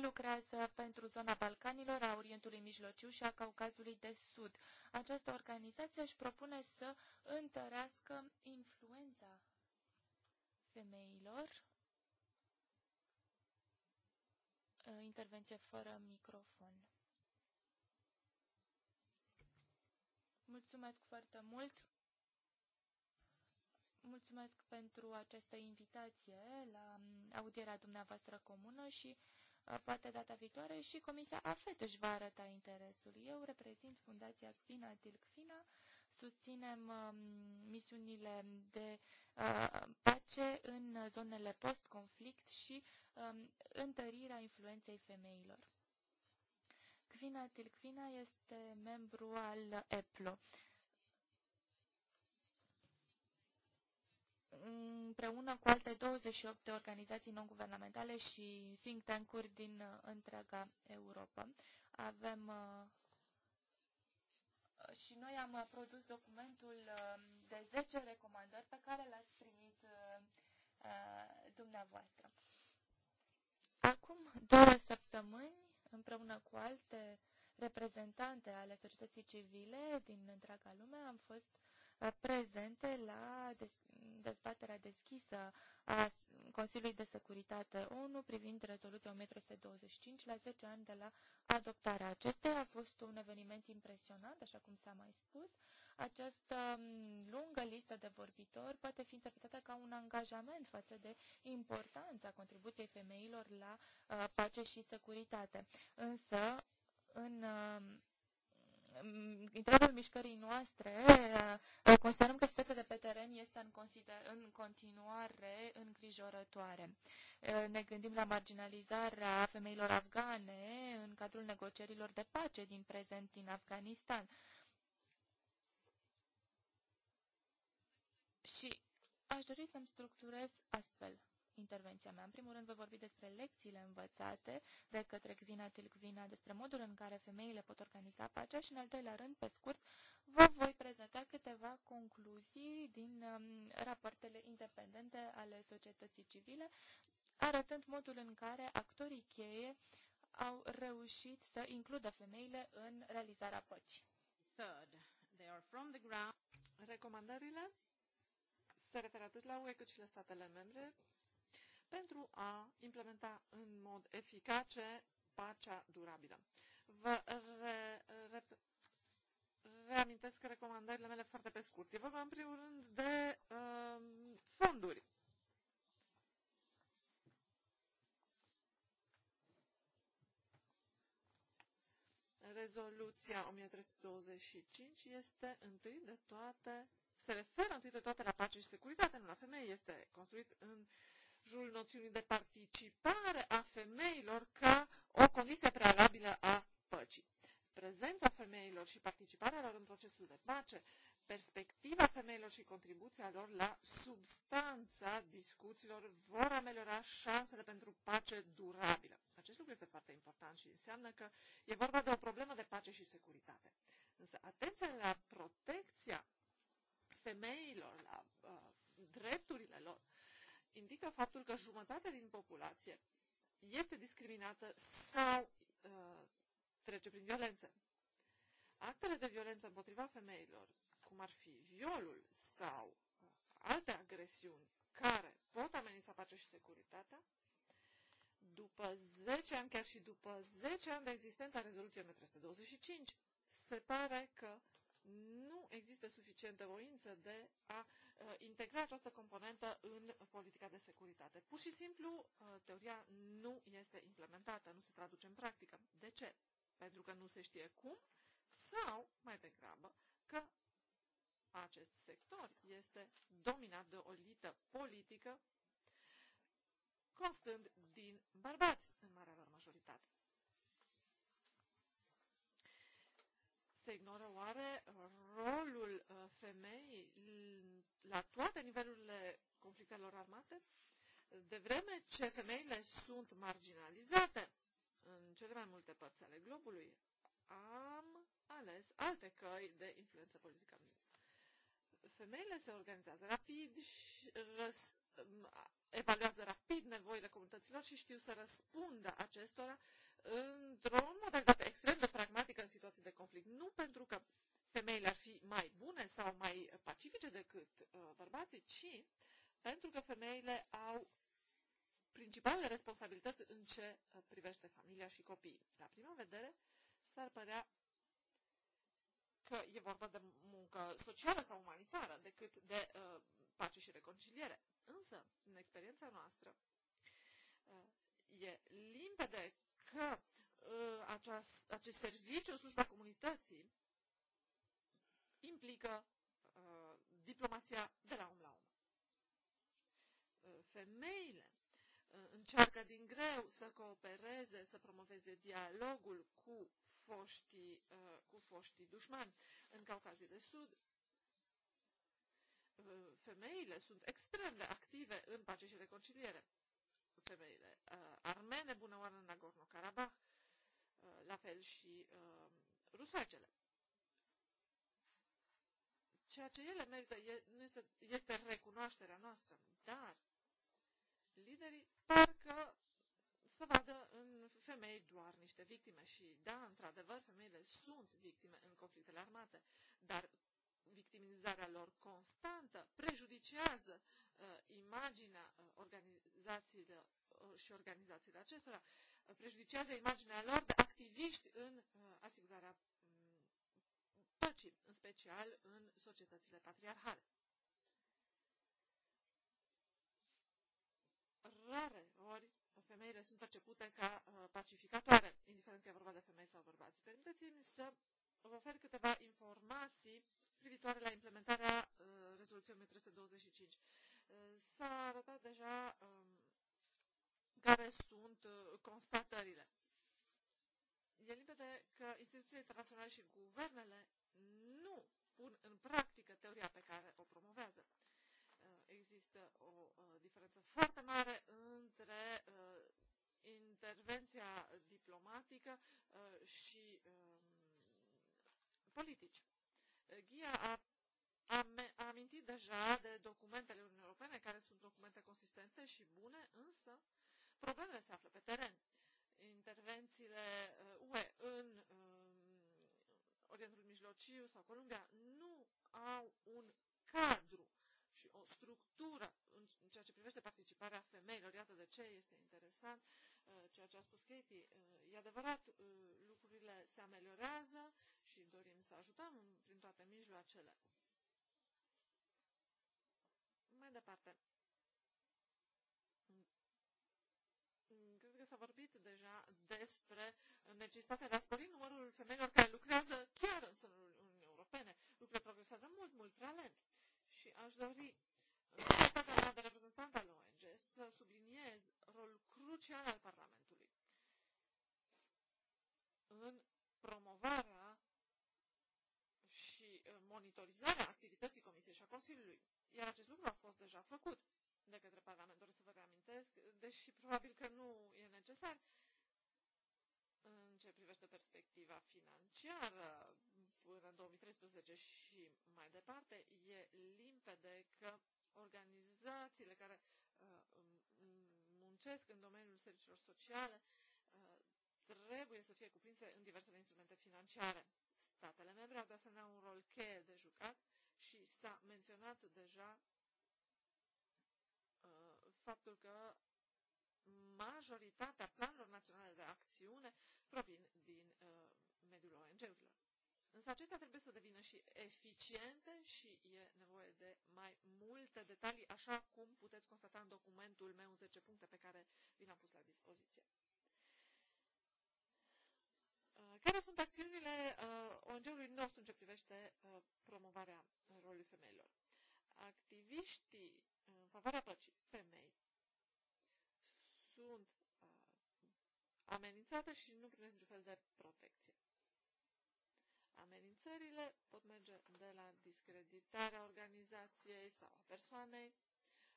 lucrează pentru zona Balcanilor, a Orientului Mijlociu și a Caucazului de Sud. Această organizație își propune să întărească influența femeilor. Uh, intervenție fără microfon. Mulțumesc foarte mult! Mulțumesc pentru această invitație la um, audierea dumneavoastră comună și Uh, poate data viitoare și Comisia AFET își va arăta interesul. Eu reprezint Fundația Cfina Tilcfina, susținem um, misiunile de uh, pace în zonele post-conflict și um, întărirea influenței femeilor. Cvina Tilcvina este membru al EPLO, împreună cu alte 28 de organizații non-guvernamentale și think tank-uri din uh, întreaga Europa. Avem uh, uh, și noi am produs documentul de 10 recomandări pe care l-ați primit dumneavoastră. Acum două săptămâni, împreună cu alte reprezentante ale societății civile din întreaga lume, am fost prezente la dezbaterea deschisă a Consiliului de Securitate ONU privind rezoluția 1325 la 10 ani de la adoptarea acesteia. A fost un eveniment impresionant, așa cum s-a mai spus. Această um, lungă listă de vorbitori poate fi interpretată ca un angajament față de importanța contribuției femeilor la uh, pace și securitate. Însă, în um, interiorul mișcării noastre, eh, considerăm că situația de pe teren este în, consider- în continuare îngrijorătoare. Eh, ne gândim la marginalizarea femeilor afgane în cadrul negocierilor de pace din prezent din Afganistan. Și aș dori să-mi structurez astfel intervenția mea. În primul rând, vă vorbi despre lecțiile învățate de către Gvina Tilgvina, despre modul în care femeile pot organiza pacea și, în al doilea rând, pe scurt, vă voi prezenta câteva concluzii din um, rapoartele independente ale societății civile, arătând modul în care actorii cheie au reușit să includă femeile în realizarea păcii. Third, they are from the ground. Recomandările se referă atât la UE cât și la statele membre pentru a implementa în mod eficace pacea durabilă. Vă re, re, reamintesc recomandările mele foarte pe scurt. E vorba, în primul rând, de um, fonduri. Rezoluția 1325 este întâi de toate, se referă întâi de toate la pace și securitate, nu la femei, este construit în uh, jurul noțiunii de participare a femeilor ca o condiție prealabilă a păcii. Prezența femeilor și participarea lor în procesul de pace, perspectiva femeilor și contribuția lor la substanța discuțiilor vor ameliora șansele pentru pace durabilă. Acest lucru este foarte important și înseamnă că e vorba de o problemă de pace și securitate. Însă atenția la protecția femeilor, la uh, drepturile lor, indică faptul că jumătate din populație este discriminată sau uh, trece prin violențe. Actele de violență împotriva femeilor, cum ar fi violul sau uh, alte agresiuni care pot amenința pacea și securitatea, după 10 ani, chiar și după 10 ani de existență a rezoluției 1325, se pare că nu există suficientă voință de a uh, integra această componentă în politica de securitate. Pur și simplu, uh, teoria nu este implementată, nu se traduce în practică. De ce? Pentru că nu se știe cum sau, mai degrabă, că acest sector este dominat de o elită politică constând din bărbați în marea lor majoritate. Se ignoră oare rolul uh, femeii la toate nivelurile conflictelor armate? De vreme ce femeile sunt marginalizate în cele mai multe părți ale globului, am ales alte căi de influență politică. Femeile se organizează rapid, și uh, răs, um, evaluează rapid nevoile comunităților și știu să răspundă acestora într-o modalitate extrem de pragmatică în situații de conflict. Nu pentru că femeile ar fi mai bune sau mai pacifice decât uh, bărbații, ci pentru că femeile au principalele responsabilități în ce uh, privește familia și copiii. La prima vedere, s-ar părea că e vorba de muncă socială sau umanitară, decât de uh, pace și reconciliere. Însă, în experiența noastră, uh, e limpede că uh, aceas, acest serviciu, slujba comunității, implică uh, diplomația de la om la om. Uh, femeile uh, încearcă din greu să coopereze, să promoveze dialogul cu foștii, uh, cu foștii dușmani. În Caucazii de Sud, femeile sunt extrem de active în pace și reconciliere femeile uh, armene, bună oară în Nagorno-Karabakh, uh, la fel și uh, rusacele. Ceea ce ele merită nu este, este recunoașterea noastră, dar liderii parcă să vadă în femei doar niște victime și da, într-adevăr, femeile sunt victime în conflictele armate, dar victimizarea lor constantă prejudiciază uh, imaginea uh, organizațiilor Uh, și organizațiile acestora. Uh, prejudicează imaginea lor de activiști în uh, asigurarea mm, păcii, în special în societățile patriarhale. Rare ori femeile sunt percepute ca pacificatoare, indiferent că e vorba de femei sau bărbați. Permiteți-mi să vă ofer câteva informații privitoare la implementarea rezoluției 1325. S-a arătat deja um, care sunt uh, constatările. E limpede că instituțiile internaționale și guvernele nu pun în practică teoria pe care o promovează. Uh, există o uh, diferență foarte mare între intervenția diplomatică și um, politici. Ghia a amintit deja de documentele Uniunii Europene, care sunt documente consistente și bune, însă Problemele se află pe teren. Intervențiile UE uh, în um, Orientul Mijlociu sau Columbia nu au un cadru și o structură în ceea ce privește participarea femeilor. Iată de ce este interesant uh, ceea ce a spus Katie. Uh, e adevărat, lucrurile se ameliorează și dorim să ajutăm prin toate mijloacele. Mai departe, s-a vorbit deja despre necesitatea de a spori numărul femeilor care lucrează chiar în sânul Uniunii Europene. Lucrurile progresează mult, mult prea lent. Și aș dori, în calitatea mea de reprezentant al ONG, să subliniez rolul crucial al Parlamentului în promovarea și uh, monitorizarea activității Comisiei și a Consiliului. Iar acest lucru a fost deja făcut de către Parlament, doresc să vă reamintesc, deși probabil că nu e necesar, în ce privește perspectiva financiară până în 2013 și mai departe, e limpede că organizațiile care uh, muncesc în domeniul serviciilor sociale uh, trebuie să fie cuprinse în diversele instrumente financiare. Statele membre au de asemenea un rol cheie de jucat și s-a menționat deja faptul că majoritatea planurilor naționale de acțiune provin din uh, mediul ONG-urilor. Însă acestea trebuie să devină și eficiente și e nevoie de mai multe detalii, așa cum puteți constata în documentul meu în 10 puncte pe care vi l-am pus la dispoziție. Uh, care sunt acțiunile uh, ONG-ului nostru în ce privește uh, promovarea rolului femeilor? Activiștii în favoarea păcii femei sunt uh, amenințate și nu primesc niciun fel de protecție. Amenințările pot merge de la discreditarea organizației sau a persoanei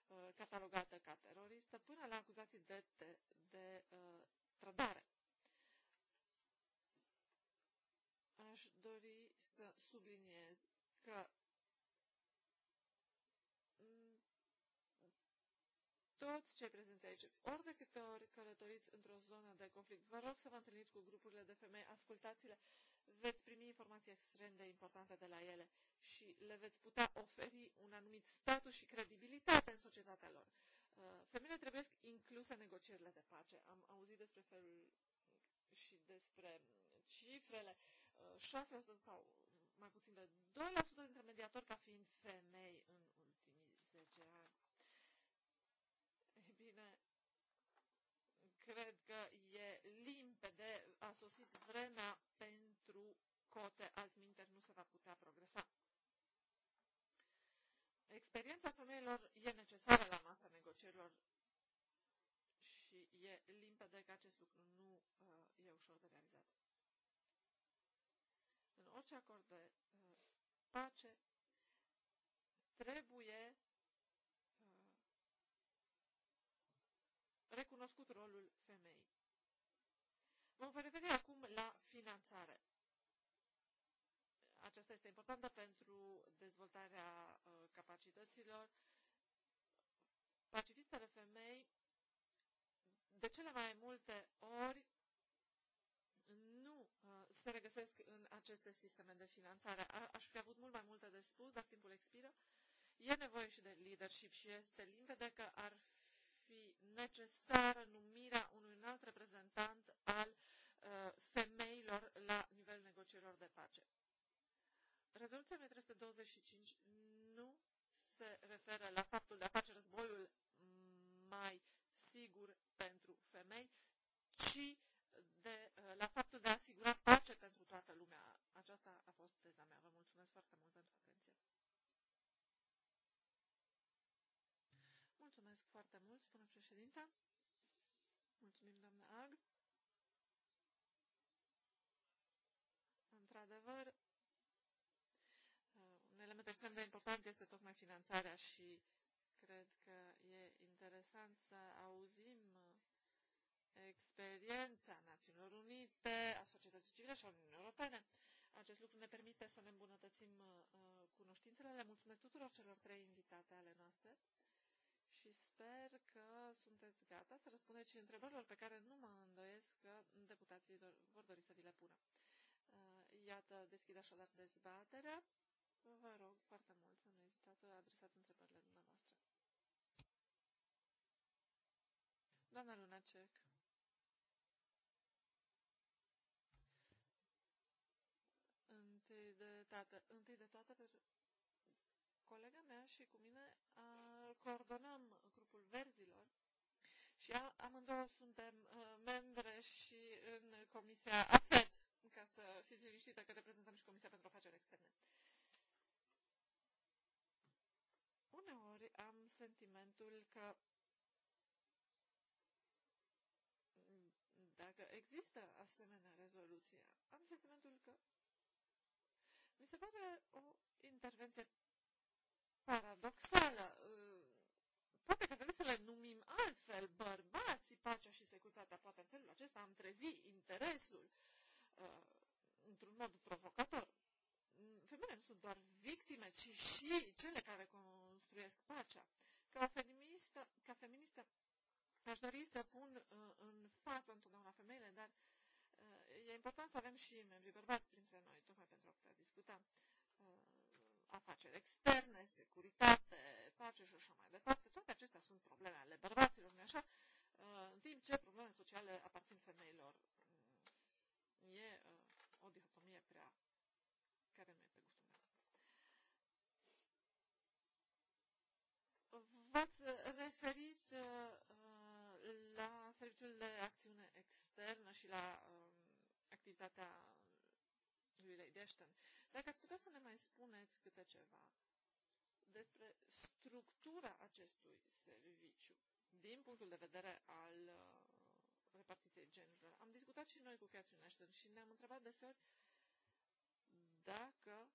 uh, catalogată ca teroristă până la acuzații de, de, de uh, trădare. Aș dori să subliniez că toți cei prezenți aici, ori de câte ori călătoriți într-o zonă de conflict, vă rog să vă întâlniți cu grupurile de femei, ascultați-le, veți primi informații extrem de importante de la ele și le veți putea oferi un anumit status și credibilitate în societatea lor. Uh, femeile trebuie incluse în negocierile de pace. Am auzit despre felul și despre cifrele, 6% uh, sau mai puțin de 2% dintre mediatori ca fiind femei în cred că e limpede, a sosit vremea pentru cote, altminteri nu se va putea progresa. Experiența femeilor e necesară la masa negocierilor și e limpede că acest lucru nu uh, e ușor de realizat. În orice acord de uh, pace trebuie recunoscut rolul femeii. Vom referi acum la finanțare. Aceasta este importantă pentru dezvoltarea uh, capacităților. Pacifistele femei, de cele mai multe ori, nu uh, se regăsesc în aceste sisteme de finanțare. aș fi avut mult mai multe de spus, dar timpul expiră. E nevoie și de leadership și este limpede că ar necesară numirea unui înalt reprezentant al uh, femeilor la nivel negocierilor de pace. Rezoluția 1325 nu se referă la faptul de a face războiul mai sigur pentru femei, ci de, uh, la faptul de a asigura pace pentru toată lumea. Aceasta a fost teza mea. Vă mulțumesc foarte mult pentru foarte mult, spune președinta. Mulțumim, doamna Ag. Într-adevăr, uh, un element extrem de important este tocmai finanțarea și cred că e interesant să auzim uh, experiența Națiunilor Unite, a societății civile și a Uniunii Europene. Acest lucru ne permite să ne îmbunătățim uh, cunoștințele. Le mulțumesc tuturor celor trei invitate ale noastre și sper că sunteți gata să răspundeți și întrebărilor pe care nu mă îndoiesc că deputații vor dori să vi le pună. Uh, iată, deschid așadar dezbaterea. Vă rog foarte mult să nu ezitați să adresați întrebările dumneavoastră. Doamna Lunacek. Întâi de, tată, întâi de toate, colega mea și cu mine coordonăm grupul verzilor și amândouă suntem uh, membre și în Comisia AFET, ca să fiți liniștită că reprezentăm și Comisia pentru Afaceri Externe. Uneori am sentimentul că dacă există asemenea rezoluție, am sentimentul că mi se pare o intervenție paradoxală. Ă, poate că trebuie să le numim altfel, bărbați, pacea și securitatea. Poate în felul acesta am trezit interesul ă, într-un mod provocator. Femeile nu sunt doar victime, ci și cele care construiesc pacea. Ca feministă, ca feministă aș dori să pun ă, în față întotdeauna femeile, dar e important să avem și membrii bărbați printre noi, tocmai pentru a putea discuta afaceri externe, securitate, pace și așa mai departe. Toate acestea sunt probleme ale bărbaților, nu așa? Uh, în timp ce probleme sociale aparțin femeilor. Mm, e uh, o dihotomie prea care nu e pe gustul meu. V-ați referit uh, la serviciul de acțiune externă și la um, activitatea lui Lady Ashton. Dacă ați putea să ne mai spuneți câte ceva despre structura acestui serviciu din punctul de vedere al uh, repartiției genurilor. Am discutat și noi cu Catherine Ashton și ne-am întrebat deseori dacă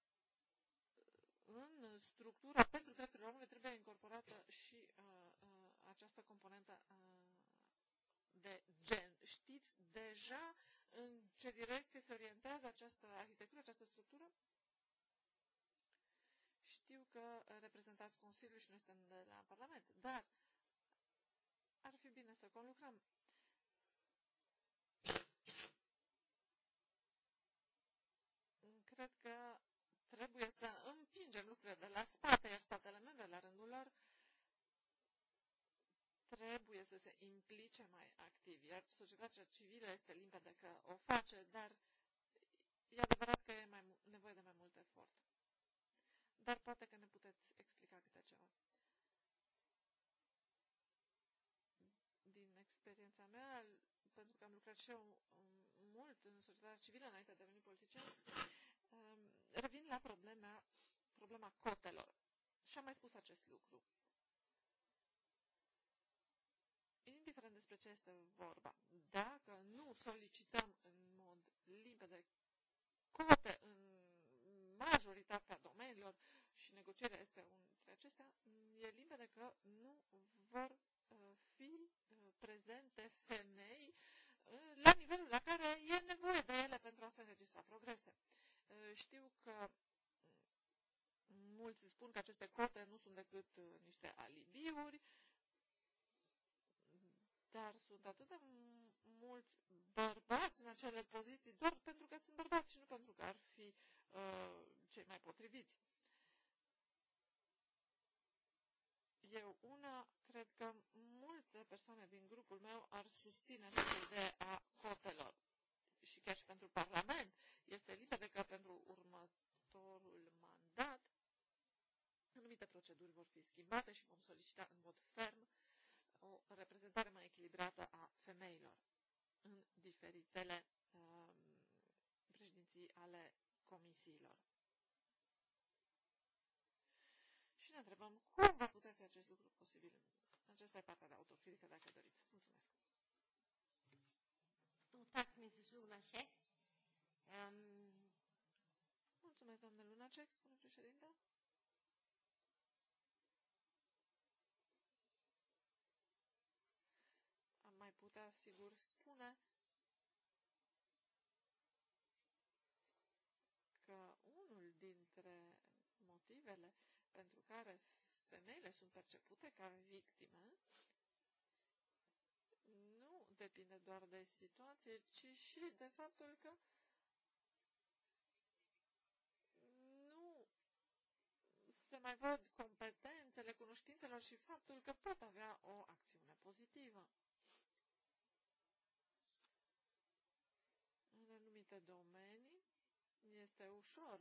uh, în structura pentru drepturile omului trebuie incorporată și uh, uh, această componentă uh, de gen. Știți deja în ce direcție se orientează această arhitectură, această structură? Știu că uh, reprezentați Consiliul și noi suntem de la Parlament, dar ar fi bine să conlucrăm. Cred că trebuie să împingem lucrurile de la spate, iar statele membre, la rândul lor, trebuie să se implice mai activ, iar societatea civilă este limpede că o face, dar e adevărat că e mai, nevoie de mai mult efort dar poate că ne puteți explica câte ceva. Din experiența mea, pentru că am lucrat și eu mult în societatea civilă înainte de a deveni politician, um, revin la problema, problema cotelor. Și am mai spus acest lucru. Indiferent despre ce este vorba, dacă nu solicităm în mod limpede cote în majoritatea domeniilor, și negocierea este unul dintre acestea, e limpede că nu vor uh, fi uh, prezente femei uh, la nivelul la care e nevoie de ele pentru a se înregistra progrese. Știu că mulți spun că aceste cote nu sunt decât niște alibiuri, dar sunt atât de mulți bărbați în acele poziții doar pentru că sunt bărbați și nu pentru că ar fi uh, cei mai potriviți. Eu una cred că multe persoane din grupul meu ar susține această idee a cotelor. Și chiar și pentru Parlament este limpede că pentru următorul mandat anumite proceduri vor fi schimbate și vom solicita în mod ferm o reprezentare mai echilibrată a femeilor în diferitele um, președinții ale comisiilor. și ne întrebăm cum va putea fi acest lucru posibil. Aceasta e partea de autocritică, dacă doriți. Mulțumesc! Stort Mrs. Lunacek. Um... Mulțumesc, doamnă Lunacek, spune președinta. Am mai putea, sigur, spune pentru care femeile sunt percepute ca victime nu depinde doar de situație, ci și de faptul că nu se mai văd competențele, cunoștințelor și faptul că pot avea o acțiune pozitivă. În anumite domenii este ușor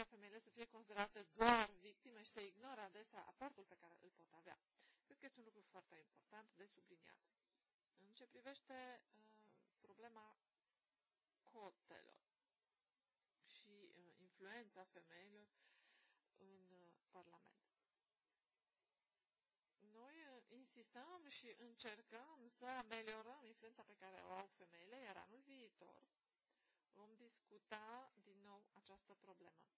ca femeile să fie considerate doar victime și să ignore adesea aportul pe care îl pot avea. Cred că este un lucru foarte important de subliniat. În ce privește uh, problema cotelor și uh, influența femeilor în uh, Parlament. Noi uh, insistăm și încercăm să ameliorăm influența pe care o au femeile, iar anul viitor vom discuta din nou această problemă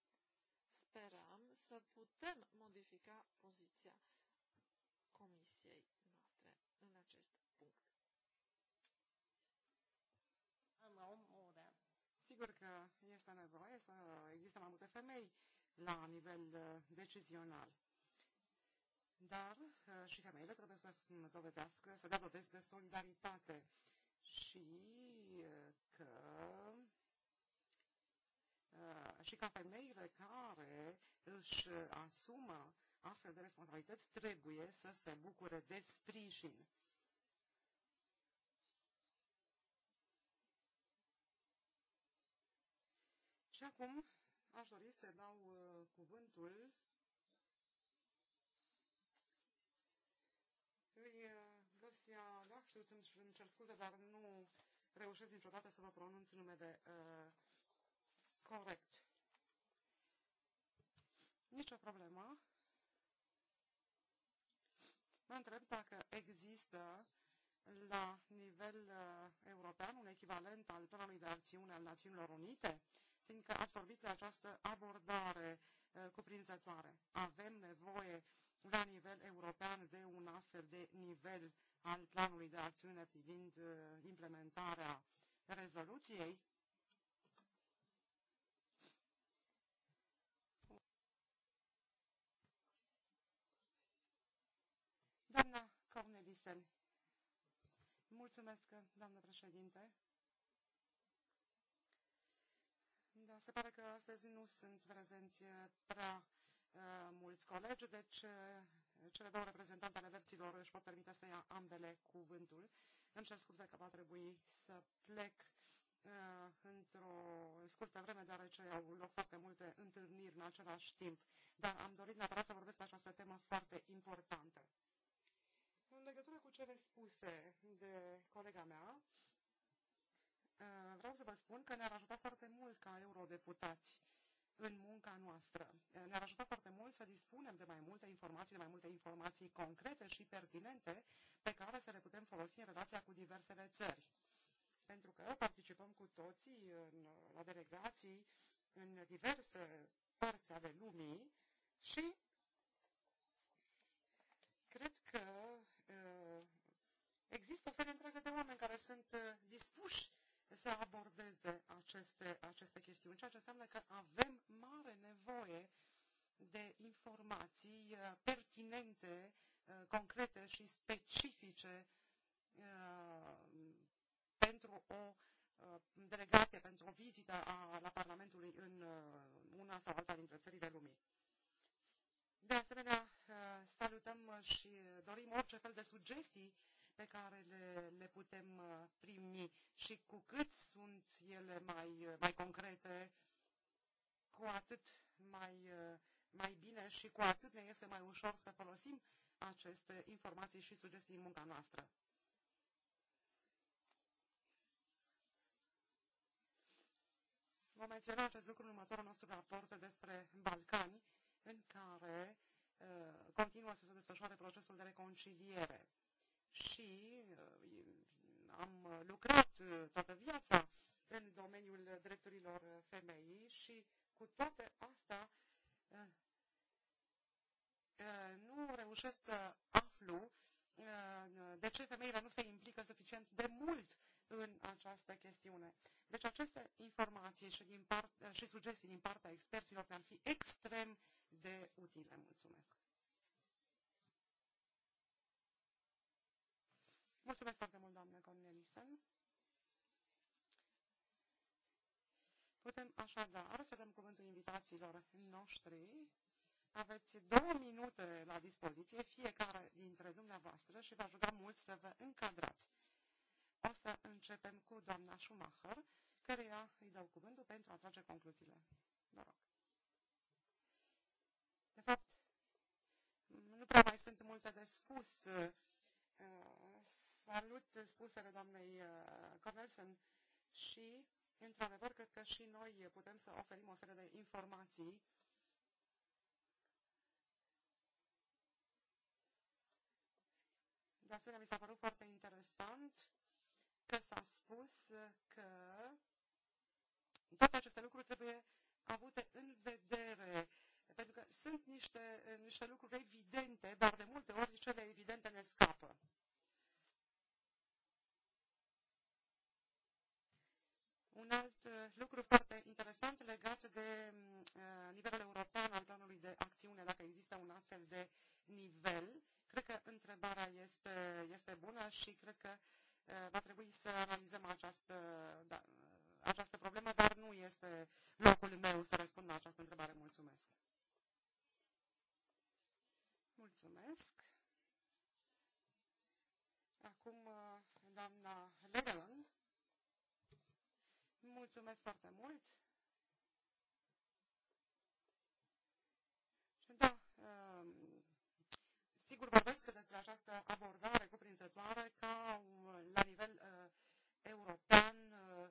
sperăm să putem modifica poziția comisiei noastre în acest punct. Sigur că este nevoie să există mai multe femei la nivel uh, decizional. Dar uh, și femeile trebuie să dovedească, să dea dovezi de solidaritate și uh, că și ca femeile care își asumă astfel de responsabilități trebuie să se bucure de sprijin. Și acum aș dori să dau uh, cuvântul lui uh, Lucia Lachlut, îmi cer scuze, dar nu reușesc niciodată să vă pronunț numele uh, corect. Nicio problemă. Mă întreb dacă există la nivel uh, european un echivalent al planului de acțiune al Națiunilor Unite, fiindcă ați vorbit de această abordare uh, cuprinzătoare. Avem nevoie la nivel european de un astfel de nivel al planului de acțiune privind uh, implementarea rezoluției? Doamna Cornelisen. Mulțumesc, doamnă președinte. Da, se pare că astăzi nu sunt prezenți eh, prea uh, mulți colegi, deci uh, cele două reprezentante ale verților își pot permite să ia ambele cuvântul. Îmi cer scuze că va trebui să plec uh, într-o scurtă vreme, deoarece au loc foarte multe întâlniri în același timp, dar am dorit neapărat să vorbesc pe această temă foarte importantă. În legătură cu cele spuse de colega mea, uh, vreau să vă spun că ne-ar ajuta foarte mult ca eurodeputați în munca noastră. Uh, ne-ar ajuta foarte mult să dispunem de mai multe informații, de mai multe informații concrete și pertinente pe care să le putem folosi în relația cu diversele țări. Pentru că participăm cu toții în, la delegații în diverse părți ale lumii și cred că Există o serie întreagă de oameni care sunt uh, dispuși să abordeze aceste, aceste chestiuni, ceea ce înseamnă că avem mare nevoie de informații uh, pertinente, uh, concrete și specifice pentru o delegație, pentru o vizită a, la Parlamentului în una sau alta dintre țările lumii. De asemenea, salutăm și dorim orice fel de sugestii pe care le, le putem uh, primi și cu cât sunt ele mai, uh, mai concrete, cu atât mai, uh, mai bine și cu atât ne este mai ușor să folosim aceste informații și sugestii în munca noastră. Vom menționa acest lucru în următorul nostru raport despre Balcani, în care uh, continuă să se desfășoare procesul de reconciliere și uh, am uh, lucrat uh, toată viața în domeniul drepturilor femeii și cu toate astea nu reușesc să aflu de ce femeile nu se implică suficient de mult în această chestiune. Deci aceste informații și, din part, și sugestii din partea experților ne-ar fi extrem de utile. Mulțumesc! Mulțumesc foarte mult, doamnă Putem așadar să dăm cuvântul invitațiilor noștri. Aveți două minute la dispoziție, fiecare dintre dumneavoastră și vă ajuta mult să vă încadrați. O să începem cu doamna Schumacher, căreia îi dau cuvântul pentru a trage concluziile. Vă rog. De fapt, nu prea mai sunt multe de spus. Uh, salut spusele doamnei uh, Cornelsen și, într-adevăr, cred că și noi putem să oferim o serie de informații De asemenea, mi s-a părut foarte interesant că s-a spus că toate aceste lucruri trebuie avute în vedere, pentru că sunt niște, niște lucruri evidente, dar de multe ori cele evidente ne scapă. Un alt uh, lucru foarte interesant legat de mm, uh, nivelul european al planului de acțiune, dacă există un astfel de nivel, cred că întrebarea este, este bună și cred că uh, va trebui să analizăm această, da, această problemă, dar nu este locul meu să răspund la această întrebare. Mulțumesc! Mulțumesc! Acum, doamna Lerelan, Mulțumesc foarte mult! Da, um, sigur vorbesc despre această abordare cuprinzătoare ca la nivel uh, european. Uh,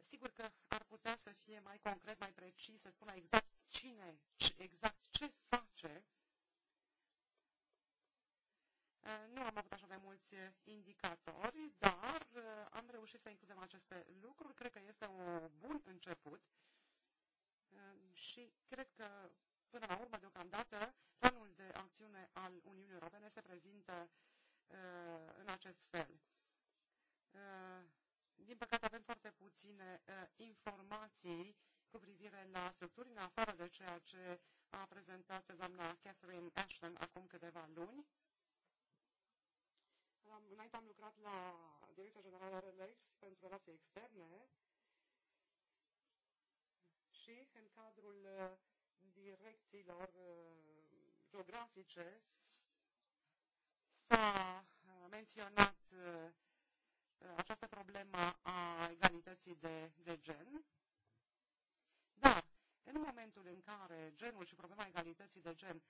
sigur că ar putea să fie mai concret, mai precis, să spună exact cine, exact ce face Uh, nu am avut așa de mulți uh, indicatori, dar uh, am reușit să includem aceste lucruri. Cred că este un bun început și cred că, până la urmă, deocamdată, planul de acțiune al Uniunii Europene se prezintă în acest fel. Din păcate, avem foarte puține informații cu privire la structuri, în afară de ceea ce a prezentat doamna Catherine Ashton acum câteva luni am, înainte am lucrat la Direcția Generală Relex pentru relații externe și în cadrul uh, direcțiilor uh, geografice s-a uh, menționat această problemă a egalității de, de gen. Dar, în momentul în care genul și problema egalității de gen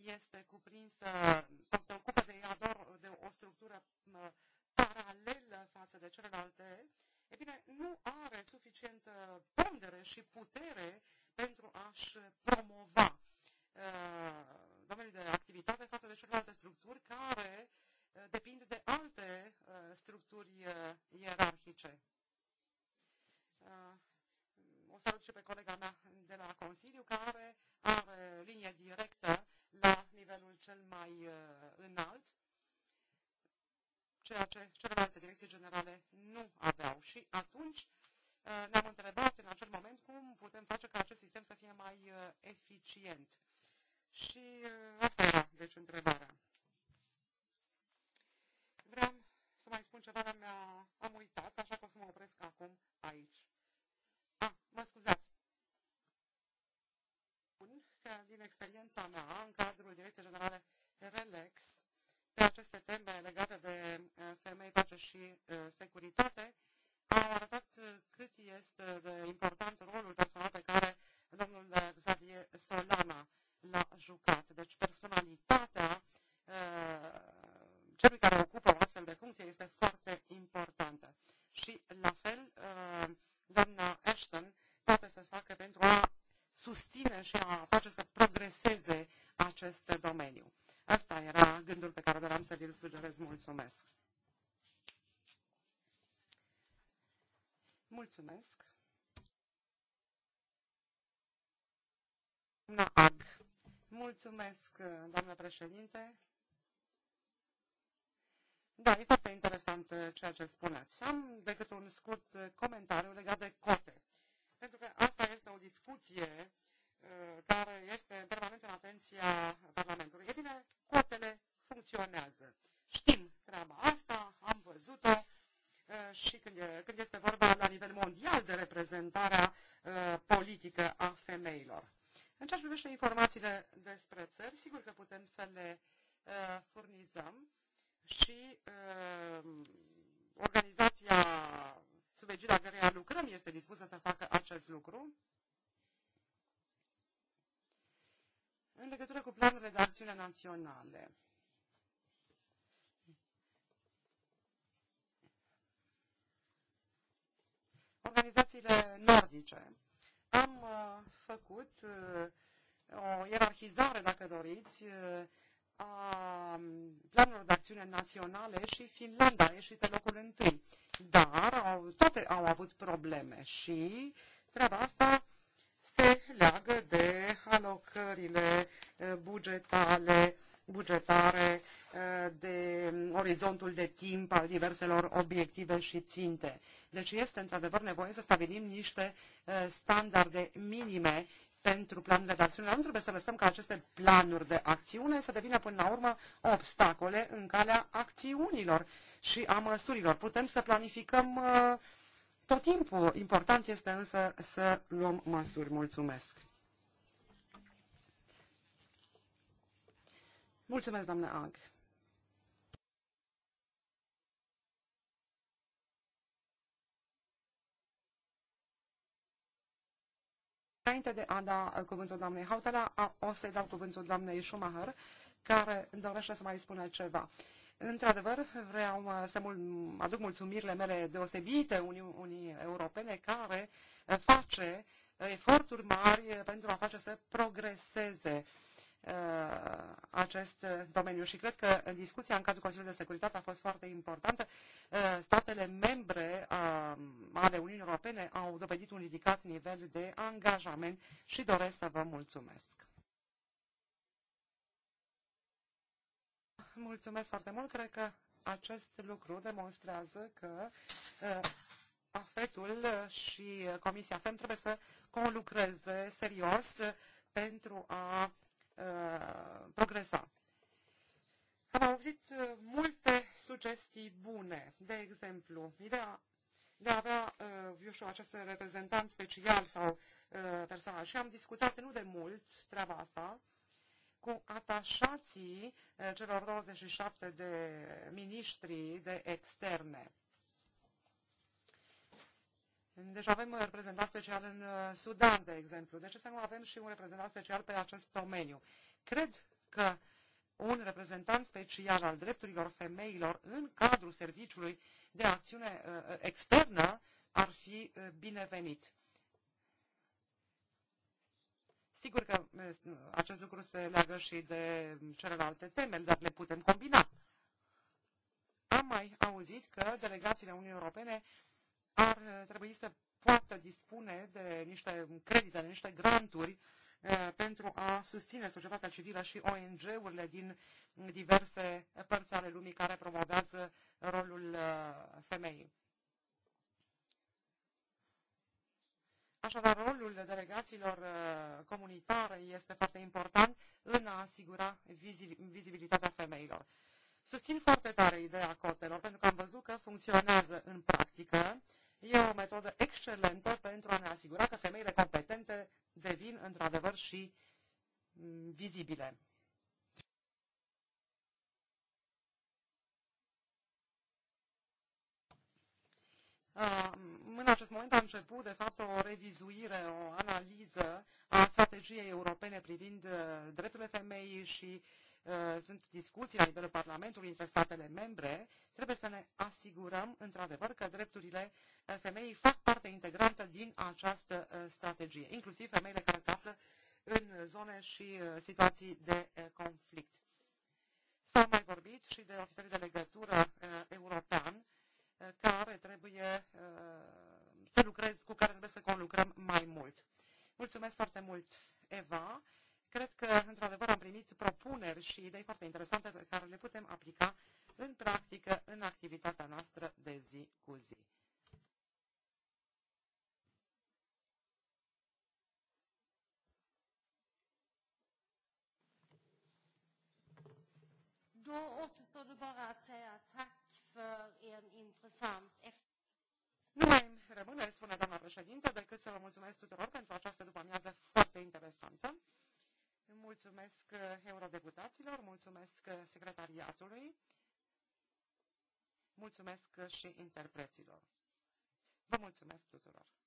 este cuprinsă sau se ocupă de ea doar de o structură paralelă față de celelalte, e bine, nu are suficientă uh, pondere și putere pentru a-și promova uh, domeniul de activitate față de celelalte structuri care uh, depind de alte structuri ierarhice. O salut și pe colega mea de la Consiliu, care are linie directă la nivelul cel mai uh, înalt, ceea ce celelalte direcții generale nu aveau. Și atunci uh, ne-am întrebat în acel moment cum putem face ca acest sistem să fie mai uh, eficient. Și asta era, deci, întrebarea. Vreau să mai spun ceva, dar mi-am uitat, așa că o să mă opresc acum aici. A, ah, mă scuzați că din experiența mea în cadrul Direcției Generale RELEX pe aceste teme legate de uh, femei, pace și uh, securitate au arătat uh, cât este de important rolul personal pe care domnul Xavier Solana l-a jucat. Deci personalitatea celui care ocupă o astfel de funcție este foarte importantă. Și la fel, doamna Ashton poate să facă pentru a susține și a face să progreseze acest domeniu. Asta era gândul pe care doream să vi-l sugerez. Mulțumesc! Mulțumesc! Doamna Ag. Mulțumesc, doamna președinte. Da, e foarte interesant uh, ceea ce spuneți. Am decât un scurt uh, comentariu legat de cote pentru că asta este o discuție uh, care este în în atenția Parlamentului. E bine, cotele funcționează. Știm treaba asta, am văzut-o uh, și când, e, când este vorba la nivel mondial de reprezentarea uh, politică a femeilor. În ceea ce privește informațiile despre țări, sigur că putem să le uh, furnizăm și uh, organizația sub egida căreia lucrăm este dispusă să facă acest lucru. În legătură cu planurile de acțiune naționale, organizațiile nordice. Am uh, făcut uh, o ierarhizare, dacă doriți, uh, a um, planurilor de acțiune naționale și Finlanda a ieșit pe locul întâi dar au, toate au avut probleme și treaba asta se leagă de alocările eh, bugetale, bugetare, eh, de orizontul de timp al diverselor obiective și ținte. Deci este într-adevăr nevoie să stabilim niște eh, standarde minime pentru planurile de acțiune, dar nu trebuie să lăsăm ca aceste planuri de acțiune să devină până la urmă obstacole în calea acțiunilor și a măsurilor. Putem să planificăm uh, tot timpul. Important este însă să luăm măsuri. Mulțumesc! Mulțumesc, doamne Ang. Înainte de a da uh, cuvântul doamnei Hautala, o să dau cuvântul doamnei Schumacher, care dorește să mai spună ceva. Într-adevăr, vreau uh, să mul aduc mulțumirile mele deosebite unii Europene, care uh, face eforturi mari pentru a face să progreseze Uh, acest domeniu și cred că în discuția în cadrul Consiliului de Securitate a fost foarte importantă. Uh, statele membre uh, ale Uniunii Europene au dovedit un ridicat nivel de angajament și doresc să vă mulțumesc. Mulțumesc foarte mult. Cred că acest lucru demonstrează că AFET-ul și Comisia FEM trebuie să conlucreze serios pentru a Uh, progresa. Am auzit uh, multe sugestii bune, de exemplu, ideea de a avea, uh, eu știu, acest reprezentant special sau personal. Și am discutat nu de mult treaba asta cu atașații celor 27 de miniștri de externe. Deci avem un uh, reprezentant special în uh, Sudan, de exemplu. De ce să nu avem și un reprezentant special pe acest domeniu? Cred că un reprezentant special al drepturilor femeilor în cadrul serviciului de acțiune uh, externă ar fi binevenit. Sigur că acest lucru se leagă și de um, celelalte teme, dar le putem combina. Am mai auzit că delegațiile Uniunii Europene ar trebui să poată dispune de niște credite, de niște granturi eh, pentru a susține societatea civilă și ONG-urile din diverse părți ale lumii care promovează rolul eh, femeii. Așadar, rolul delegațiilor eh, comunitare este foarte important în a asigura vizibilitatea femeilor. Susțin foarte tare ideea cotelor, pentru că am văzut că funcționează în practică E o metodă excelentă pentru a ne asigura că femeile competente devin într-adevăr și mm, vizibile. În acest moment a început, de fapt, o revizuire, o analiză a strategiei europene privind uh, drepturile femeii și Uh, sunt discuții la nivelul Parlamentului între statele membre, trebuie să ne asigurăm, într-adevăr, că drepturile uh, femeii fac parte integrantă din această uh, strategie, inclusiv femeile care se află în zone și situații de conflict. S-a mai vorbit și de ofițerii de legătură european, care trebuie să lucrez, cu care trebuie să conlucrăm mai mult. Mulțumesc foarte mult, Eva. Cred că, într-adevăr, am primit propuneri și idei foarte interesante pe care le putem aplica în practică, în activitatea noastră de zi cu zi. Då återstår det bara att säga tack för en intressant Nu mai rămâne, spune doamna președinte, decât să vă mulțumesc tuturor pentru această după amiază foarte interesantă. Mulțumesc uh, eurodeputaților, mulțumesc uh, secretariatului, mulțumesc uh, și interpreților. Vă mulțumesc tuturor!